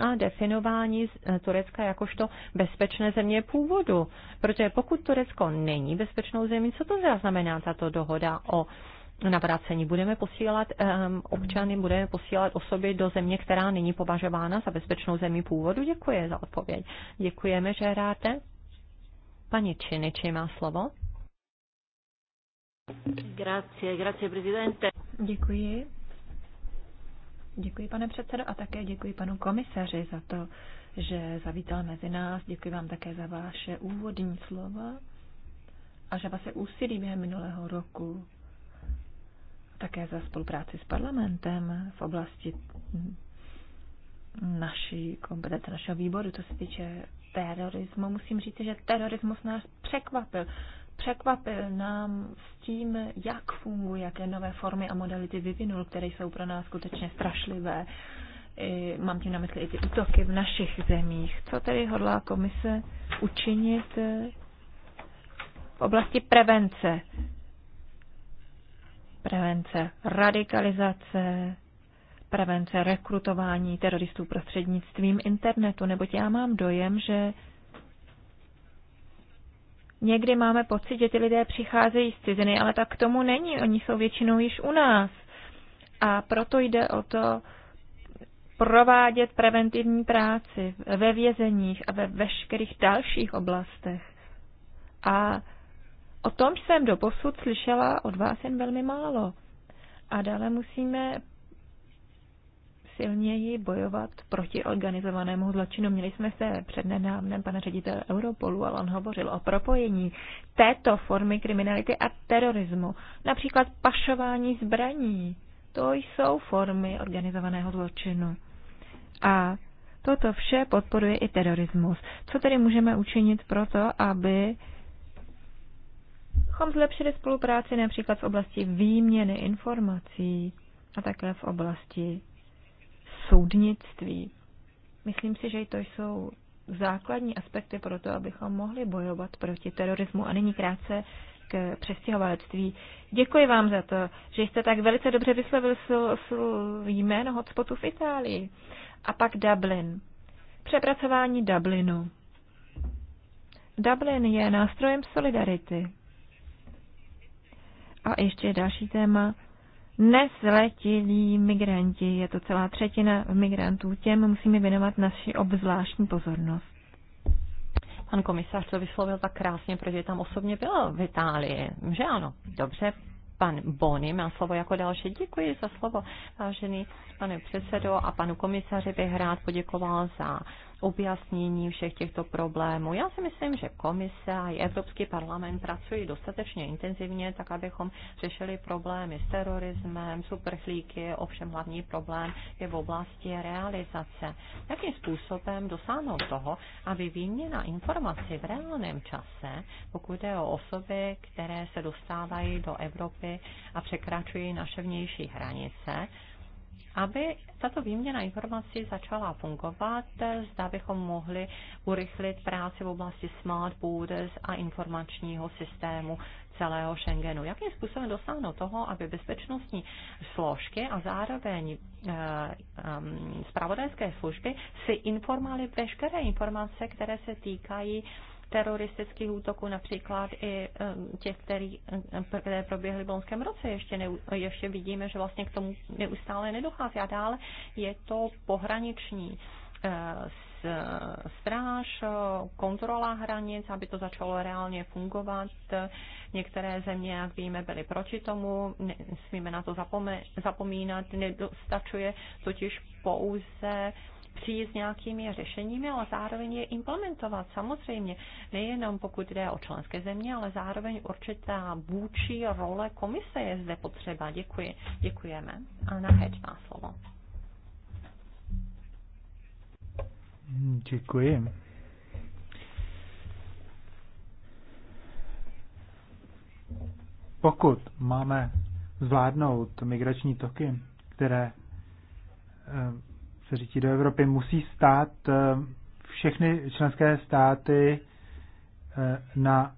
a definování eh, Turecka jakožto bezpečné země původu. Protože pokud Turecko není bezpečnou zemí, co to znamená tato dohoda o navracení? Budeme posílat um, občany, budeme posílat osoby do země, která není považována za bezpečnou zemí původu? Děkuji za odpověď. Děkujeme, že hráte. Pani Činiči má slovo. Grazie, grazie, Děkuji. Děkuji, pane předsedo, a také děkuji panu komisaři za to, že zavítal mezi nás. Děkuji vám také za vaše úvodní slova a že vaše úsilí během minulého roku také za spolupráci s parlamentem v oblasti naší kompetence, našeho výboru, co se týče terorismu. Musím říct, že terorismus nás překvapil překvapil nám s tím, jak fungují, jaké nové formy a modality vyvinul, které jsou pro nás skutečně strašlivé. I, mám tím na mysli i ty útoky v našich zemích. Co tedy hodlá komise učinit eh, v oblasti prevence? Prevence radikalizace, prevence rekrutování teroristů prostřednictvím internetu, neboť já mám dojem, že Někdy máme pocit, že ty lidé přicházejí z ciziny, ale tak tomu není. Oni jsou většinou již u nás. A proto jde o to provádět preventivní práci ve vězeních a ve veškerých dalších oblastech. A o tom jsem do posud slyšela od vás jen velmi málo. A dále musíme silněji bojovat proti organizovanému zločinu. Měli jsme se před nedávnem pana ředitele Europolu, ale on hovořil o propojení této formy kriminality a terorismu. Například pašování zbraní. To jsou formy organizovaného zločinu. A toto vše podporuje i terorismus. Co tedy můžeme učinit proto, aby Chom zlepšili spolupráci například v oblasti výměny informací a také v oblasti soudnictví. Myslím si, že to jsou základní aspekty pro to, abychom mohli bojovat proti terorismu. A nyní krátce k přestěhovalectví. Děkuji vám za to, že jste tak velice dobře vyslovil sl- jméno hotspotu v Itálii. A pak Dublin. Přepracování Dublinu. Dublin je nástrojem solidarity. A ještě další téma nezletilí migranti, je to celá třetina migrantů, těm musíme věnovat naši obzvláštní pozornost. Pan komisař to vyslovil tak krásně, protože tam osobně byl v Itálii, že ano? Dobře, pan Bony má slovo jako další. Děkuji za slovo, vážený pane předsedo a panu komisaři bych rád poděkoval za objasnění všech těchto problémů. Já si myslím, že komise a i Evropský parlament pracují dostatečně intenzivně, tak abychom řešili problémy s terorismem, s uprchlíky, ovšem hlavní problém je v oblasti realizace. Jakým způsobem dosáhnout toho, aby výměna informací v reálném čase, pokud je o osoby, které se dostávají do Evropy a překračují naše vnější hranice, aby tato výměna informací začala fungovat, zda bychom mohli urychlit práci v oblasti smart borders a informačního systému celého Schengenu. Jakým způsobem dosáhnout toho, aby bezpečnostní složky a zároveň spravodajské eh, ehm, služby si informovaly veškeré informace, které se týkají teroristických útoků, například i těch, který, které proběhly v loňském roce. Ještě, ne, ještě vidíme, že vlastně k tomu neustále nedochází. A dále je to pohraniční eh, stráž, kontrola hranic, aby to začalo reálně fungovat. Některé země, jak víme, byly proti tomu, smíme na to zapome- zapomínat, nedostačuje totiž pouze přijít s nějakými řešeními, ale zároveň je implementovat. Samozřejmě nejenom pokud jde o členské země, ale zároveň určitá vůči role komise je zde potřeba. Děkuji. Děkujeme. A na heč má slovo. Děkuji. Pokud máme zvládnout migrační toky, které eh, se řítí do Evropy, musí stát eh, všechny členské státy eh, na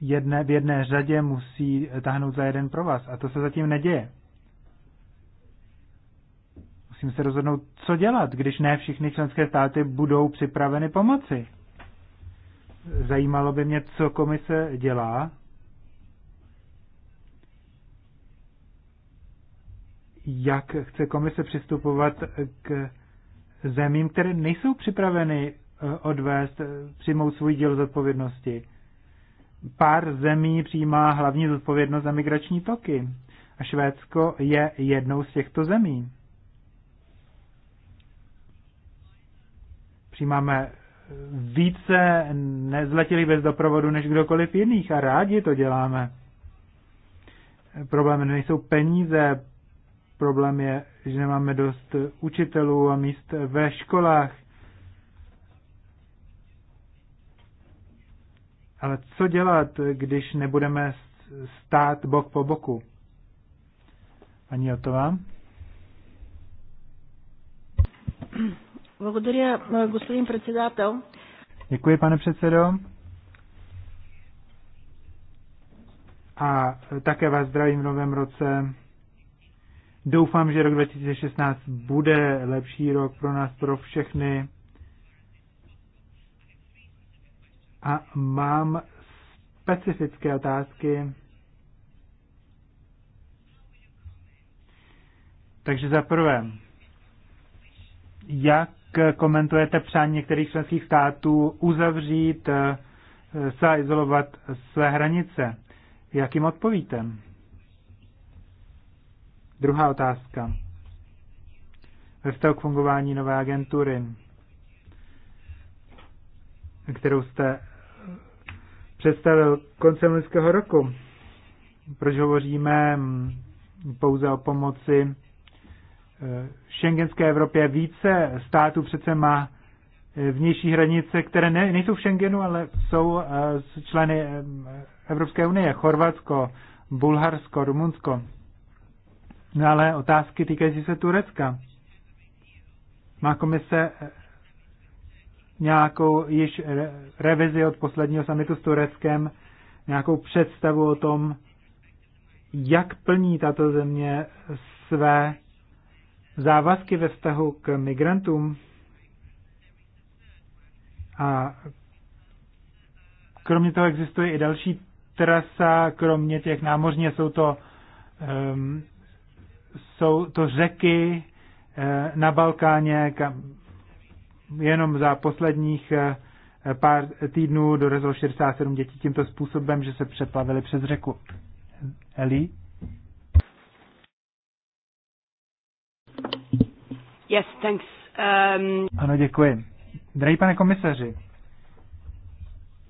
jedné, v jedné řadě musí tahnout za jeden pro vás. A to se zatím neděje. Musím se rozhodnout, co dělat, když ne všechny členské státy budou připraveny pomoci. Zajímalo by mě, co komise dělá, jak chce komise přistupovat k zemím, které nejsou připraveny eh, odvést, eh, přijmout svůj díl zodpovědnosti. Pár zemí přijímá hlavní zodpovědnost za migrační toky a Švédsko je jednou z těchto zemí. Přijímáme více nezletilých bez doprovodu než kdokoliv jiných a rádi to děláme. Problémy nejsou peníze, Problém je, že nemáme dost učitelů a míst ve školách. Ale co dělat, když nebudeme stát bok po boku? Ani o to vám. Děkuji, pane předsedo. A také vás zdravím v novém roce. Doufám, že rok 2016 bude lepší rok pro nás, pro všechny. A mám specifické otázky. Takže za prvé, jak komentujete přání některých členských států uzavřít se eh, a izolovat své hranice? Jak jim odpovíte? Druhá otázka. Ve vztahu k fungování nové agentury, kterou jste představil koncem lidského roku, proč hovoříme pouze o pomoci šengenské eh, Evropě. Více států přece má eh, vnější hranice, které ne, nejsou v Schengenu, ale jsou eh, členy Evropské unie. Chorvatsko, Bulharsko, Rumunsko. No ale otázky týkající se Turecka. Má komise eh, nějakou již revizi od posledního samitu s Tureckem, nějakou představu o tom, jak plní tato země své závazky ve vztahu k migrantům. A kromě toho existuje i další trasa, kromě těch námořně jsou to um, jsou to řeky eh, na Balkáně, kam jenom za posledních eh, pár týdnů dorezlo 67 dětí tímto způsobem, že se přeplavili přes řeku. Eli? Yes, thanks. Um... Ano, děkuji. Drahý pane komisaři,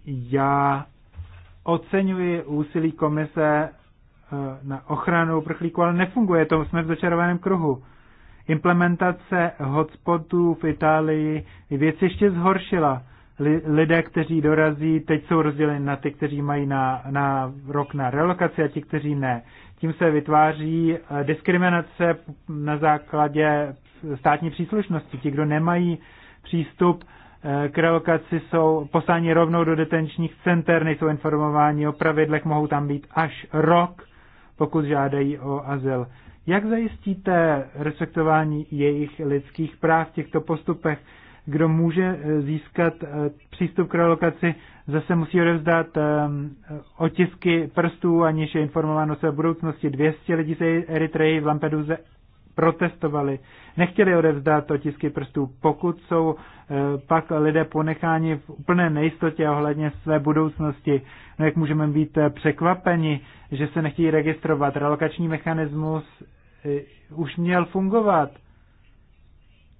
já oceňuji úsilí komise Eh, na ochranu uprchlíků, ale nefunguje to, jsme v začarovaném kruhu. Implementace hotspotů v Itálii věc ještě zhoršila. Lidé, kteří dorazí, teď jsou rozděleni na ty, kteří mají na, na rok na relokaci a ti, kteří ne. Tím se vytváří eh, diskriminace na základě státní příslušnosti. Ti, kdo nemají přístup eh, k relokaci, jsou posáni rovnou do detenčních center, nejsou informováni o pravidlech, mohou tam být až rok pokud žádají o azyl. Jak zajistíte respektování jejich lidských práv v těchto postupech? Kdo může eh, získat eh, přístup k relokaci, zase musí odevzdat ehm, otisky prstů, aniž je informováno se o budoucnosti. 200 lidí z Eritreji v Lampeduze protestovali, nechtěli odevzdat otisky prstů. Pokud jsou eh, pak lidé ponecháni v úplné nejistotě ohledně své budoucnosti, no jak můžeme být eh, překvapeni, že se nechtějí registrovat. Relokační mechanismus eh, už měl fungovat.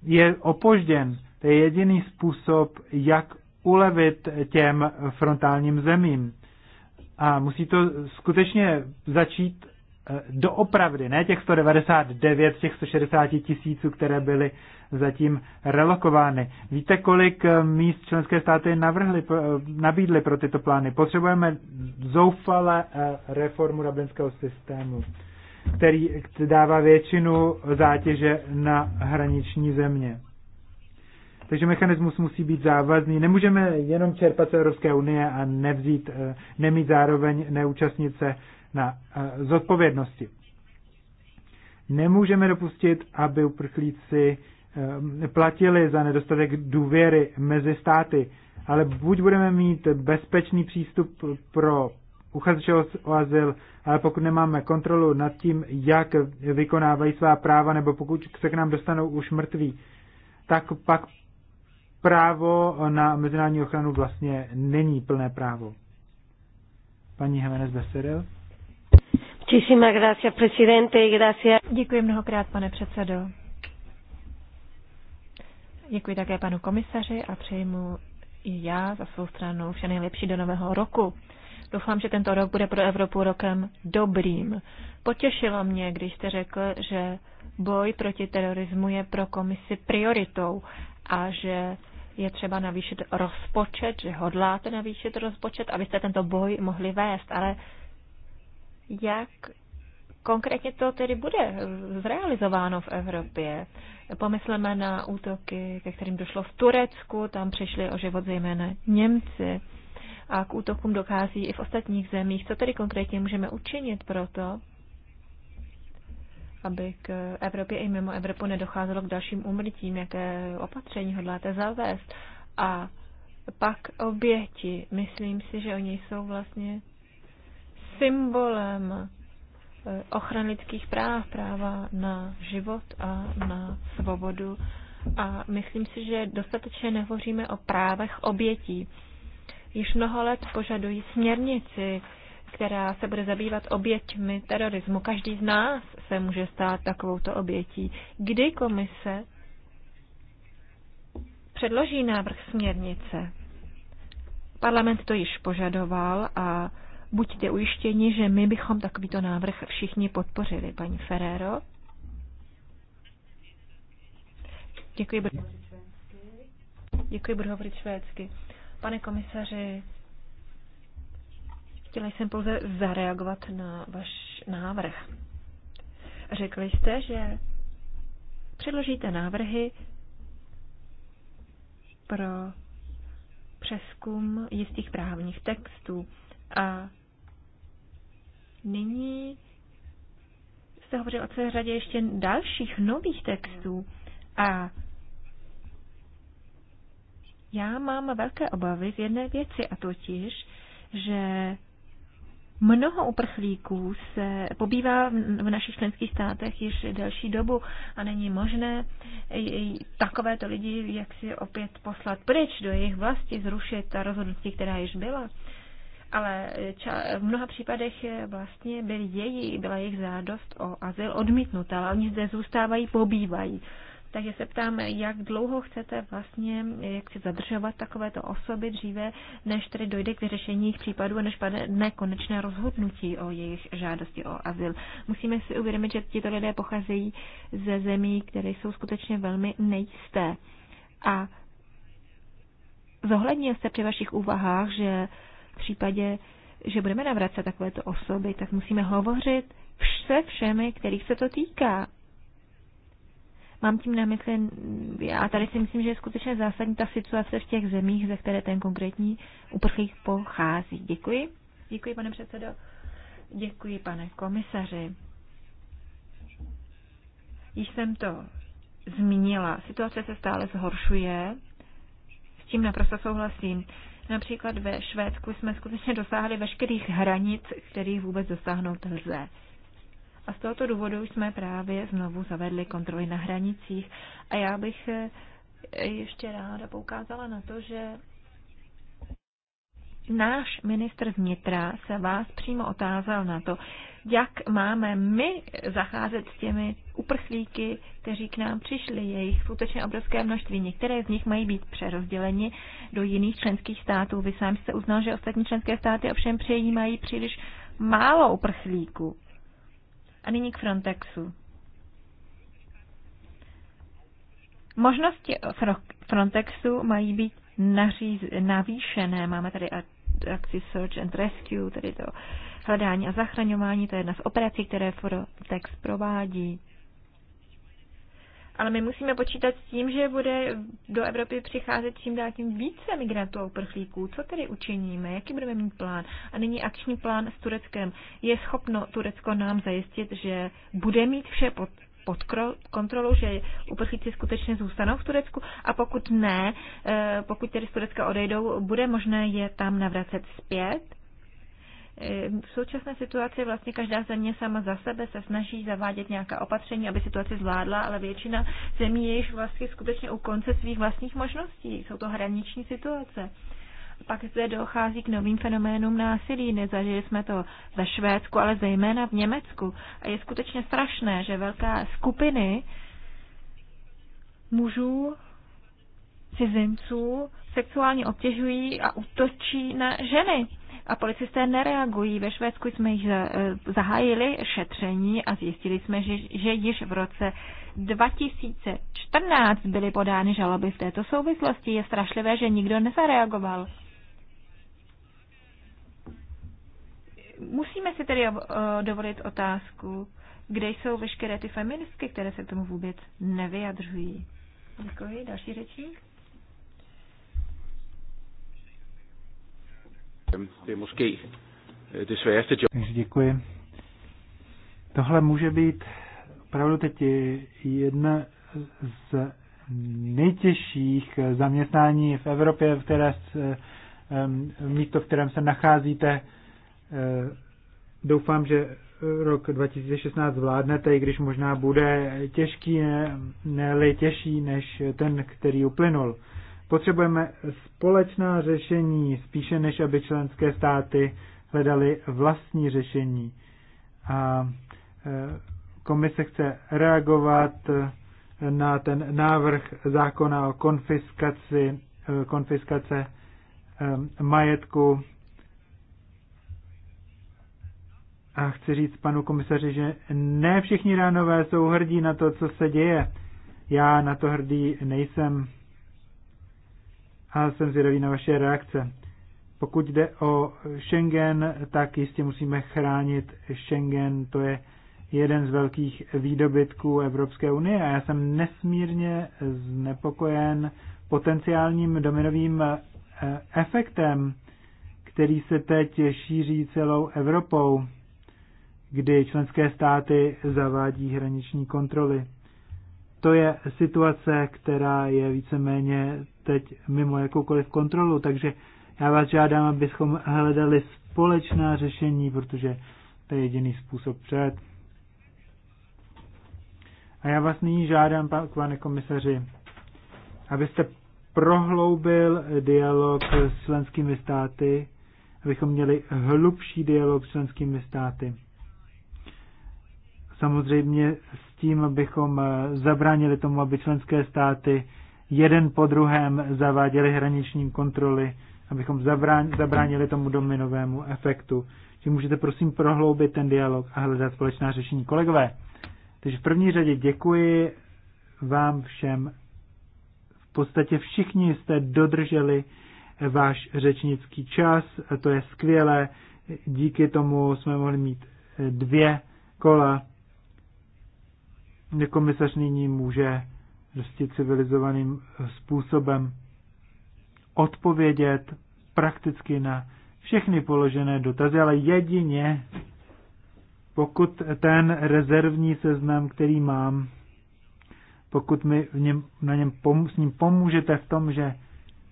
Je opožděn. To je jediný způsob, jak ulevit těm frontálním zemím. A musí to skutečně začít Eh, doopravdy, ne těch 199, těch 160 tisíců, které byly zatím relokovány. Víte, kolik eh, míst členské státy navrhly, eh, nabídly pro tyto plány? Potřebujeme zoufale reformu dublinského systému, který dává většinu zátěže na hraniční země. Takže mechanismus musí být závazný. Nemůžeme jenom čerpat z Evropské unie a nevzít, nemít zároveň neúčastnit se na eh, zodpovědnosti. Nemůžeme dopustit, aby uprchlíci eh, platili za nedostatek důvěry mezi státy, ale buď budeme mít bezpečný přístup pro uchazeče o azyl, ale pokud nemáme kontrolu nad tím, jak vykonávají svá práva, nebo pokud se k nám dostanou už mrtví, tak pak právo na mezinárodní ochranu vlastně není plné právo. Paní Hemenes Veseril. Děkuji mnohokrát, pane předsedo. Děkuji také panu komisaři a přeji mu i já za svou stranu vše nejlepší do nového roku. Doufám, že tento rok bude pro Evropu rokem dobrým. Potěšilo mě, když jste řekl, že boj proti terorismu je pro komisi prioritou a že je třeba navýšit rozpočet, že hodláte navýšit rozpočet, abyste tento boj mohli vést, ale jak konkrétně to tedy bude zrealizováno v Evropě. Pomysleme na útoky, ke kterým došlo v Turecku, tam přišli o život zejména Němci a k útokům dokází i v ostatních zemích. Co tedy konkrétně můžeme učinit pro to, aby k Evropě i mimo Evropu nedocházelo k dalším úmrtím, jaké opatření hodláte zavést. A pak oběti. Myslím si, že oni jsou vlastně symbolem eh, ochrany lidských práv, práva na život a na svobodu. A myslím si, že dostatečně nehovoříme o právech obětí. Již mnoho let požadují směrnici, která se bude zabývat oběťmi terorismu. Každý z nás se může stát takovouto obětí. Kdy komise předloží návrh směrnice? Parlament to již požadoval a buďte ujištěni, že my bychom takovýto návrh všichni podpořili, paní Ferrero. Děkuji, budu hovorit Děkuji, budu hovorit švédsky. Pane komisaři, chtěla jsem pouze zareagovat na váš návrh. Řekli jste, že předložíte návrhy pro přeskum jistých právních textů a Nyní se hovoří o celé řadě ještě dalších nových textů a já mám velké obavy z jedné věci a totiž, že Mnoho uprchlíků se pobývá v našich členských státech již delší dobu a není možné takovéto lidi jak si opět poslat pryč do jejich vlasti, zrušit ta rozhodnutí, která již byla ale ča- v mnoha případech vlastně byl její, byla jejich zádost o azyl odmítnuta, ale oni zde zůstávají, pobývají. Takže se ptáme, jak dlouho chcete vlastně, jak si zadržovat takovéto osoby dříve, než tedy dojde k vyřešení jejich případů a než padne konečné rozhodnutí o jejich žádosti o azyl. Musíme si uvědomit, že tito lidé pocházejí ze zemí, které jsou skutečně velmi nejisté. A zohlednil jste při vašich úvahách, že případě, že budeme navracet takovéto osoby, tak musíme hovořit se všemi, kterých se to týká. Mám tím na mysli, já tady si myslím, že je skutečně zásadní ta situace v těch zemích, ze které ten konkrétní uprchlík pochází. Děkuji. Děkuji, pane předsedo. Děkuji, pane komisaři. Již jsem to zmínila. Situace se stále zhoršuje. S tím naprosto souhlasím. Například ve Švédsku jsme skutečně dosáhli veškerých hranic, kterých vůbec dosáhnout lze. A z tohoto důvodu jsme právě znovu zavedli kontroly na hranicích. A já bych eh, ještě ráda poukázala na to, že náš ministr vnitra se vás přímo otázal na to, jak máme my zacházet s těmi uprchlíky, kteří k nám přišli. jejich skutečně obrovské množství. Některé z nich mají být přerozděleni do jiných členských států. Vy sám jste uznal, že ostatní členské státy ovšem přejímají příliš málo uprchlíků. A nyní k Frontexu. Možnosti Frontexu mají být naříz, navýšené. Máme tady akci Search and Rescue, tedy to hledání a zachraňování, to je jedna z operací, které Frontex provádí. Ale my musíme počítat s tím, že bude do Evropy přicházet čím dál tím více migrantů a uprchlíků. Co tedy učiníme? Jaký budeme mít plán? A nyní akční plán s Tureckem. Je schopno Turecko nám zajistit, že bude mít vše pod pod kontrolou, že uprchlíci skutečně zůstanou v Turecku a pokud ne, eh, pokud tedy z Turecka odejdou, bude možné je tam navracet zpět? Eh, v současné situaci vlastně každá země sama za sebe se snaží zavádět nějaká opatření, aby situaci zvládla, ale většina zemí je již vlastně skutečně u konce svých vlastních možností. Jsou to hraniční situace pak zde dochází k novým fenoménům násilí. Nezažili jsme to ve Švédsku, ale zejména v Německu. A je skutečně strašné, že velká skupiny mužů, cizinců sexuálně obtěžují a útočí na ženy. A policisté nereagují. Ve Švédsku jsme již e, zahájili šetření a zjistili jsme, že, že již v roce 2014 byly podány žaloby v této souvislosti. Je strašlivé, že nikdo nezareagoval. Musíme si tedy eh, dovolit otázku, kde jsou veškeré ty feministky, které se k tomu vůbec nevyjadřují. Děkuji. Další řečník? Er øh, děkuji. Tohle může být opravdu teď jedna z nejtěžších zaměstnání v Evropě, v které, eh, místo, v kterém se nacházíte, Eh, doufám, že rok 2016 zvládnete, i když možná bude těžký, ne těžší než ten, který uplynul. Potřebujeme společná řešení, spíše než aby členské státy hledali vlastní řešení. A eh, komise chce reagovat eh, na ten návrh zákona o konfiskaci, konfiskace majetku A chci říct panu komisaři, že ne všichni ránové jsou hrdí na to, co se děje. Já na to hrdý nejsem. A jsem zvědavý na vaše reakce. Pokud jde o Schengen, tak jistě musíme chránit Schengen. To je jeden z velkých výdobytků Evropské unie a já jsem nesmírně znepokojen potenciálním dominovým eh, efektem, který se teď šíří celou Evropou kdy členské státy zavádí hraniční kontroly. To je situace, která je víceméně teď mimo jakoukoliv kontrolu, takže já vás žádám, abychom hledali společná řešení, protože to je jediný způsob před. A já vás nyní žádám, pane komisaři, abyste prohloubil dialog s členskými státy, abychom měli hlubší dialog s členskými státy samozřejmě s tím, abychom eh, zabránili tomu, aby členské státy jeden po druhém zaváděli hraniční kontroly, abychom zabránili tomu dominovému efektu. Že můžete prosím prohloubit ten dialog a hledat společná řešení. Kolegové, takže v první řadě děkuji vám všem. V podstatě všichni jste dodrželi váš řečnický čas to je skvělé. Díky tomu jsme mohli mít eh, dvě kola komisař nyní může prostě civilizovaným eh, způsobem odpovědět prakticky na všechny položené dotazy, ale jedině pokud ten rezervní seznam, který mám, pokud mi v něm, na něm pom, s ním pomůžete v tom, že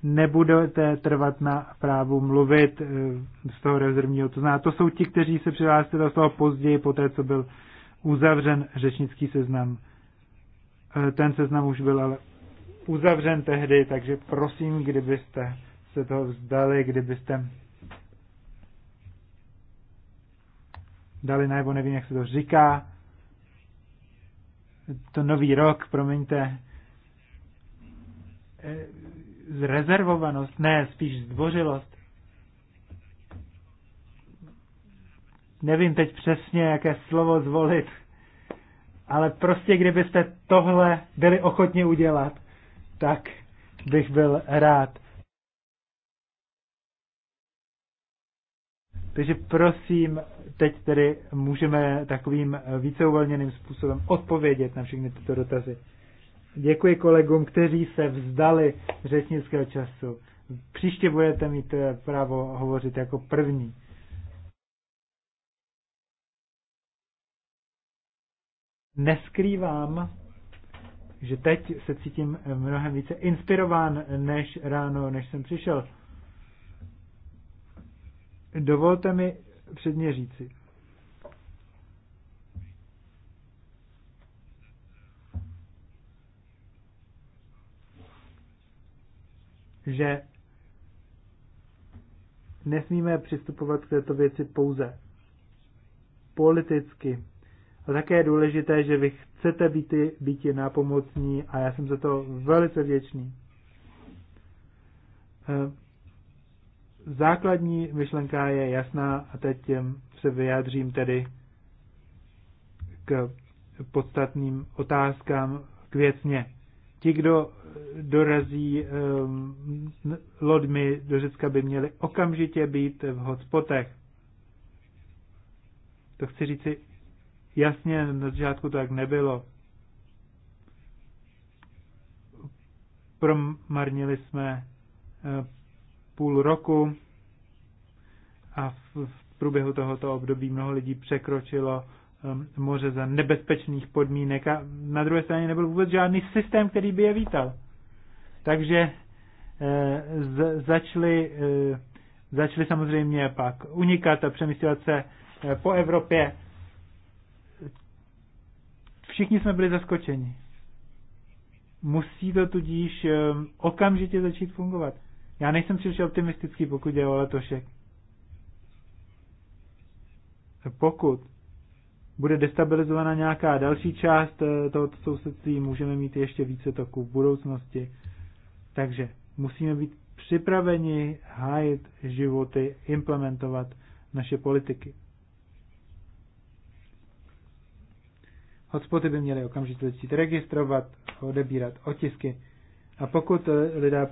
nebudete trvat na právu mluvit eh, z toho rezervního. To zná. to jsou ti, kteří se přihlásili do toho později, po té, co byl uzavřen řečnický seznam. Eh, ten seznam už byl ale uzavřen tehdy, takže prosím, kdybyste se toho vzdali, kdybyste dali najevo, nevím, jak se to říká, to nový rok, promiňte, eh, zrezervovanost, ne, spíš zdvořilost, nevím teď přesně, jaké slovo zvolit, ale prostě kdybyste tohle byli ochotni udělat, tak bych byl rád. Takže prosím, teď tedy můžeme takovým více uvolněným způsobem odpovědět na všechny tyto dotazy. Děkuji kolegům, kteří se vzdali řečnického času. Příště budete mít eh, právo hovořit jako první. neskrývám, že teď se cítím eh, mnohem více inspirován než ráno, než jsem přišel. Dovolte mi předně říci, že nesmíme přistupovat k této věci pouze politicky, a také je důležité, že vy chcete být, být nápomocní a já jsem za to velice vděčný. Eh, základní myšlenka je jasná a teď eh, se vyjádřím tedy k podstatným otázkám k věcně. Ti, kdo eh, dorazí lodmi do Řecka, by měli okamžitě být v hotspotech. To chci říci Jasně, na začátku to tak nebylo. Promarnili jsme eh, půl roku a v průběhu tohoto období mnoho lidí překročilo eh, moře za nebezpečných podmínek a na druhé straně nebyl vůbec žádný systém, který by je vítal. Takže eh, začali, začali samozřejmě pak unikat a přemysťovat se po Evropě Všichni jsme byli zaskočeni. Musí to tudíž ehm, okamžitě začít fungovat. Já nejsem příliš optimistický, pokud je o letošek. Pokud bude destabilizována nějaká další část eh, tohoto sousedství, můžeme mít ještě více toků v budoucnosti. Takže musíme být připraveni hájit životy, implementovat naše politiky. Hotspoty by měly okamžitě začít registrovat, odebírat otisky a pokud lidé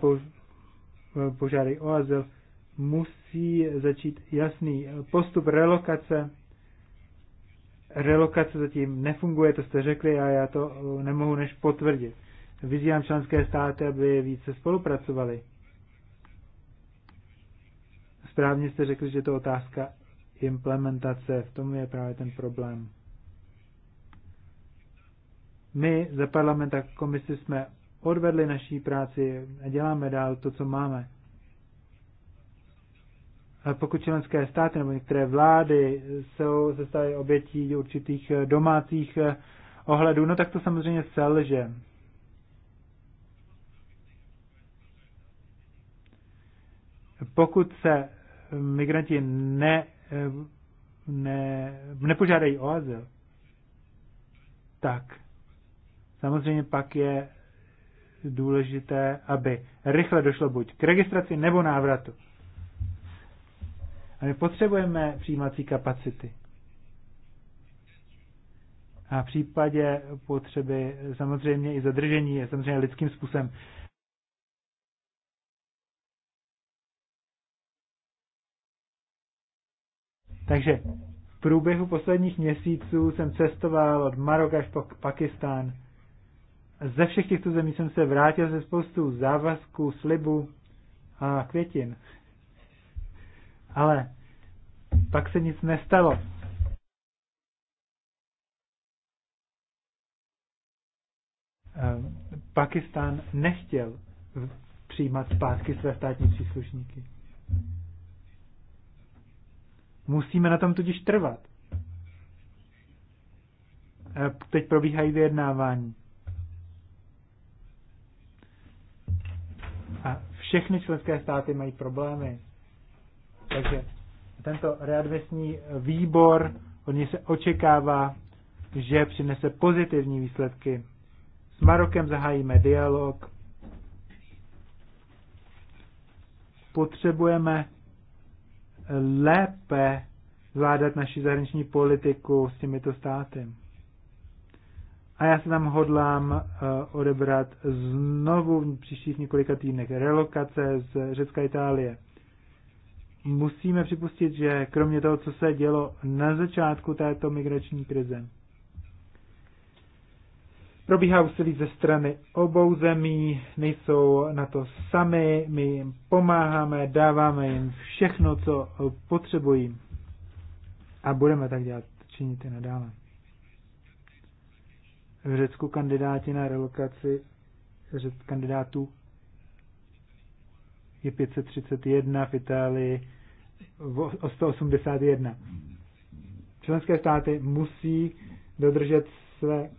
požádají o azyl, musí začít jasný postup relokace. Relokace zatím nefunguje, to jste řekli a já to eh, nemohu než potvrdit. Vyzývám členské státy, aby více spolupracovali. Správně jste řekli, že je to otázka implementace. V tom je právě ten problém. My za parlament a komisi jsme odvedli naší práci a děláme dál to, co máme. A pokud členské státy nebo některé vlády jsou, se staly obětí určitých domácích eh, ohledů, no tak to samozřejmě selže. Pokud se migranti ne, eh, ne, nepožádají o azyl, tak Samozřejmě pak je důležité, aby rychle došlo buď k registraci nebo návratu. A my potřebujeme přijímací kapacity. A v případě potřeby samozřejmě i zadržení je samozřejmě lidským způsobem. Takže v průběhu posledních měsíců jsem cestoval od Maroka až po Pakistán ze všech těchto zemí jsem se vrátil ze spoustu závazků, slibů a květin. Ale pak se nic nestalo. Ehm, Pakistán nechtěl přijímat zpátky své státní příslušníky. Musíme na tom tudíž trvat. Ehm, teď probíhají vyjednávání. všechny členské státy mají problémy. Takže tento readmisní výbor, od něj se očekává, že přinese pozitivní výsledky. S Marokem zahájíme dialog. Potřebujeme lépe zvládat naši zahraniční politiku s těmito státy. A já se tam hodlám uh, odebrat znovu v příštích několika týdnech relokace z Řecka Itálie. Musíme připustit, že kromě toho, co se dělo na začátku této migrační krize, probíhá úsilí ze strany obou zemí, nejsou na to sami, my jim pomáháme, dáváme jim všechno, co potřebují a budeme tak dělat, činit i nadále v Řecku kandidáti na relokaci kandidátů je 531, v Itálii 181. Členské státy musí dodržet své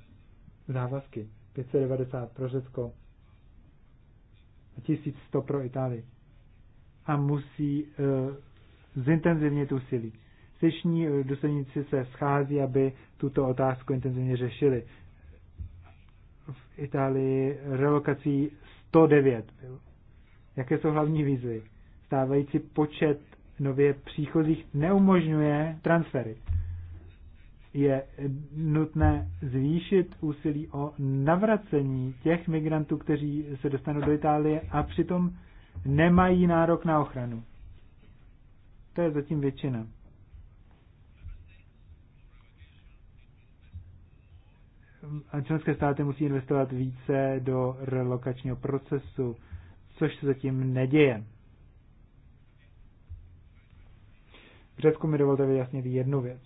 závazky. 590 pro Řecko a 1100 pro Itálii. A musí uh, zintenzivnit úsilí. Sešní e, důstojníci se schází, aby tuto otázku intenzivně řešili v Itálii relokací 109 byl. Jaké jsou hlavní výzvy? Stávající počet nově příchozích neumožňuje transfery. Je nutné zvýšit úsilí o navracení těch migrantů, kteří se dostanou do Itálie a přitom nemají nárok na ochranu. To je zatím většina. a členské státy musí investovat více do relokačního procesu, což se zatím neděje. V Řecku mi dovolte vyjasnit jednu věc.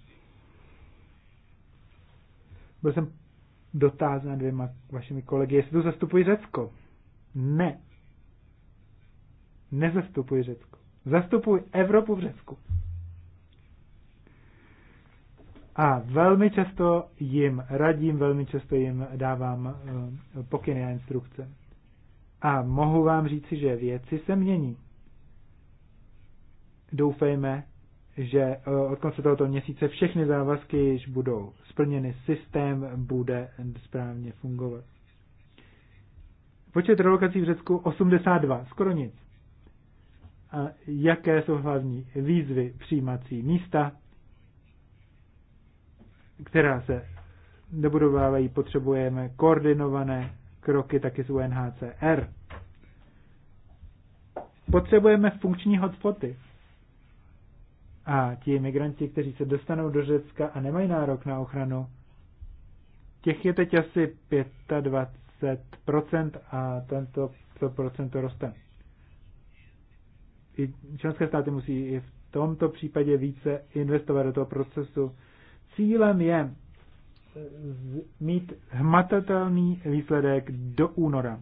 Byl jsem dotázán dvěma vašimi kolegy, jestli tu zastupuji Řecko. Ne. Nezastupuji Řecko. Zastupuji Evropu v Řecku. A velmi často jim radím, velmi často jim dávám eh, pokyny a instrukce. A mohu vám říci, že věci se mění. Doufejme, že eh, od konce tohoto měsíce všechny závazky již budou splněny, systém bude správně fungovat. Počet relokací v Řecku 82, skoro nic. A jaké jsou hlavní výzvy přijímací místa? která se dobudovávají, potřebujeme koordinované kroky taky z UNHCR. Potřebujeme funkční hotspoty. A ti migranti, kteří se dostanou do Řecka a nemají nárok na ochranu, těch je teď asi 25% a tento to procento roste. I členské státy musí i v tomto případě více investovat do toho procesu Cílem je mít hmatatelný výsledek do února.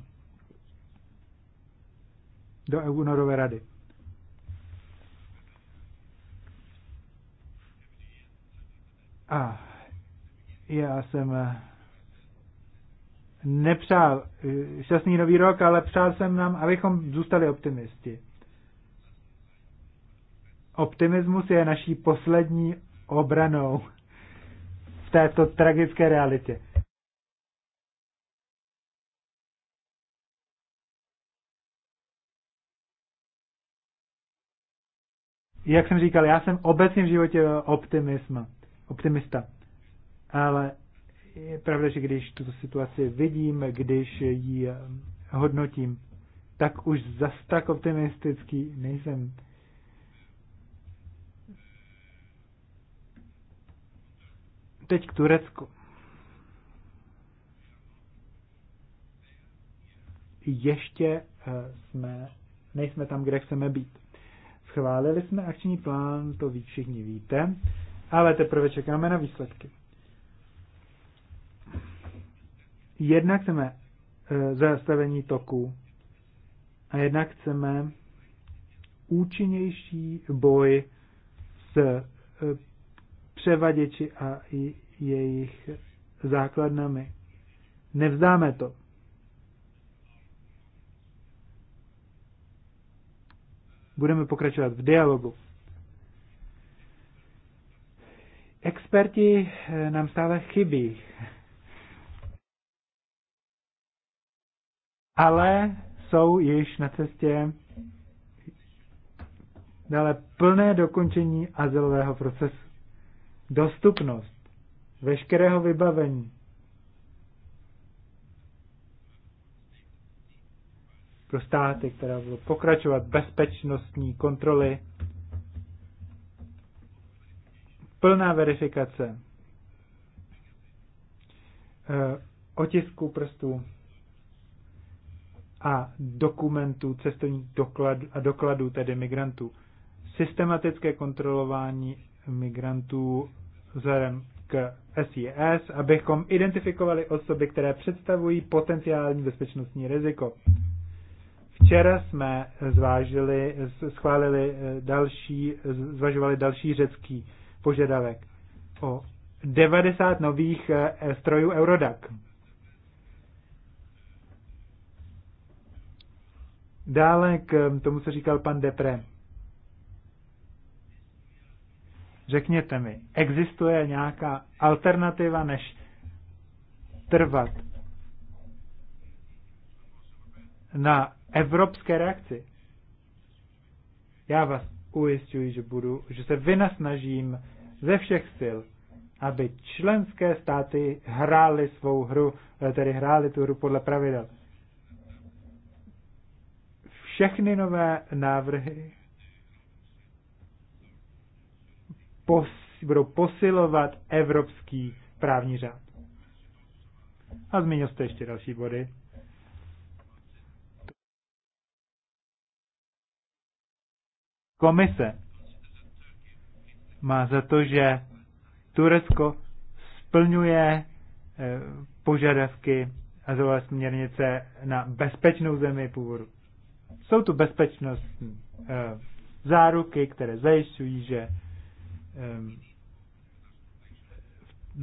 Do únorové rady. A já jsem nepřál šťastný nový rok, ale přál jsem nám, abychom zůstali optimisti. Optimismus je naší poslední obranou této tragické realitě. Jak jsem říkal, já jsem obecně v životě optimism, optimista. Ale je pravda, že když tuto situaci vidím, když ji hodnotím, tak už zas tak optimistický nejsem. teď k Turecku. Ještě eh, jsme, nejsme tam, kde chceme být. Schválili jsme akční plán, to ví všichni víte, ale teprve čekáme na výsledky. Jednak chceme eh, zastavení toku a jednak chceme účinnější boj s eh, převaděči a jejich základnami. Nevzdáme to. Budeme pokračovat v dialogu. Experti eh, nám stále chybí. Ale jsou již na cestě dále plné dokončení azylového procesu. Dostupnost veškerého vybavení. Pro státy, které budou pokračovat bezpečnostní kontroly, plná verifikace eh, otisků prstů a dokumentů, cestovních dokladů a dokladů tedy migrantů. Systematické kontrolování migrantů vzhledem k SIS, abychom identifikovali osoby, které představují potenciální bezpečnostní riziko. Včera jsme zvážili, schválili eh, další, zvažovali další řecký požadavek o 90 nových eh, strojů Eurodac. Dále k eh, tomu, co říkal pan Depre. Řekněte mi, existuje nějaká alternativa, než trvat na evropské reakci? Já vás ujistuji, že, budu, že se vynasnažím ze všech sil, aby členské státy hrály svou hru, eh, tedy hrály tu hru podle pravidel. Všechny nové návrhy pos, budou posilovat evropský právní řád. A zmínil jste ještě další body. Komise má za to, že Turecko splňuje eh, požadavky azylové směrnice na bezpečnou zemi původu. Jsou tu bezpečnostní eh, záruky, které zajišťují, že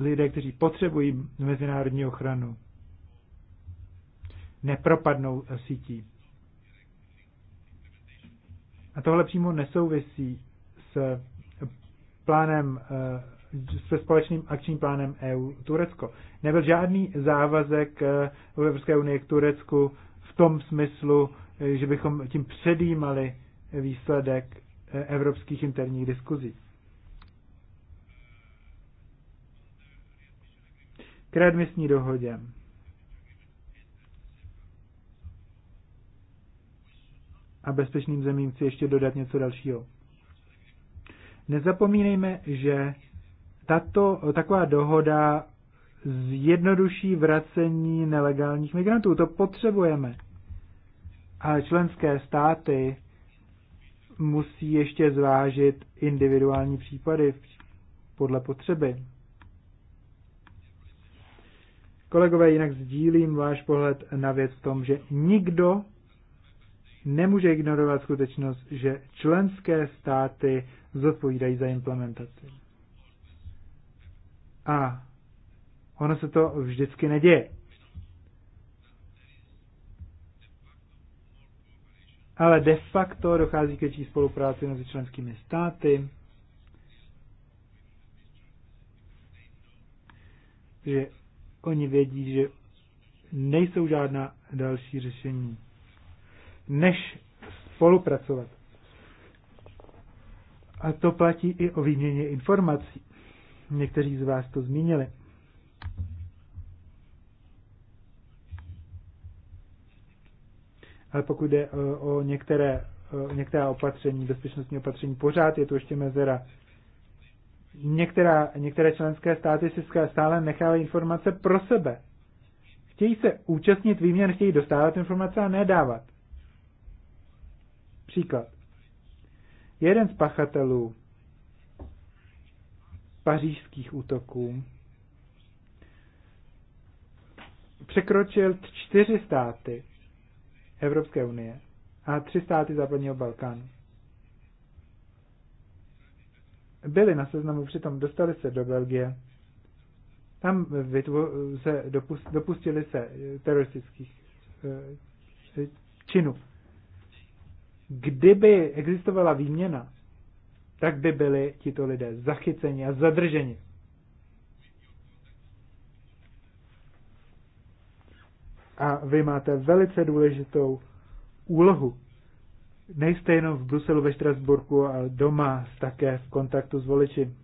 lidé, kteří potřebují mezinárodní ochranu, nepropadnou sítí. A tohle přímo nesouvisí s plánem, eh, se společným akčním plánem EU-Turecko. Nebyl žádný závazek eh, Evropské unie k Turecku v tom smyslu, eh, že bychom tím předjímali výsledek evropských interních diskuzí. k readmisní dohodě. A bezpečným zemím chci ještě dodat něco dalšího. Nezapomínejme, že tato, taková dohoda zjednoduší vracení nelegálních migrantů. To potřebujeme. Ale členské státy musí ještě zvážit individuální případy podle potřeby. Kolegové, jinak sdílím váš pohled na věc v tom, že nikdo nemůže ignorovat skutečnost, že členské státy zodpovídají za implementaci. A ono se to vždycky neděje. Ale de facto dochází k větší spolupráci mezi členskými státy, že Oni vědí, že nejsou žádná další řešení, než spolupracovat. A to platí i o výměně informací. Někteří z vás to zmínili. Ale pokud jde eh, o některé, eh, o některá opatření, bezpečnostní opatření, pořád je tu ještě mezera Některá, některé členské státy si stále nechávají informace pro sebe. Chtějí se účastnit výměn, chtějí dostávat informace a nedávat. Příklad. Jeden z pachatelů pařížských útoků překročil čtyři státy Evropské unie a tři státy západního Balkánu byli na seznamu, přitom dostali se do Belgie, tam vytvo- se dopust- dopustili se eh, teroristických e, činů. Kdyby existovala výměna, tak by byli tito lidé zachyceni a zadrženi. A vy máte velice důležitou úlohu nejste jenom v Bruselu, ve Štrasburku, ale doma také v kontaktu s voliči.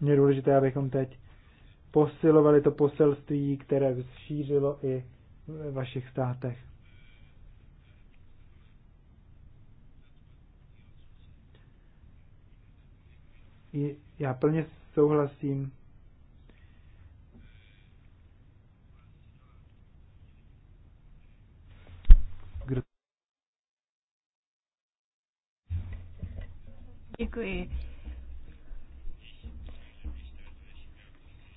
Mě je důležité, abychom teď posilovali to poselství, které šířilo i ve vašich státech. Já plně souhlasím Děkuji.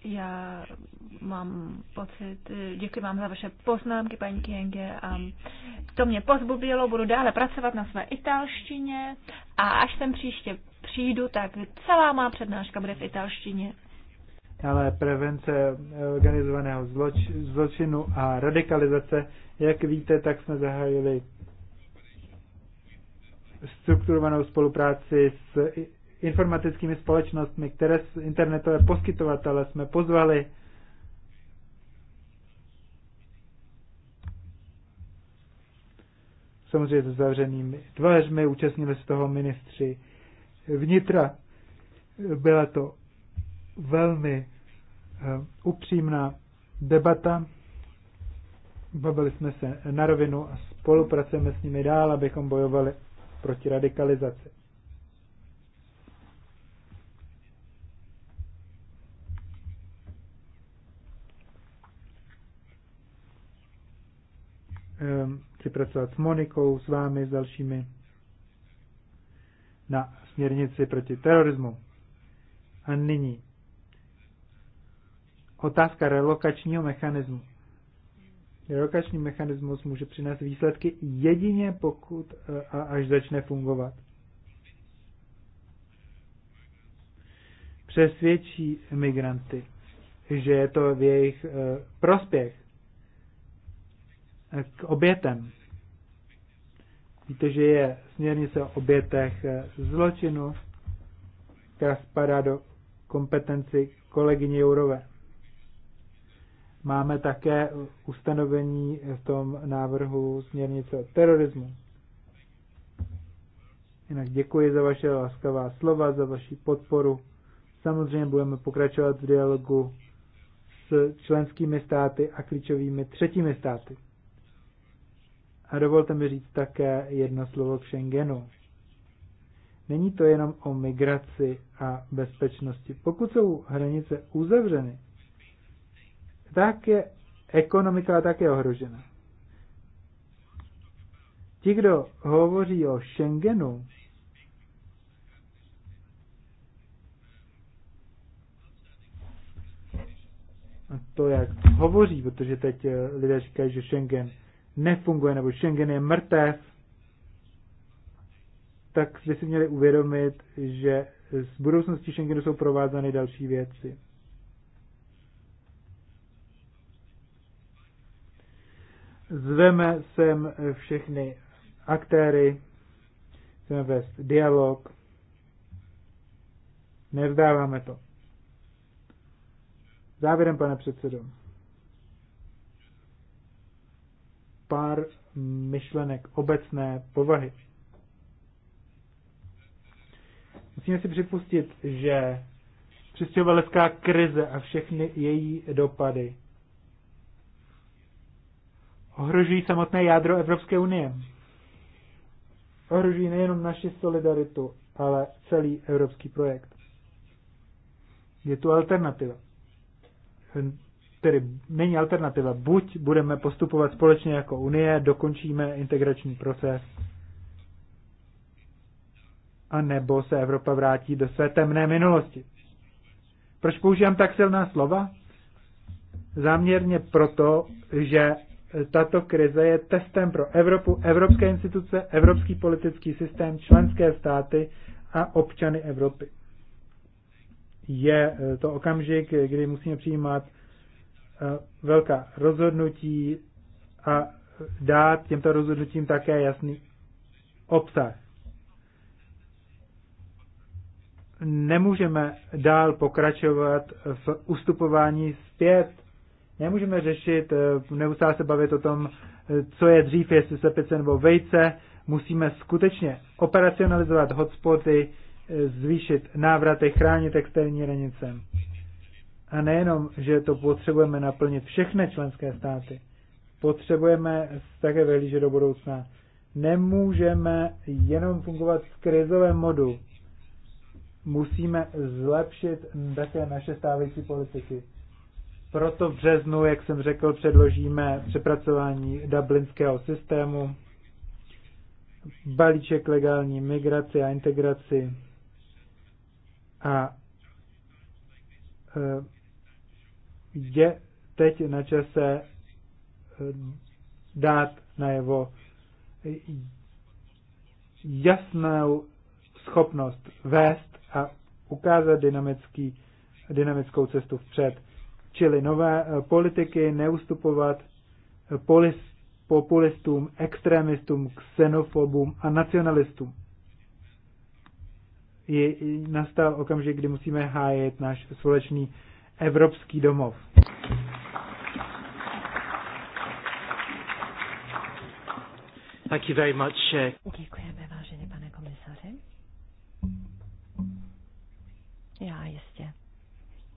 Já mám pocit, děkuji vám za vaše poznámky, paní Kienge, a to mě pozbudilo, budu dále pracovat na své italštině a až sem příště přijdu, tak celá má přednáška bude v italštině. Ale prevence organizovaného zloč, zločinu a radikalizace, jak víte, tak jsme zahájili strukturovanou spolupráci s informatickými společnostmi, které internetové poskytovatele jsme pozvali. Samozřejmě s zavřenými dveřmi, účastnili se toho ministři vnitra. Byla to velmi eh, upřímná debata. Bavili jsme se na rovinu a spolupracujeme s nimi dál, abychom bojovali proti radikalizaci. Ehm, chci pracovat s Monikou, s vámi, s dalšími na směrnici proti terorismu. A nyní otázka relokačního mechanismu. Relokační mechanismus může přinést výsledky jedině pokud eh, a až začne fungovat. Přesvědčí migranty, že je to v jejich eh, prospěch eh, k obětem. Víte, že je směrnice o obětech zločinu, která spadá do kompetenci kolegyně Jourové. Máme také ustanovení v tom návrhu směrnice o terorismu. Jinak děkuji za vaše laskavá slova, za vaši podporu. Samozřejmě budeme pokračovat v dialogu s členskými státy a klíčovými třetími státy. A dovolte mi říct také jedno slovo k Schengenu. Není to jenom o migraci a bezpečnosti. Pokud jsou hranice uzavřeny, tak je ekonomika také ohrožena. Ti, kdo hovoří o Schengenu, a to, jak hovoří, protože teď eh, lidé říkají, že Schengen nefunguje nebo Schengen je mrtev, tak by si měli uvědomit, že z budoucnosti Schengenu jsou provázány další věci. Zveme sem všechny aktéry, chceme vést dialog, nevzdáváme to. Závěrem, pane předsedo, pár myšlenek obecné povahy. Musíme si připustit, že přistěhovalecká krize a všechny její dopady ohrožují samotné jádro Evropské unie. Ohrožují nejenom naši solidaritu, ale celý evropský projekt. Je tu alternativa. Tedy není alternativa. Buď budeme postupovat společně jako Unie, dokončíme integrační proces, a nebo se Evropa vrátí do své temné minulosti. Proč používám tak silná slova? Záměrně proto, že tato krize je testem pro Evropu, evropské instituce, evropský politický systém, členské státy a občany Evropy. Je eh, to okamžik, kdy musíme přijímat eh, velká rozhodnutí a dát těmto rozhodnutím také jasný obsah. Nemůžeme dál pokračovat v ustupování zpět Nemůžeme řešit, eh, neustále se bavit o tom, eh, co je dřív, jestli slepice nebo vejce. Musíme skutečně operacionalizovat hotspoty, eh, zvýšit návraty, chránit externí hranice. A nejenom, že to potřebujeme naplnit všechny členské státy, potřebujeme také vyhlížet do budoucna. Nemůžeme jenom fungovat v krizovém modu. Musíme zlepšit také naše stávající politiky proto v březnu, jak jsem řekl, předložíme přepracování dublinského systému, balíček legální migraci a integraci a eh, je teď na čase eh, dát najevo jasnou schopnost vést a ukázat dynamický, dynamickou cestu vpřed čili nové eh, politiky, neustupovat eh, polis, populistům, extremistům, xenofobům a nacionalistům. Je, nastal okamžik, kdy musíme hájit náš společný evropský domov. Thank you very much. Eh. Děkujeme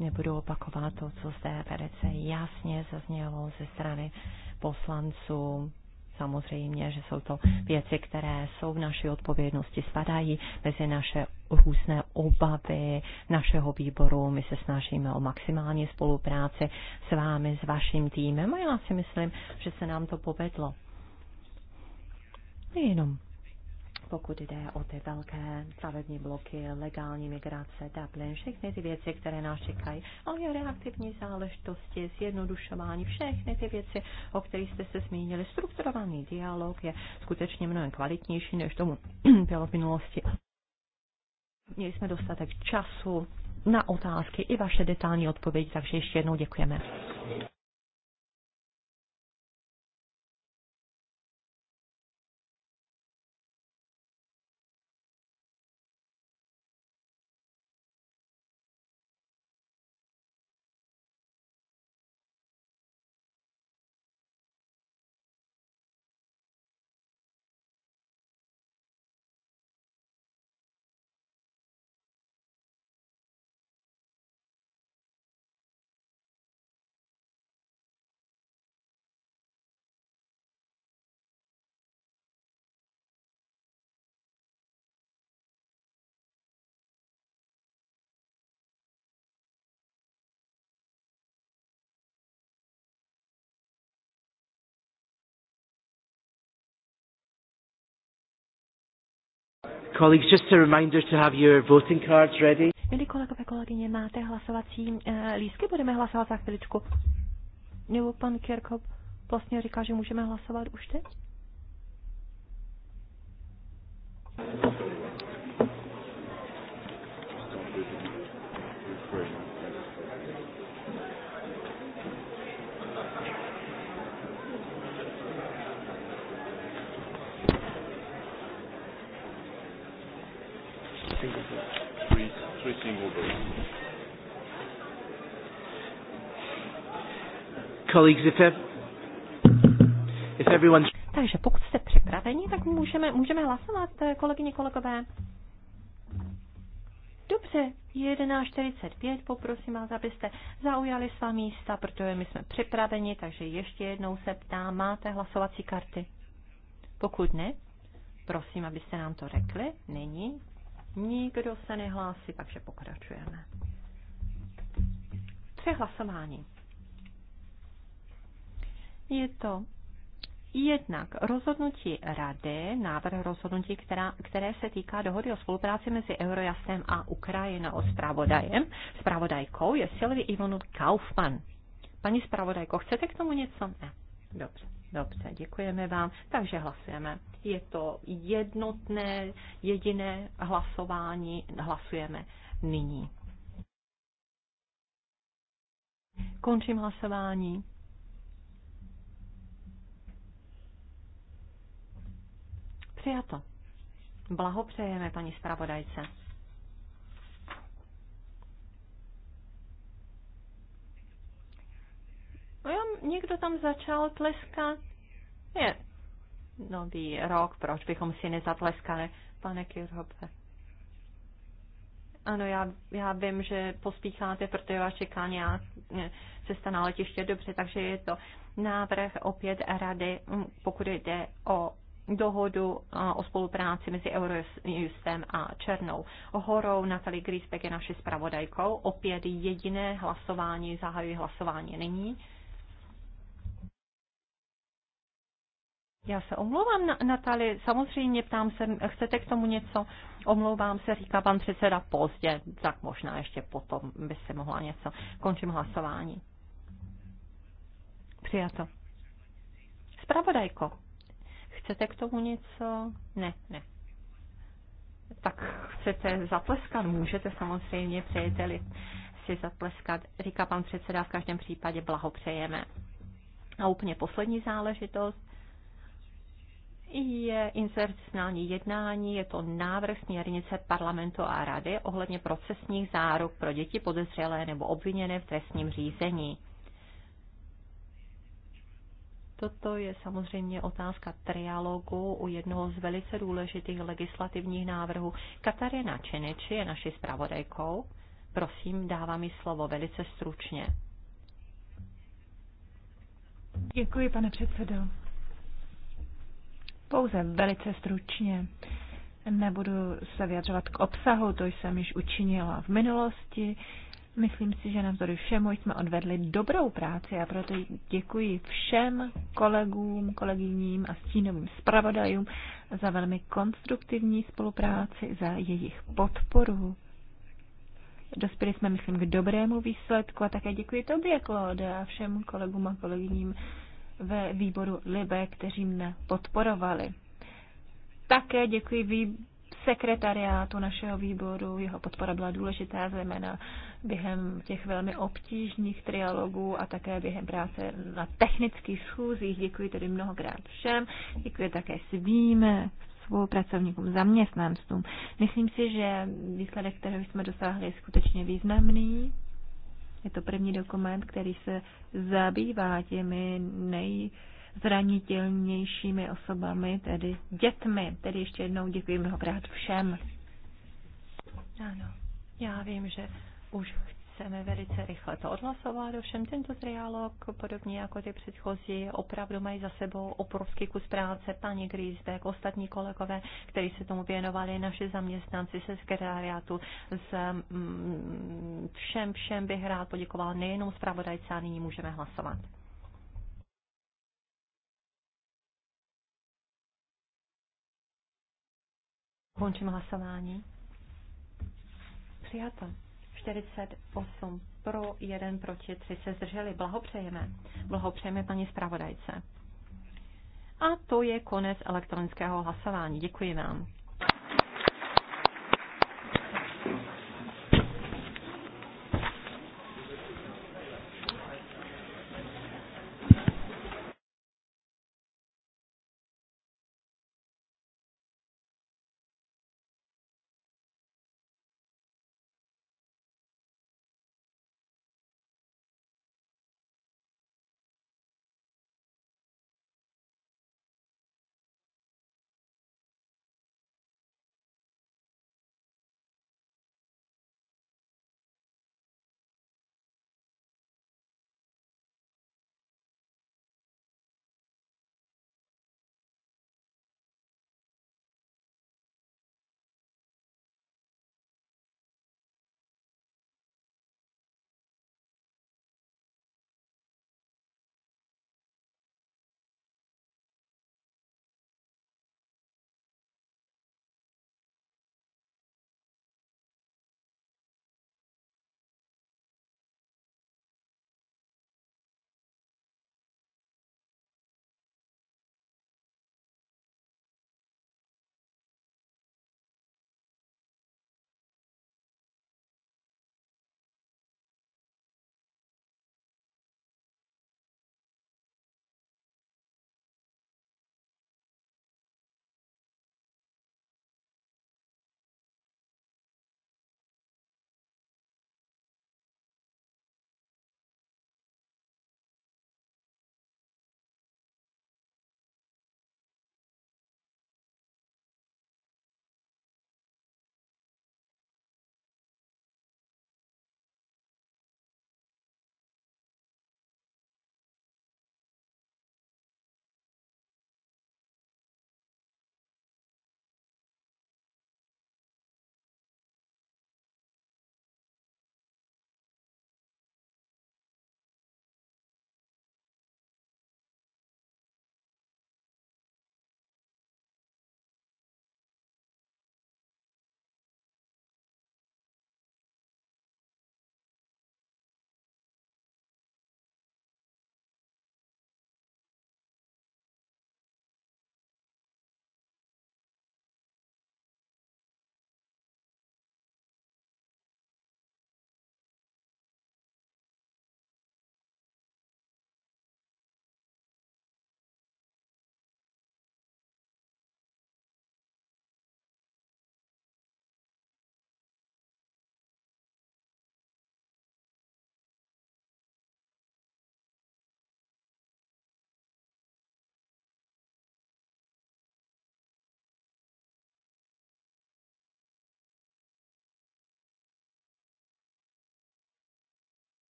Nebudu opakovat to, co zde velice jasně zaznělo ze strany poslanců. Samozřejmě, že jsou to věci, které jsou v naší odpovědnosti, spadají mezi naše různé obavy našeho výboru. My se snažíme o maximální spolupráci s vámi, s vaším týmem a já si myslím, že se nám to povedlo. Jenom pokud jde o ty velké stavební bloky, legální migrace, Dublin, všechny ty věci, které nás čekají, ale i reaktivní záležitosti, zjednodušování, všechny ty věci, o kterých jste se zmínili. Strukturovaný dialog je skutečně mnohem kvalitnější, než tomu bylo v minulosti. Měli jsme dostatek času na otázky i vaše detailní odpovědi, takže ještě jednou děkujeme. Colleagues, just a reminder to have your voting cards ready. Milí kolegové, kolegyně, máte hlasovací uh, lístky? Budeme hlasovat za chviličku. Nebo pan Kirchhoff vlastně říká, že můžeme hlasovat už teď? every single day. Colleagues, if, if everyone's... Takže pokud jste připraveni, tak můžeme, můžeme hlasovat, kolegyně, kolegové. Dobře, 11.45, poprosím vás, abyste zaujali svá místa, protože my jsme připraveni, takže ještě jednou se ptám, máte hlasovací karty? Pokud ne, prosím, abyste nám to řekli. Není, Nikdo se nehlásí, takže pokračujeme. Přehlasování. Je to jednak rozhodnutí rady, návrh rozhodnutí, která, které se týká dohody o spolupráci mezi Eurojastem a Ukrajinou. Spravodajem, spravodajkou je Silvi Ivonu Kaufman. Paní zpravodajko, chcete k tomu něco? Ne. Dobře. Dobře, děkujeme vám. Takže hlasujeme. Je to jednotné, jediné hlasování. Hlasujeme nyní. Končím hlasování. Přijato. Blahopřejeme paní zpravodajce. No jo, někdo tam začal tleskat. Je nový rok, proč bychom si nezatleskali, pane Kirchhoffe? Ano, já, já vím, že pospícháte, protože vás čeká nějak eh, cesta na letiště, dobře, takže je to návrh opět rady, hm, pokud jde o dohodu o spolupráci mezi Eurojustem a Černou horou. Natalie Griesbeck je naši zpravodajkou. Opět jediné hlasování, zahajuji hlasování nyní. Já se omlouvám, Natali, samozřejmě ptám se, chcete k tomu něco? Omlouvám se, říká pan předseda pozdě, tak možná ještě potom by se mohla něco. Končím hlasování. Přijato. Spravodajko, chcete k tomu něco? Ne, ne. Tak chcete zatleskat, můžete samozřejmě, přejeteli si zatleskat, říká pan předseda, v každém případě blahopřejeme. A úplně poslední záležitost, je insercionální jednání, je to návrh směrnice parlamentu a rady ohledně procesních záruk pro děti podezřelé nebo obviněné v trestním řízení. Toto je samozřejmě otázka trialogu u jednoho z velice důležitých legislativních návrhů. Katarina Čeneči je naší zpravodajkou. Prosím, dává mi slovo velice stručně. Děkuji, pane předsedo. Pouze velice stručně. Nebudu se vyjadřovat k obsahu, to jsem již učinila v minulosti. Myslím si, že navzdory všemu jsme odvedli dobrou práci a proto děkuji všem kolegům, kolegyním a stínovým zpravodajům za velmi konstruktivní spolupráci, za jejich podporu. Dospěli jsme, myslím, k dobrému výsledku a také děkuji tobě, Claude, a všem kolegům a kolegyním ve výboru Libe, kteří mne podporovali. Také děkuji sekretariátu našeho výboru, jeho podpora byla důležitá, zejména během těch velmi obtížných trialogů a také během práce na technických schůzích. Děkuji tedy mnohokrát všem, děkuji také svým pracovníkům, zaměstnancům. Myslím si, že výsledek, kterého jsme dosáhli, je skutečně významný je to první dokument, který se zabývá těmi nejzranitelnějšími osobami, tedy dětmi. Tedy ještě jednou děkuji mnohokrát všem. Ano, já vím, že už chceme velice rychle to odhlasovat. Ovšem tento trialog, podobně jako ty předchozí, opravdu mají za sebou obrovský kus práce. Paní Grisbeck, ostatní kolegové, kteří se tomu věnovali, naši zaměstnanci se sekretariátu, s, mm, všem, všem bych rád poděkoval nejenom zpravodajce a nyní můžeme hlasovat. Končím hlasování. Přijatel. 48 pro, 1 proti, 3 se zdrželi. Blahopřejeme. Blahopřejeme paní zpravodajce. A to je konec elektronického hlasování. Děkuji vám.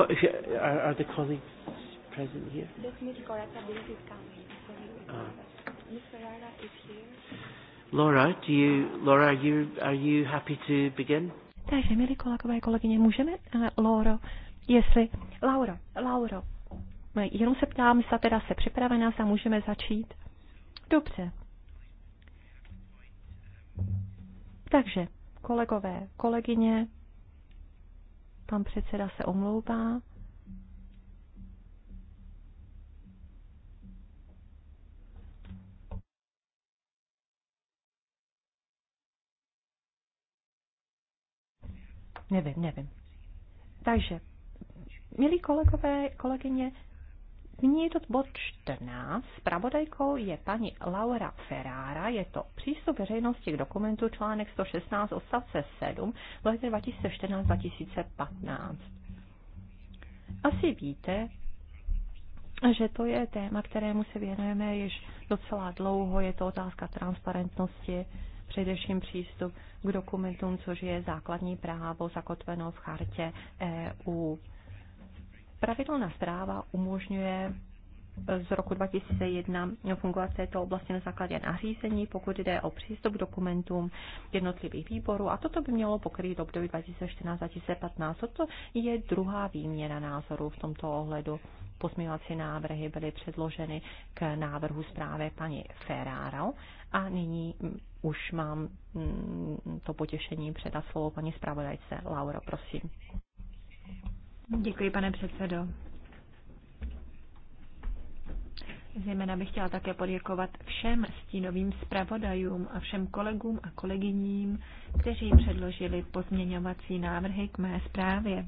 are, are the colleagues present ah. here? Laura, do you, Laura, are you, are you happy to begin? Takže, milí kolegové, kolegyně, můžeme, uh, eh, Laura, jestli, Laura, Laura, eh, jenom se ptám, zda teda se připravená, zda můžeme začít. Dobře. Takže, kolegové, kolegyně, Pan předseda se omlouvá. Nevím, nevím. Takže, milí kolegové, kolegyně, Nyní je to bod 14. Spravodajkou je paní Laura Ferrara. Je to přístup veřejnosti k dokumentu článek 116 odstavce 7 v letě 2014-2015. Asi víte, že to je téma, kterému se věnujeme již docela dlouho. Je to otázka transparentnosti, především přístup k dokumentům, což je základní právo zakotveno v chartě EU. Pravidelná stráva umožňuje z roku 2001 fungovat této oblasti na základě nařízení, pokud jde o přístup k dokumentům jednotlivých výborů a toto by mělo pokrýt období 2014-2015. Toto je druhá výměna názorů v tomto ohledu. Pozměňovací návrhy byly předloženy k návrhu zprávy paní Ferrara a nyní mm, už mám mm, to potěšení předat slovo paní zpravodajce. Laura. prosím. Děkuji, pane předsedo. Zejména bych chtěla také poděkovat všem stínovým zpravodajům a všem kolegům a kolegyním, kteří předložili pozměňovací návrhy k mé zprávě.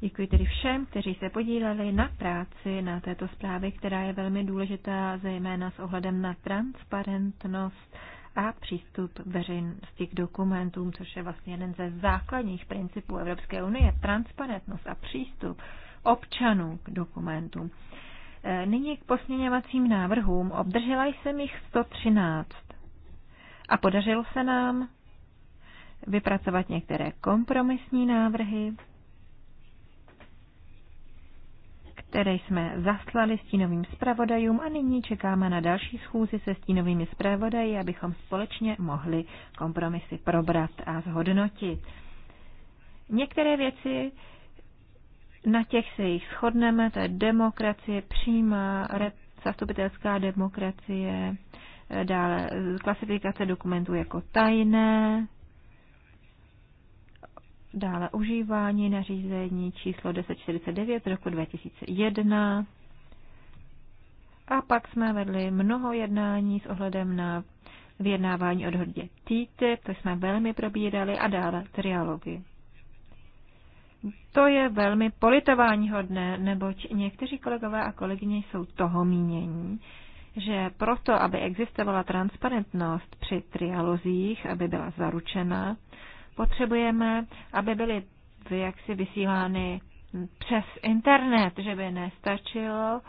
Děkuji tedy všem, kteří se podíleli na práci na této zprávě, která je velmi důležitá, zejména s ohledem na transparentnost a přístup veřejnosti k dokumentům, což je vlastně jeden ze základních principů Evropské unie, transparentnost a přístup občanů k dokumentům. E, nyní k posměňovacím návrhům. Obdržela jsem jich 113 a podařilo se nám vypracovat některé kompromisní návrhy. které jsme zaslali stínovým zpravodajům a nyní čekáme na další schůzi se stínovými zpravodaji, abychom společně mohli kompromisy probrat a zhodnotit. Některé věci, na těch se jich shodneme, to je demokracie, přímá zastupitelská demokracie, dále klasifikace dokumentů jako tajné, Dále užívání nařízení číslo 1049 z roku 2001. A pak jsme vedli mnoho jednání s ohledem na vyjednávání o dohodě TTIP, to jsme velmi probírali, a dále trialogy. To je velmi politováníhodné, neboť někteří kolegové a kolegyně jsou toho mínění, že proto, aby existovala transparentnost při trialozích, aby byla zaručena, Potřebujeme, aby byly jaksi vysílány přes internet, že by nestačilo,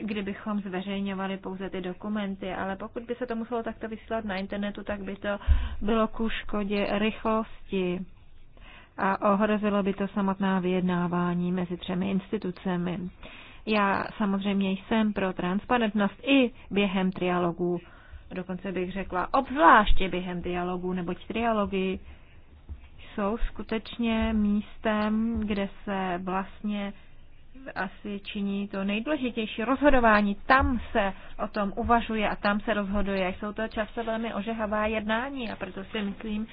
kdybychom zveřejňovali pouze ty dokumenty, ale pokud by se to muselo takto vysílat na internetu, tak by to bylo ku škodě rychlosti a ohrozilo by to samotná vyjednávání mezi třemi institucemi. Já samozřejmě jsem pro transparentnost i během trialogů, dokonce bych řekla obzvláště během dialogů, neboť trialogy jsou skutečně místem, kde se vlastně asi činí to nejdůležitější rozhodování. Tam se o tom uvažuje a tam se rozhoduje. Jsou to často velmi ožehavá jednání a proto si myslím,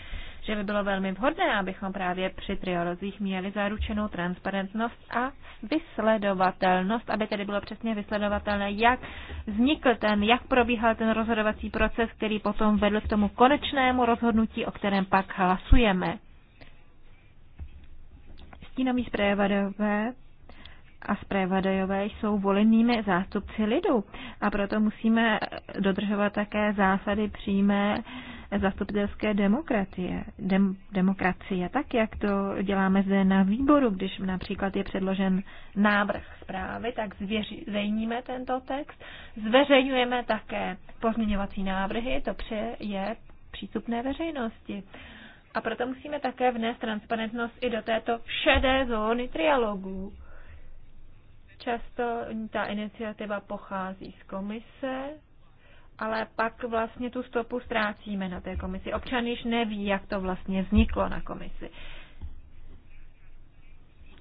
že by bylo velmi vhodné, abychom právě při triorozích měli zaručenou transparentnost a vysledovatelnost, aby tedy bylo přesně vysledovatelné, jak vznikl ten, jak probíhal ten rozhodovací proces, který potom vedl k tomu konečnému rozhodnutí, o kterém pak hlasujeme. Stínoví zprávadové a zpravodajové jsou volenými zástupci lidu a proto musíme dodržovat také zásady přímé zastupitelské demokracie, dem, demokracie, tak jak to děláme zde na výboru, když například je předložen návrh zprávy, tak zveřejníme tento text, zveřejňujeme také pozměňovací návrhy, to pře je přístupné veřejnosti. A proto musíme také vnést transparentnost i do této šedé zóny trialogů. Často ta iniciativa pochází z komise, ale pak vlastně tu stopu ztrácíme na té komisi. Občan již neví, jak to vlastně vzniklo na komisi.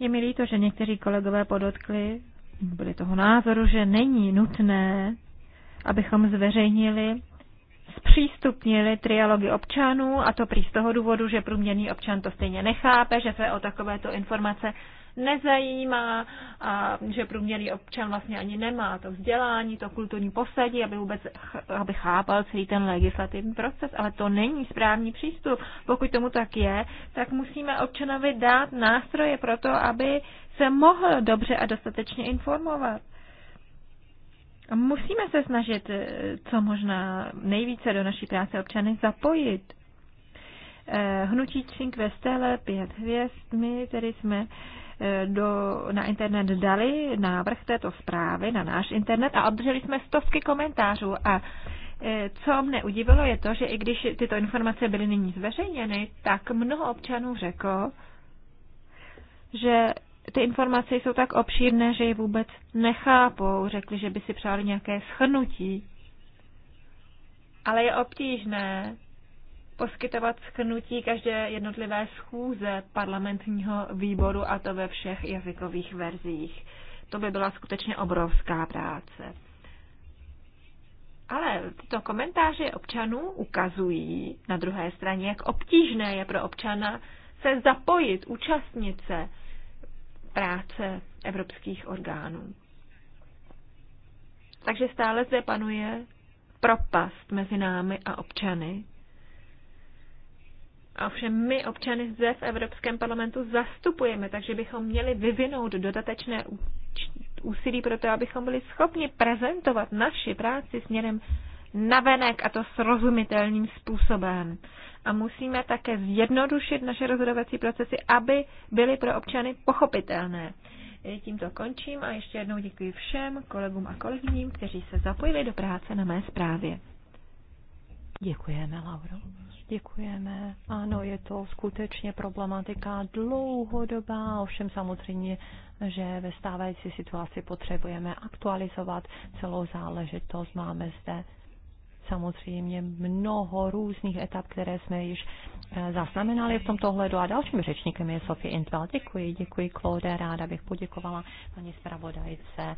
Je mi líto, že někteří kolegové podotkli, byli toho názoru, že není nutné, abychom zveřejnili zpřístupnili trialogy občanů a to prý z toho důvodu, že průměrný občan to stejně nechápe, že se o takovéto informace nezajímá a že průměrný občan vlastně ani nemá to vzdělání, to kulturní posadí, aby vůbec aby chápal celý ten legislativní proces, ale to není správný přístup. Pokud tomu tak je, tak musíme občanovi dát nástroje pro to, aby se mohl dobře a dostatečně informovat. Musíme se snažit eh, co možná nejvíce do naší práce občany zapojit. Eh, Hnutí Cinque Stele, pět hvězd, my tedy jsme eh, do, na internet dali návrh této zprávy na náš internet a obdrželi jsme stovky komentářů a co mne udivilo je to, že i když tyto informace byly nyní zveřejněny, tak mnoho občanů řeklo, že ty informace jsou tak obšírné, že je vůbec nechápou. Řekli, že by si přáli nějaké schrnutí. Ale je obtížné poskytovat schrnutí každé jednotlivé schůze parlamentního výboru a to ve všech jazykových verzích. To by byla skutečně obrovská práce. Ale tyto komentáře občanů ukazují na druhé straně, jak obtížné je pro občana se zapojit, účastnit se práce evropských orgánů. Takže stále zde panuje propast mezi námi a občany. A ovšem my občany zde v Evropském parlamentu zastupujeme, takže bychom měli vyvinout dodatečné úsilí pro to, abychom byli schopni prezentovat naši práci směrem navenek a to srozumitelným způsobem. A musíme také zjednodušit naše rozhodovací procesy, aby byly pro občany pochopitelné. Tímto končím a ještě jednou děkuji všem kolegům a kolegyním, kteří se zapojili do práce na mé zprávě. Děkujeme, Lauro. Děkujeme. Ano, je to skutečně problematika dlouhodobá, ovšem samozřejmě, že ve stávající situaci potřebujeme aktualizovat celou záležitost. Máme zde samozřejmě mnoho různých etap, které jsme již eh, zaznamenali v tomto hledu. A dalším řečníkem je Sofie Intval. Děkuji, děkuji, Claude. Ráda bych poděkovala paní zpravodajce.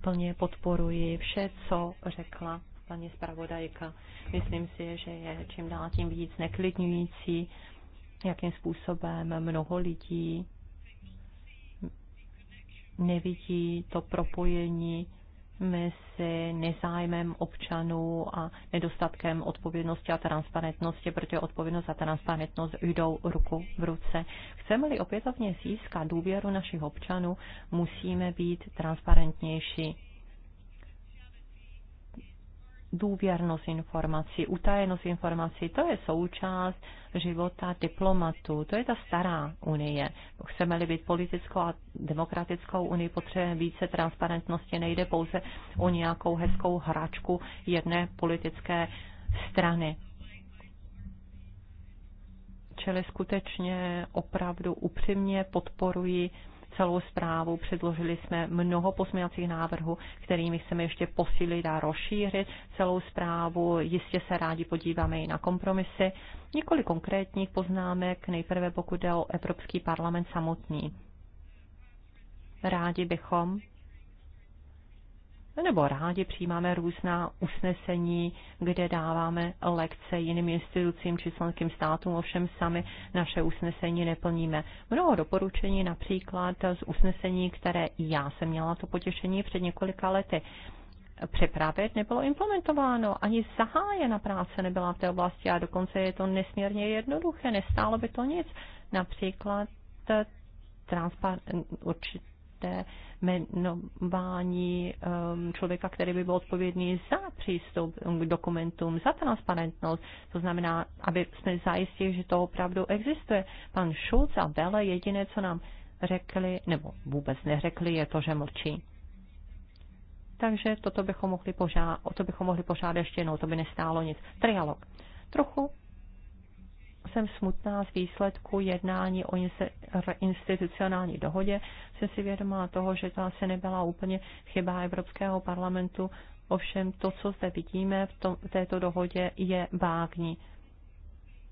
Plně podporuji vše, co řekla paní zpravodajka. Myslím si, že je čím dál tím víc neklidňující, jakým způsobem mnoho lidí nevidí to propojení mezi nezájmem občanů a nedostatkem odpovědnosti a transparentnosti, protože odpovědnost a transparentnost jdou ruku v ruce. Chceme-li opětovně získat důvěru našich občanů, musíme být transparentnější důvěrnost informací, utajenost informací, to je součást života diplomatu. To je ta stará unie. Chceme-li být politickou a demokratickou unii, potřebujeme více transparentnosti. Nejde pouze o nějakou hezkou hračku jedné politické strany. Čili skutečně opravdu upřímně podporuji uh, celou zprávu. Předložili jsme mnoho pozměňovacích návrhů, kterými chceme ještě posílit a rozšířit celou zprávu. Jistě se rádi podíváme i na kompromisy. Několik konkrétních poznámek, nejprve pokud jde o Evropský parlament samotný. Rádi bychom, nebo rádi přijímáme různá usnesení, kde dáváme lekce jiným institucím či členským státům, ovšem sami naše usnesení neplníme. Mnoho doporučení například z usnesení, které já jsem měla to potěšení před několika lety připravit, nebylo implementováno, ani zahájena práce nebyla v té oblasti a dokonce je to nesmírně jednoduché, nestálo by to nic. Například eh, transpar- určitě jisté jmenování ehm, člověka, který by byl odpovědný za přístup k dokumentům, za transparentnost. To znamená, aby jsme zajistili, že to opravdu existuje. Pan Schulz a Bele jediné, co nám řekli, nebo vůbec neřekli, je to, že mlčí. Takže toto bychom mohli požádat, o to bychom mohli požádat ještě jednou, to by nestálo nic. Trialog. Trochu jsem smutná z výsledku jednání o institucionální dohodě. Jsem si vědomá toho, že to asi nebyla úplně chyba Evropského parlamentu. Ovšem to, co zde vidíme v tom, této dohodě, je vágní.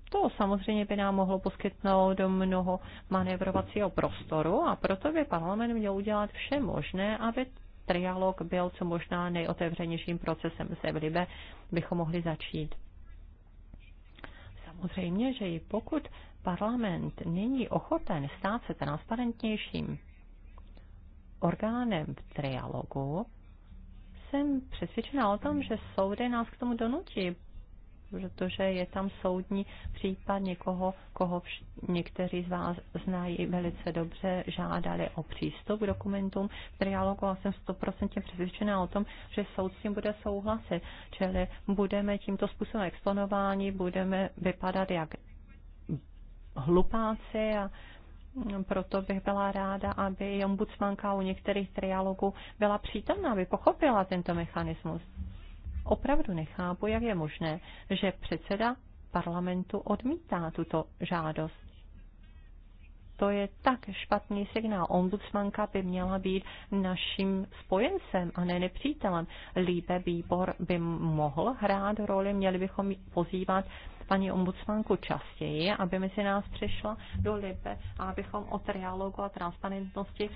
To samozřejmě by nám mohlo poskytnout do mnoho manévrovacího prostoru a proto by parlament měl udělat vše možné, aby trialog byl co možná nejotevřenějším procesem. Se v Libe bychom mohli začít samozřejmě, že i pokud parlament není ochoten stát se transparentnějším orgánem v trialogu, jsem přesvědčena o tom, že soudy nás k tomu donutí, protože je tam soudní případ někoho, koho vš- někteří z vás znají velice dobře, žádali o přístup k dokumentům v trialogu a jsem stoprocentně přesvědčená o tom, že soud s tím bude souhlasit, čili budeme tímto způsobem exponováni, budeme vypadat jak hlupáci a proto bych byla ráda, aby ombudsmanka u některých trialogů byla přítomná, aby pochopila tento mechanismus opravdu nechápu, jak je možné, že předseda parlamentu odmítá tuto žádost. To je tak špatný signál. Ombudsmanka by měla být naším spojencem a ne nepřítelem. Líbe výbor by mohl hrát roli, měli bychom pozývat paní ombudsmanku častěji, aby mezi nás přišla do Libe a abychom o trialogu a transparentnosti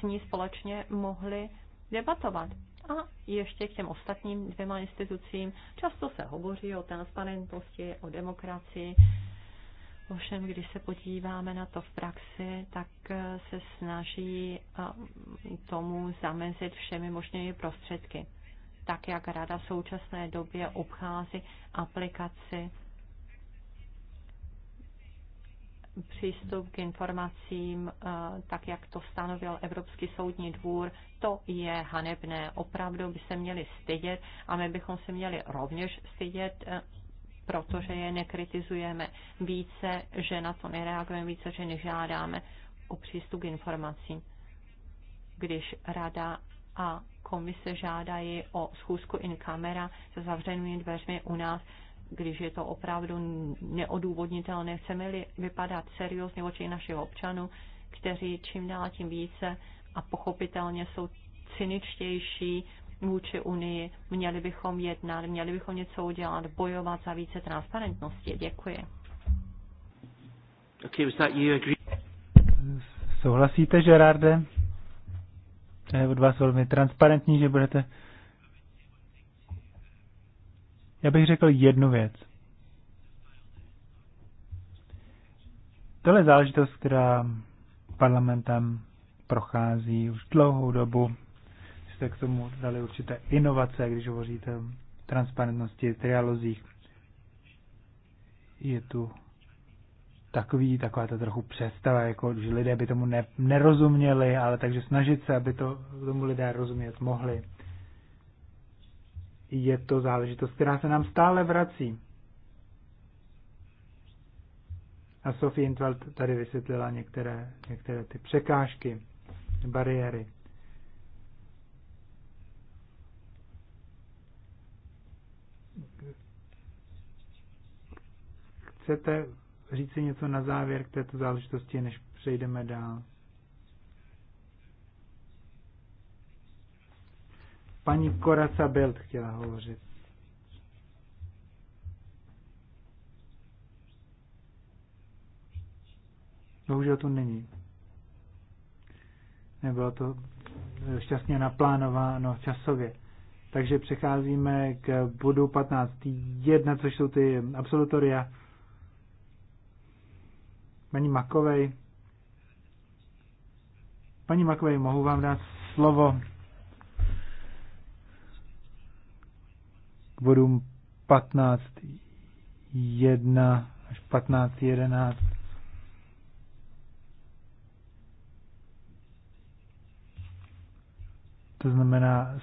s ní společně mohli debatovat. A ještě k těm ostatním dvěma institucím. Často se hovoří o transparentnosti, o demokracii. Ovšem, když se podíváme na to v praxi, tak eh, se snaží eh, tomu zamezit všemi možnými prostředky. Tak, jak rada v současné době obchází aplikaci přístup k informacím, eh, tak jak to stanovil Evropský soudní dvůr, to je hanebné. Opravdu by se měli stydět a my bychom se měli rovněž stydět, eh, protože je nekritizujeme více, že na to nereagujeme více, že nežádáme o přístup k informacím. Když rada a komise žádají o schůzku in camera se zavřenými dveřmi u nás, když je to opravdu neodůvodnitelné, chceme-li vypadat seriózně oči našich občanů, kteří čím dál tím více a pochopitelně jsou cyničtější vůči Unii, měli bychom jednat, měli bychom něco udělat, bojovat za více transparentnosti. Děkuji. Okay, was that you agree? Souhlasíte, Gerarde? To je od vás velmi transparentní, že budete já bych řekl jednu věc. Tohle je záležitost, která parlamentem prochází už dlouhou dobu. Jste k tomu dali určité inovace, když hovoříte o transparentnosti, trialozích. Je tu takový, taková ta trochu představa, jako, že lidé by tomu ne, nerozuměli, ale takže snažit se, aby to tomu lidé rozumět mohli je to záležitost, která se nám stále vrací. A Sophie Intveld tady vysvětlila některé, některé ty překážky, bariéry. Chcete si něco na závěr k této záležitosti, než přejdeme dál? Paní Korasa Belt chtěla hovořit. Bohužel to není. Nebylo to eh, šťastně naplánováno časově. Takže přecházíme k bodu 15.1, což jsou ty absolutoria. Paní Makovej. Paní Makovej, mohu vám dát slovo. k bodům 1 až 15 11. To znamená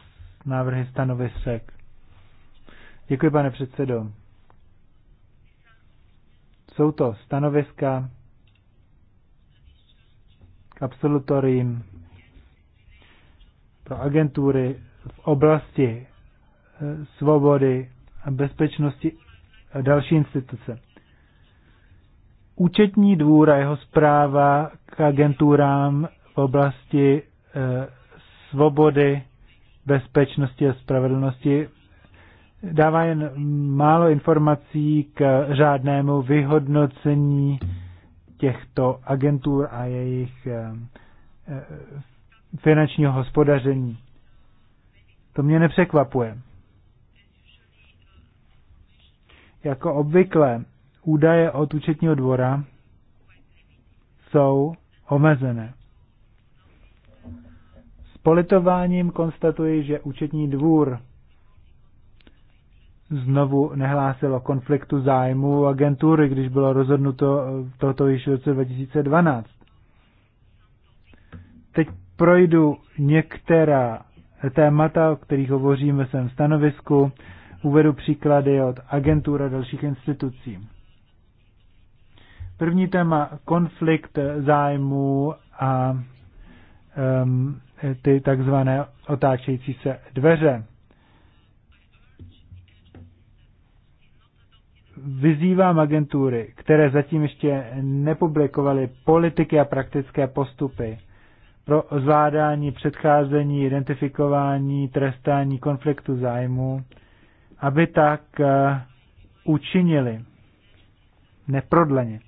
návrhy stanovisek. Děkuji, pane předsedo. Jsou to stanoviska k absolutoriím pro agentury v oblasti svobody a bezpečnosti a další instituce. Účetní dvůr a jeho zpráva k agenturám v oblasti eh, svobody, bezpečnosti a spravedlnosti dává jen málo informací k řádnému vyhodnocení těchto agentur a jejich eh, eh, finančního hospodaření. To mě nepřekvapuje. Jako obvykle, údaje od účetního dvora jsou omezené. S politováním konstatuji, že účetní dvůr znovu nehlásilo konfliktu zájmu agentury, když bylo rozhodnuto eh, toto již v roce 2012. Teď projdu některá témata, o kterých hovořím ve svém stanovisku. Uvedu příklady od agentur a dalších institucí. První téma konflikt zájmů a um, ty takzvané otáčející se dveře. Vyzývám agentury, které zatím ještě nepublikovaly politiky a praktické postupy pro zvládání, předcházení, identifikování, trestání konfliktu zájmu aby tak eh, učinili neprodleně.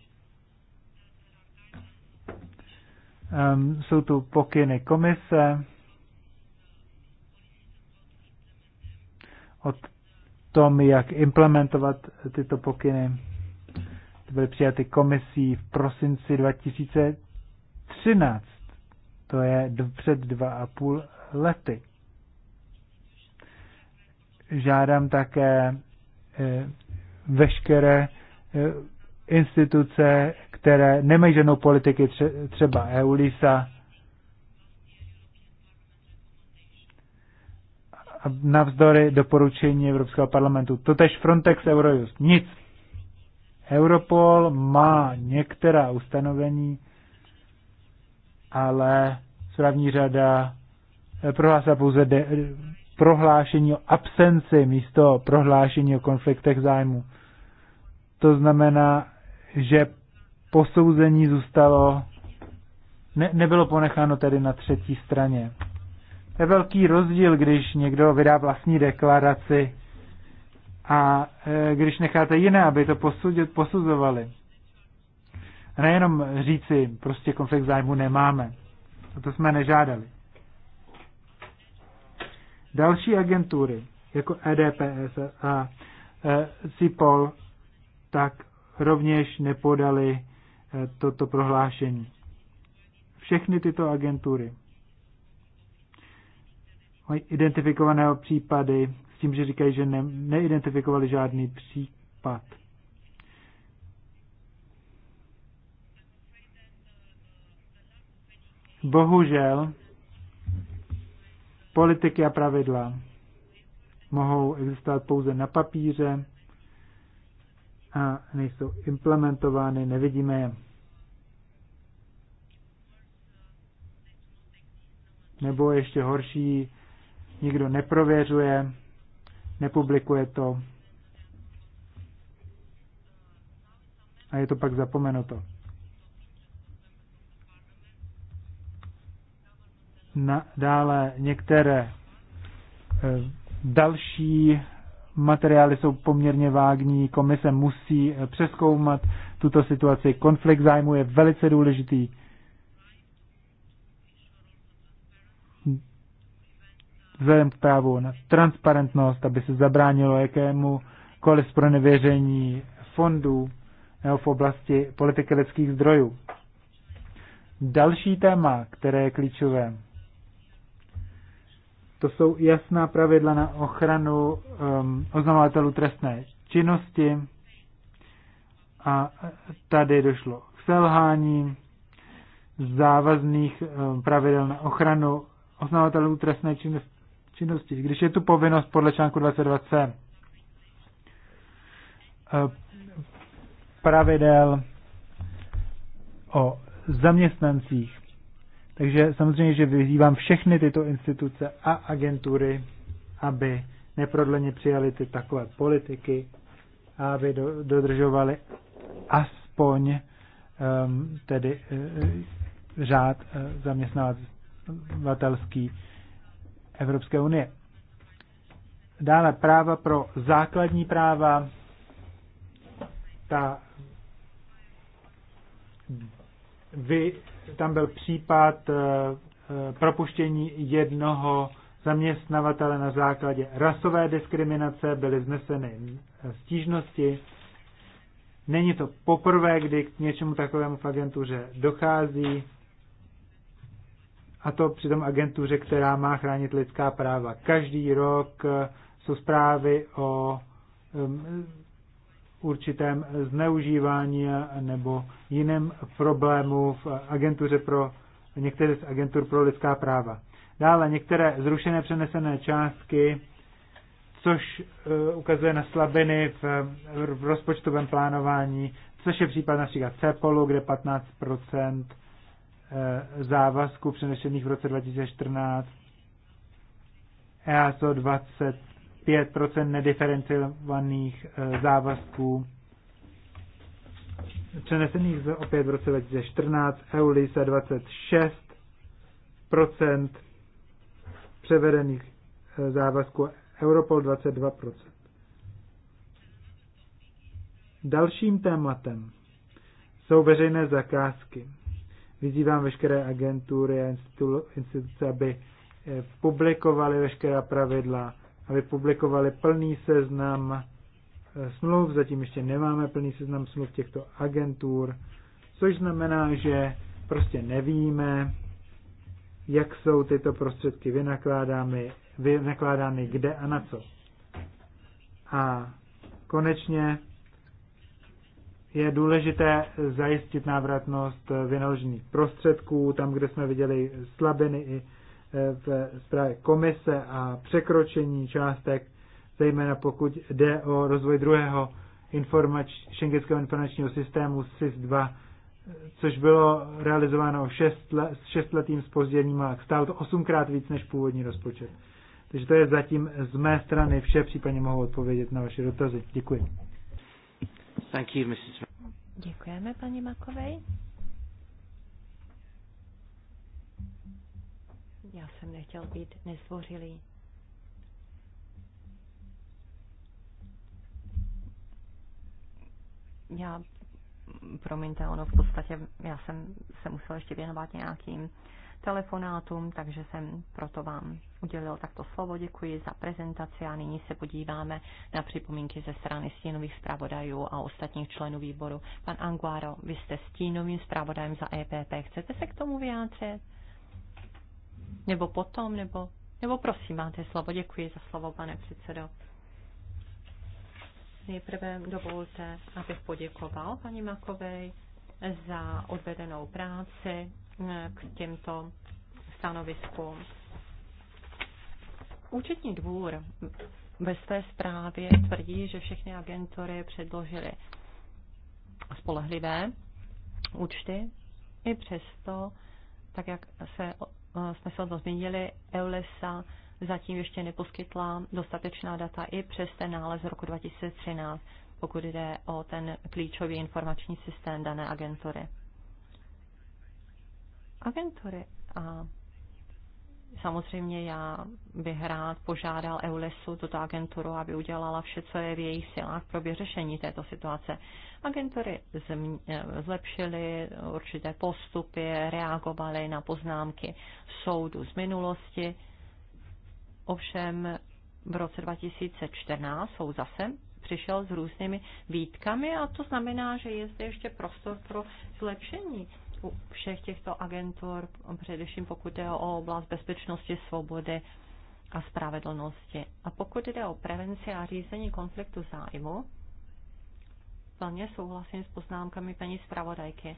Um, jsou tu pokyny komise o tom, jak implementovat tyto pokyny. To byly přijaty komisí v prosinci 2013. To je před dva a půl lety žádám také eh, veškeré eh, instituce, které nemají žádnou politiky, třeba EULISA, navzdory doporučení Evropského parlamentu. Totež Frontex Eurojust. Nic. Europol má některá ustanovení, ale správní řada eh, prohlásila pouze de, prohlášení o absenci místo prohlášení o konfliktech zájmu. To znamená, že posouzení zůstalo, ne, nebylo ponecháno tedy na třetí straně. To je velký rozdíl, když někdo vydá vlastní deklaraci a e, když necháte jiné, aby to posudit, posuzovali. A nejenom říci, prostě konflikt zájmu nemáme. A to jsme nežádali. Další agentury, jako EDPS a e, CIPOL, tak rovněž nepodali e, toto prohlášení. Všechny tyto agentury mají identifikované případy s tím, že říkají, že ne, neidentifikovali žádný případ. Bohužel, Politiky a pravidla mohou existovat pouze na papíře a nejsou implementovány, nevidíme je. Nebo ještě horší, nikdo neprověřuje, nepublikuje to a je to pak zapomenuto. na, dále některé e, další materiály jsou poměrně vágní, komise musí e, přeskoumat tuto situaci. Konflikt zájmu je velice důležitý. Vzhledem k právu na transparentnost, aby se zabránilo jakému kolis pro nevěření fondů nebo v oblasti politiky lidských zdrojů. Další téma, které je klíčové, to jsou jasná pravidla na ochranu um, oznamovatelů trestné činnosti. A tady došlo k selhání závazných um, pravidel na ochranu oznamovatelů trestné činnosti, když je tu povinnost podle článku 22c uh, pravidel o zaměstnancích takže samozřejmě, že vyzývám všechny tyto instituce a agentury, aby neprodleně přijali ty takové politiky, a aby do, dodržovali aspoň um, tedy uh, řád uh, zaměstnavatelský Evropské unie. Dále práva pro základní práva, ta vy, tam byl případ eh, eh, propuštění jednoho zaměstnavatele na základě rasové diskriminace, byly zneseny stížnosti. Není to poprvé, kdy k něčemu takovému v agentuře dochází, a to tom agentuře, která má chránit lidská práva. Každý rok eh, jsou zprávy o určitém zneužívání nebo jiném problému v agentuře pro některé z agentur pro lidská práva. Dále některé zrušené přenesené částky, což e, ukazuje na slabiny v rozpočtovém plánování, což je případ například CEPOLu, kde 15 e, závazků přenešených v roce 2014, EASO 20 5 nediferencovaných eh, závazků přenesených opět v roce 2014, EULISA 26 převedených eh, závazků, Europol 22 Dalším tématem jsou veřejné zakázky. Vyzývám veškeré agentury a instituce, aby eh, publikovali veškerá pravidla aby publikovali plný seznam eh, smluv. Zatím ještě nemáme plný seznam smluv těchto agentur, což znamená, že prostě nevíme, jak jsou tyto prostředky vynakládány, vynakládány kde a na co. A konečně je důležité zajistit návratnost vynaložených prostředků, tam, kde jsme viděli slabiny i Eh, v zprávě komise a překročení částek, zejména pokud jde o rozvoj druhého informač, šengenského informačního systému SIS-2, eh, což bylo realizováno šest let, s šestletým spozděním a stálo to osmkrát víc než původní rozpočet. Takže to je zatím z mé strany vše, případně mohu odpovědět na vaše dotazy. Děkuji. Thank you, Mrs. Děkujeme, paní Makovej. Já jsem nechtěl být nezvořilý. Já, promiňte, ono v podstatě, já jsem se musel ještě věnovat nějakým telefonátům, takže jsem proto vám udělil takto slovo. Děkuji za prezentaci a nyní se podíváme na připomínky ze strany stínových zpravodajů a ostatních členů výboru. Pan Anguaro, vy jste stínovým zpravodajem za EPP. Chcete se k tomu vyjádřit? nebo potom, nebo, nebo prosím, máte slovo. Děkuji za slovo, pane předsedo. Nejprve dovolte, abych poděkoval paní Makovej za odvedenou práci eh, k těmto stanoviskům. Účetní dvůr ve své zprávě tvrdí, že všechny agentury předložily spolehlivé účty. I přesto, tak jak se jsme se o tom zmínili, EULESA zatím ještě neposkytla dostatečná data i přes ten nález z roku 2013, pokud jde o ten klíčový informační systém dané agentury. Agentury a Samozřejmě já bych rád požádal EULESu, tuto agenturu, aby udělala vše, co je v jejich silách pro vyřešení této situace. Agentury eh, zlepšily určité postupy, reagovaly na poznámky soudu z minulosti. Ovšem v roce 2014 jsou zase přišel s různými výtkami a to znamená, že je zde ještě prostor pro zlepšení u všech těchto agentur, především pokud jde o oblast bezpečnosti, svobody a spravedlnosti. A pokud jde o prevenci a řízení konfliktu zájmu, plně souhlasím s poznámkami paní zpravodajky.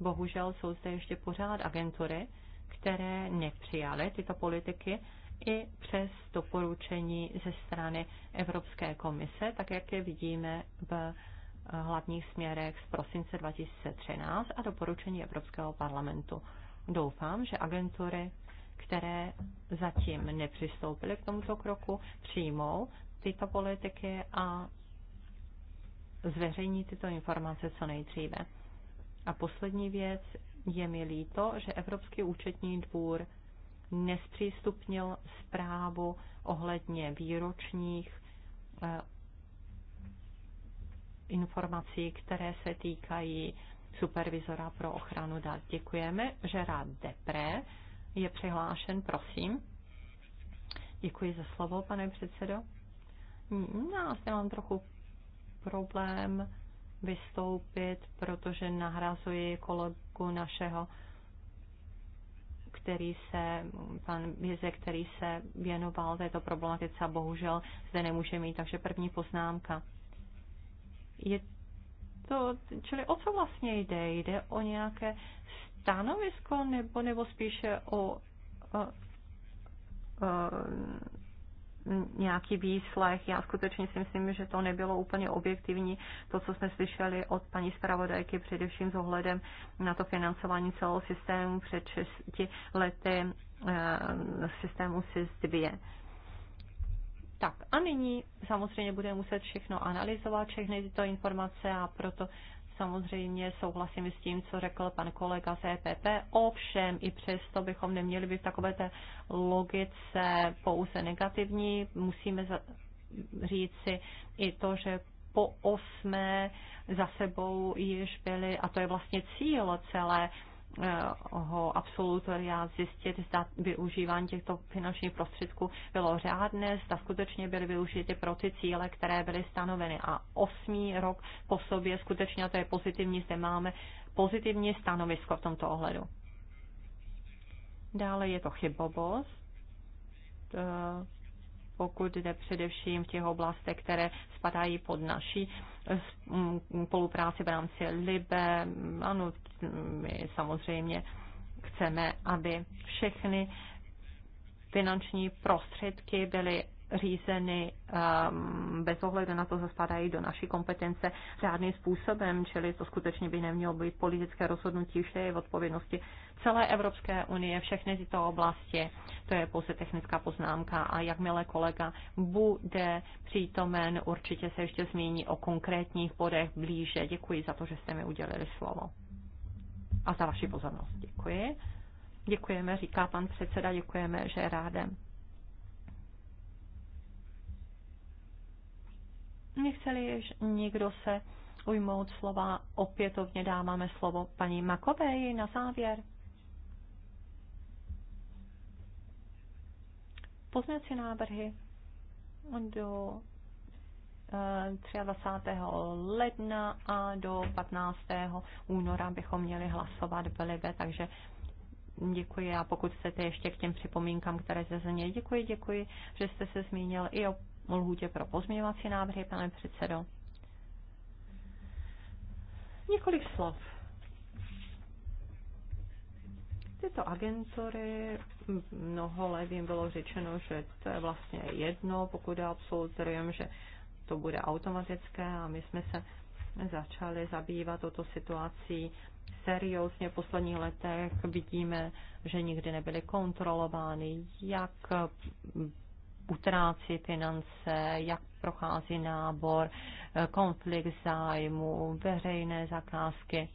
Bohužel jsou zde ještě pořád agentury, které nepřijaly tyto politiky i přes doporučení ze strany Evropské komise, tak jak je vidíme v hlavních směrech z prosince 2013 a doporučení Evropského parlamentu. Doufám, že agentury, které zatím nepřistoupily k tomuto kroku, přijmou tyto politiky a zveřejní tyto informace co nejdříve. A poslední věc, je mi líto, že Evropský účetní dvůr nespřístupnil zprávu ohledně výročních eh, informací, které se týkají supervizora pro ochranu dat. Děkujeme. rád Depré je přihlášen, prosím. Děkuji za slovo, pane předsedo. Já se mám trochu problém vystoupit, protože nahrazuji kolegu našeho, který se, pan Věze, který se věnoval této problematice a bohužel zde nemůže mít, takže první poznámka. Je to, čili o co vlastně jde? Jde o nějaké stanovisko nebo, nebo spíše o, o, o nějaký výslech. Já skutečně si myslím, že to nebylo úplně objektivní, to, co jsme slyšeli od paní zpravodajky, především s ohledem na to financování celého systému před šesti lety eh, systému SIS 2. Tak a nyní samozřejmě budeme muset všechno analyzovat, všechny tyto informace a proto samozřejmě souhlasím s tím, co řekl pan kolega z EPP. Ovšem i přesto bychom neměli být v takové té logice pouze negativní. Musíme říci i to, že po osmé za sebou již byly, a to je vlastně cíl celé Eh, ho absolutoria zjistit, zda využívání těchto finančních prostředků bylo řádné, zda skutečně byly využity pro ty cíle, které byly stanoveny. A osmý rok po sobě skutečně, a to je pozitivní, zde máme pozitivní stanovisko v tomto ohledu. Dále je to chybovost eh, pokud jde především v těch oblastech, které spadají pod naší spolupráci v rámci LIBE. Ano, my samozřejmě chceme, aby všechny finanční prostředky byly řízeny ehm, bez ohledu na to, že spadají do naší kompetence řádným způsobem, čili to skutečně by nemělo být politické rozhodnutí, vše je v odpovědnosti celé Evropské unie, všechny tyto oblasti, to je pouze technická poznámka a jakmile kolega bude přítomen, určitě se ještě zmíní o konkrétních bodech blíže. Děkuji za to, že jste mi udělili slovo a za vaši pozornost. Děkuji. Děkujeme, říká pan předseda, děkujeme, že je rádem. Nechceli již nikdo se ujmout slova, opětovně dáváme slovo paní Makovej na závěr. Pozměňovací návrhy do 23. Eh, ledna a do 15. února bychom měli hlasovat v Libe, takže děkuji a pokud chcete ještě k těm připomínkám, které se změní, děkuji, děkuji, že jste se zmínil i o o lhůtě pro pozměňovací návrhy, pane předsedo. Několik slov. Tyto agentury, mnoho let jim bylo řečeno, že to je vlastně jedno, pokud je absolutorium, že to bude automatické a my jsme se začali zabývat toto situací seriózně v posledních letech vidíme, že nikdy nebyly kontrolovány, jak utrácí finance, jak prochází nábor, eh, konflikt zájmu, veřejné zakázky.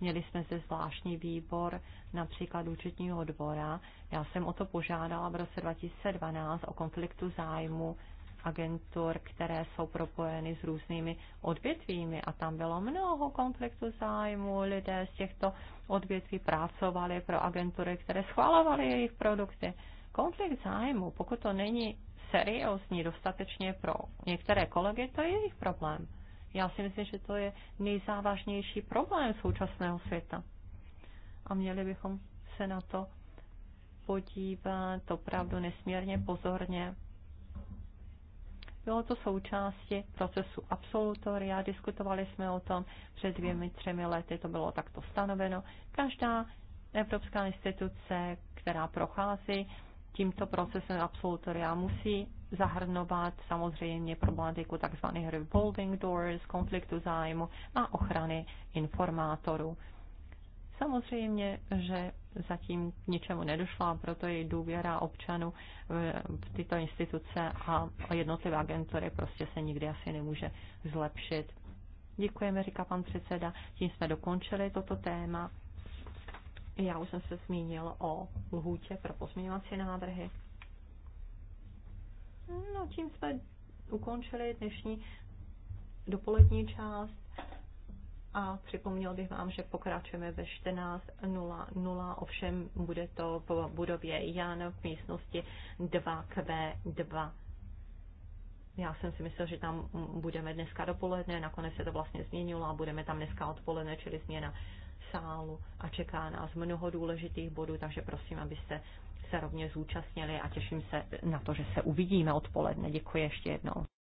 Měli jsme zde zvláštní výbor například účetního dvora. Já jsem o to požádala v roce 2012 o konfliktu zájmu agentur, které jsou propojeny s různými odvětvími a tam bylo mnoho konfliktu zájmu. Lidé z těchto odvětví pracovali pro agentury, které schvalovaly jejich produkty. Konflikt zájmu, pokud to není seriózní dostatečně pro některé kolegy, to je jejich problém. Já si myslím, že to je nejzávažnější problém současného světa. A měli bychom se na to podívat opravdu nesmírně pozorně. Bylo to součástí procesu absolutoria, diskutovali jsme o tom před dvěmi, třemi lety, to bylo takto stanoveno. Každá evropská instituce, která prochází tímto procesem absolutoria musí zahrnovat samozřejmě problematiku tzv. revolving doors, konfliktu zájmu a ochrany informátorů. Samozřejmě, že zatím k ničemu nedošlo a proto je důvěra občanů eh, v tyto instituce a jednotlivé agentury prostě se nikdy asi nemůže zlepšit. Děkujeme, říká pan předseda. Tím jsme dokončili toto téma. Já už jsem se zmínil o lhůtě pro pozměňovací návrhy. No, tím jsme ukončili dnešní dopolední část a připomněl bych vám, že pokračujeme ve 14.00, ovšem bude to v budově Jan v místnosti 2Q2. Já jsem si myslel, že tam budeme dneska dopoledne, nakonec se to vlastně změnilo a budeme tam dneska odpoledne, čili změna sálu a čeká nás mnoho důležitých bodů, takže prosím, abyste se rovně zúčastnili a těším se na to, že se uvidíme odpoledne. Děkuji ještě jednou.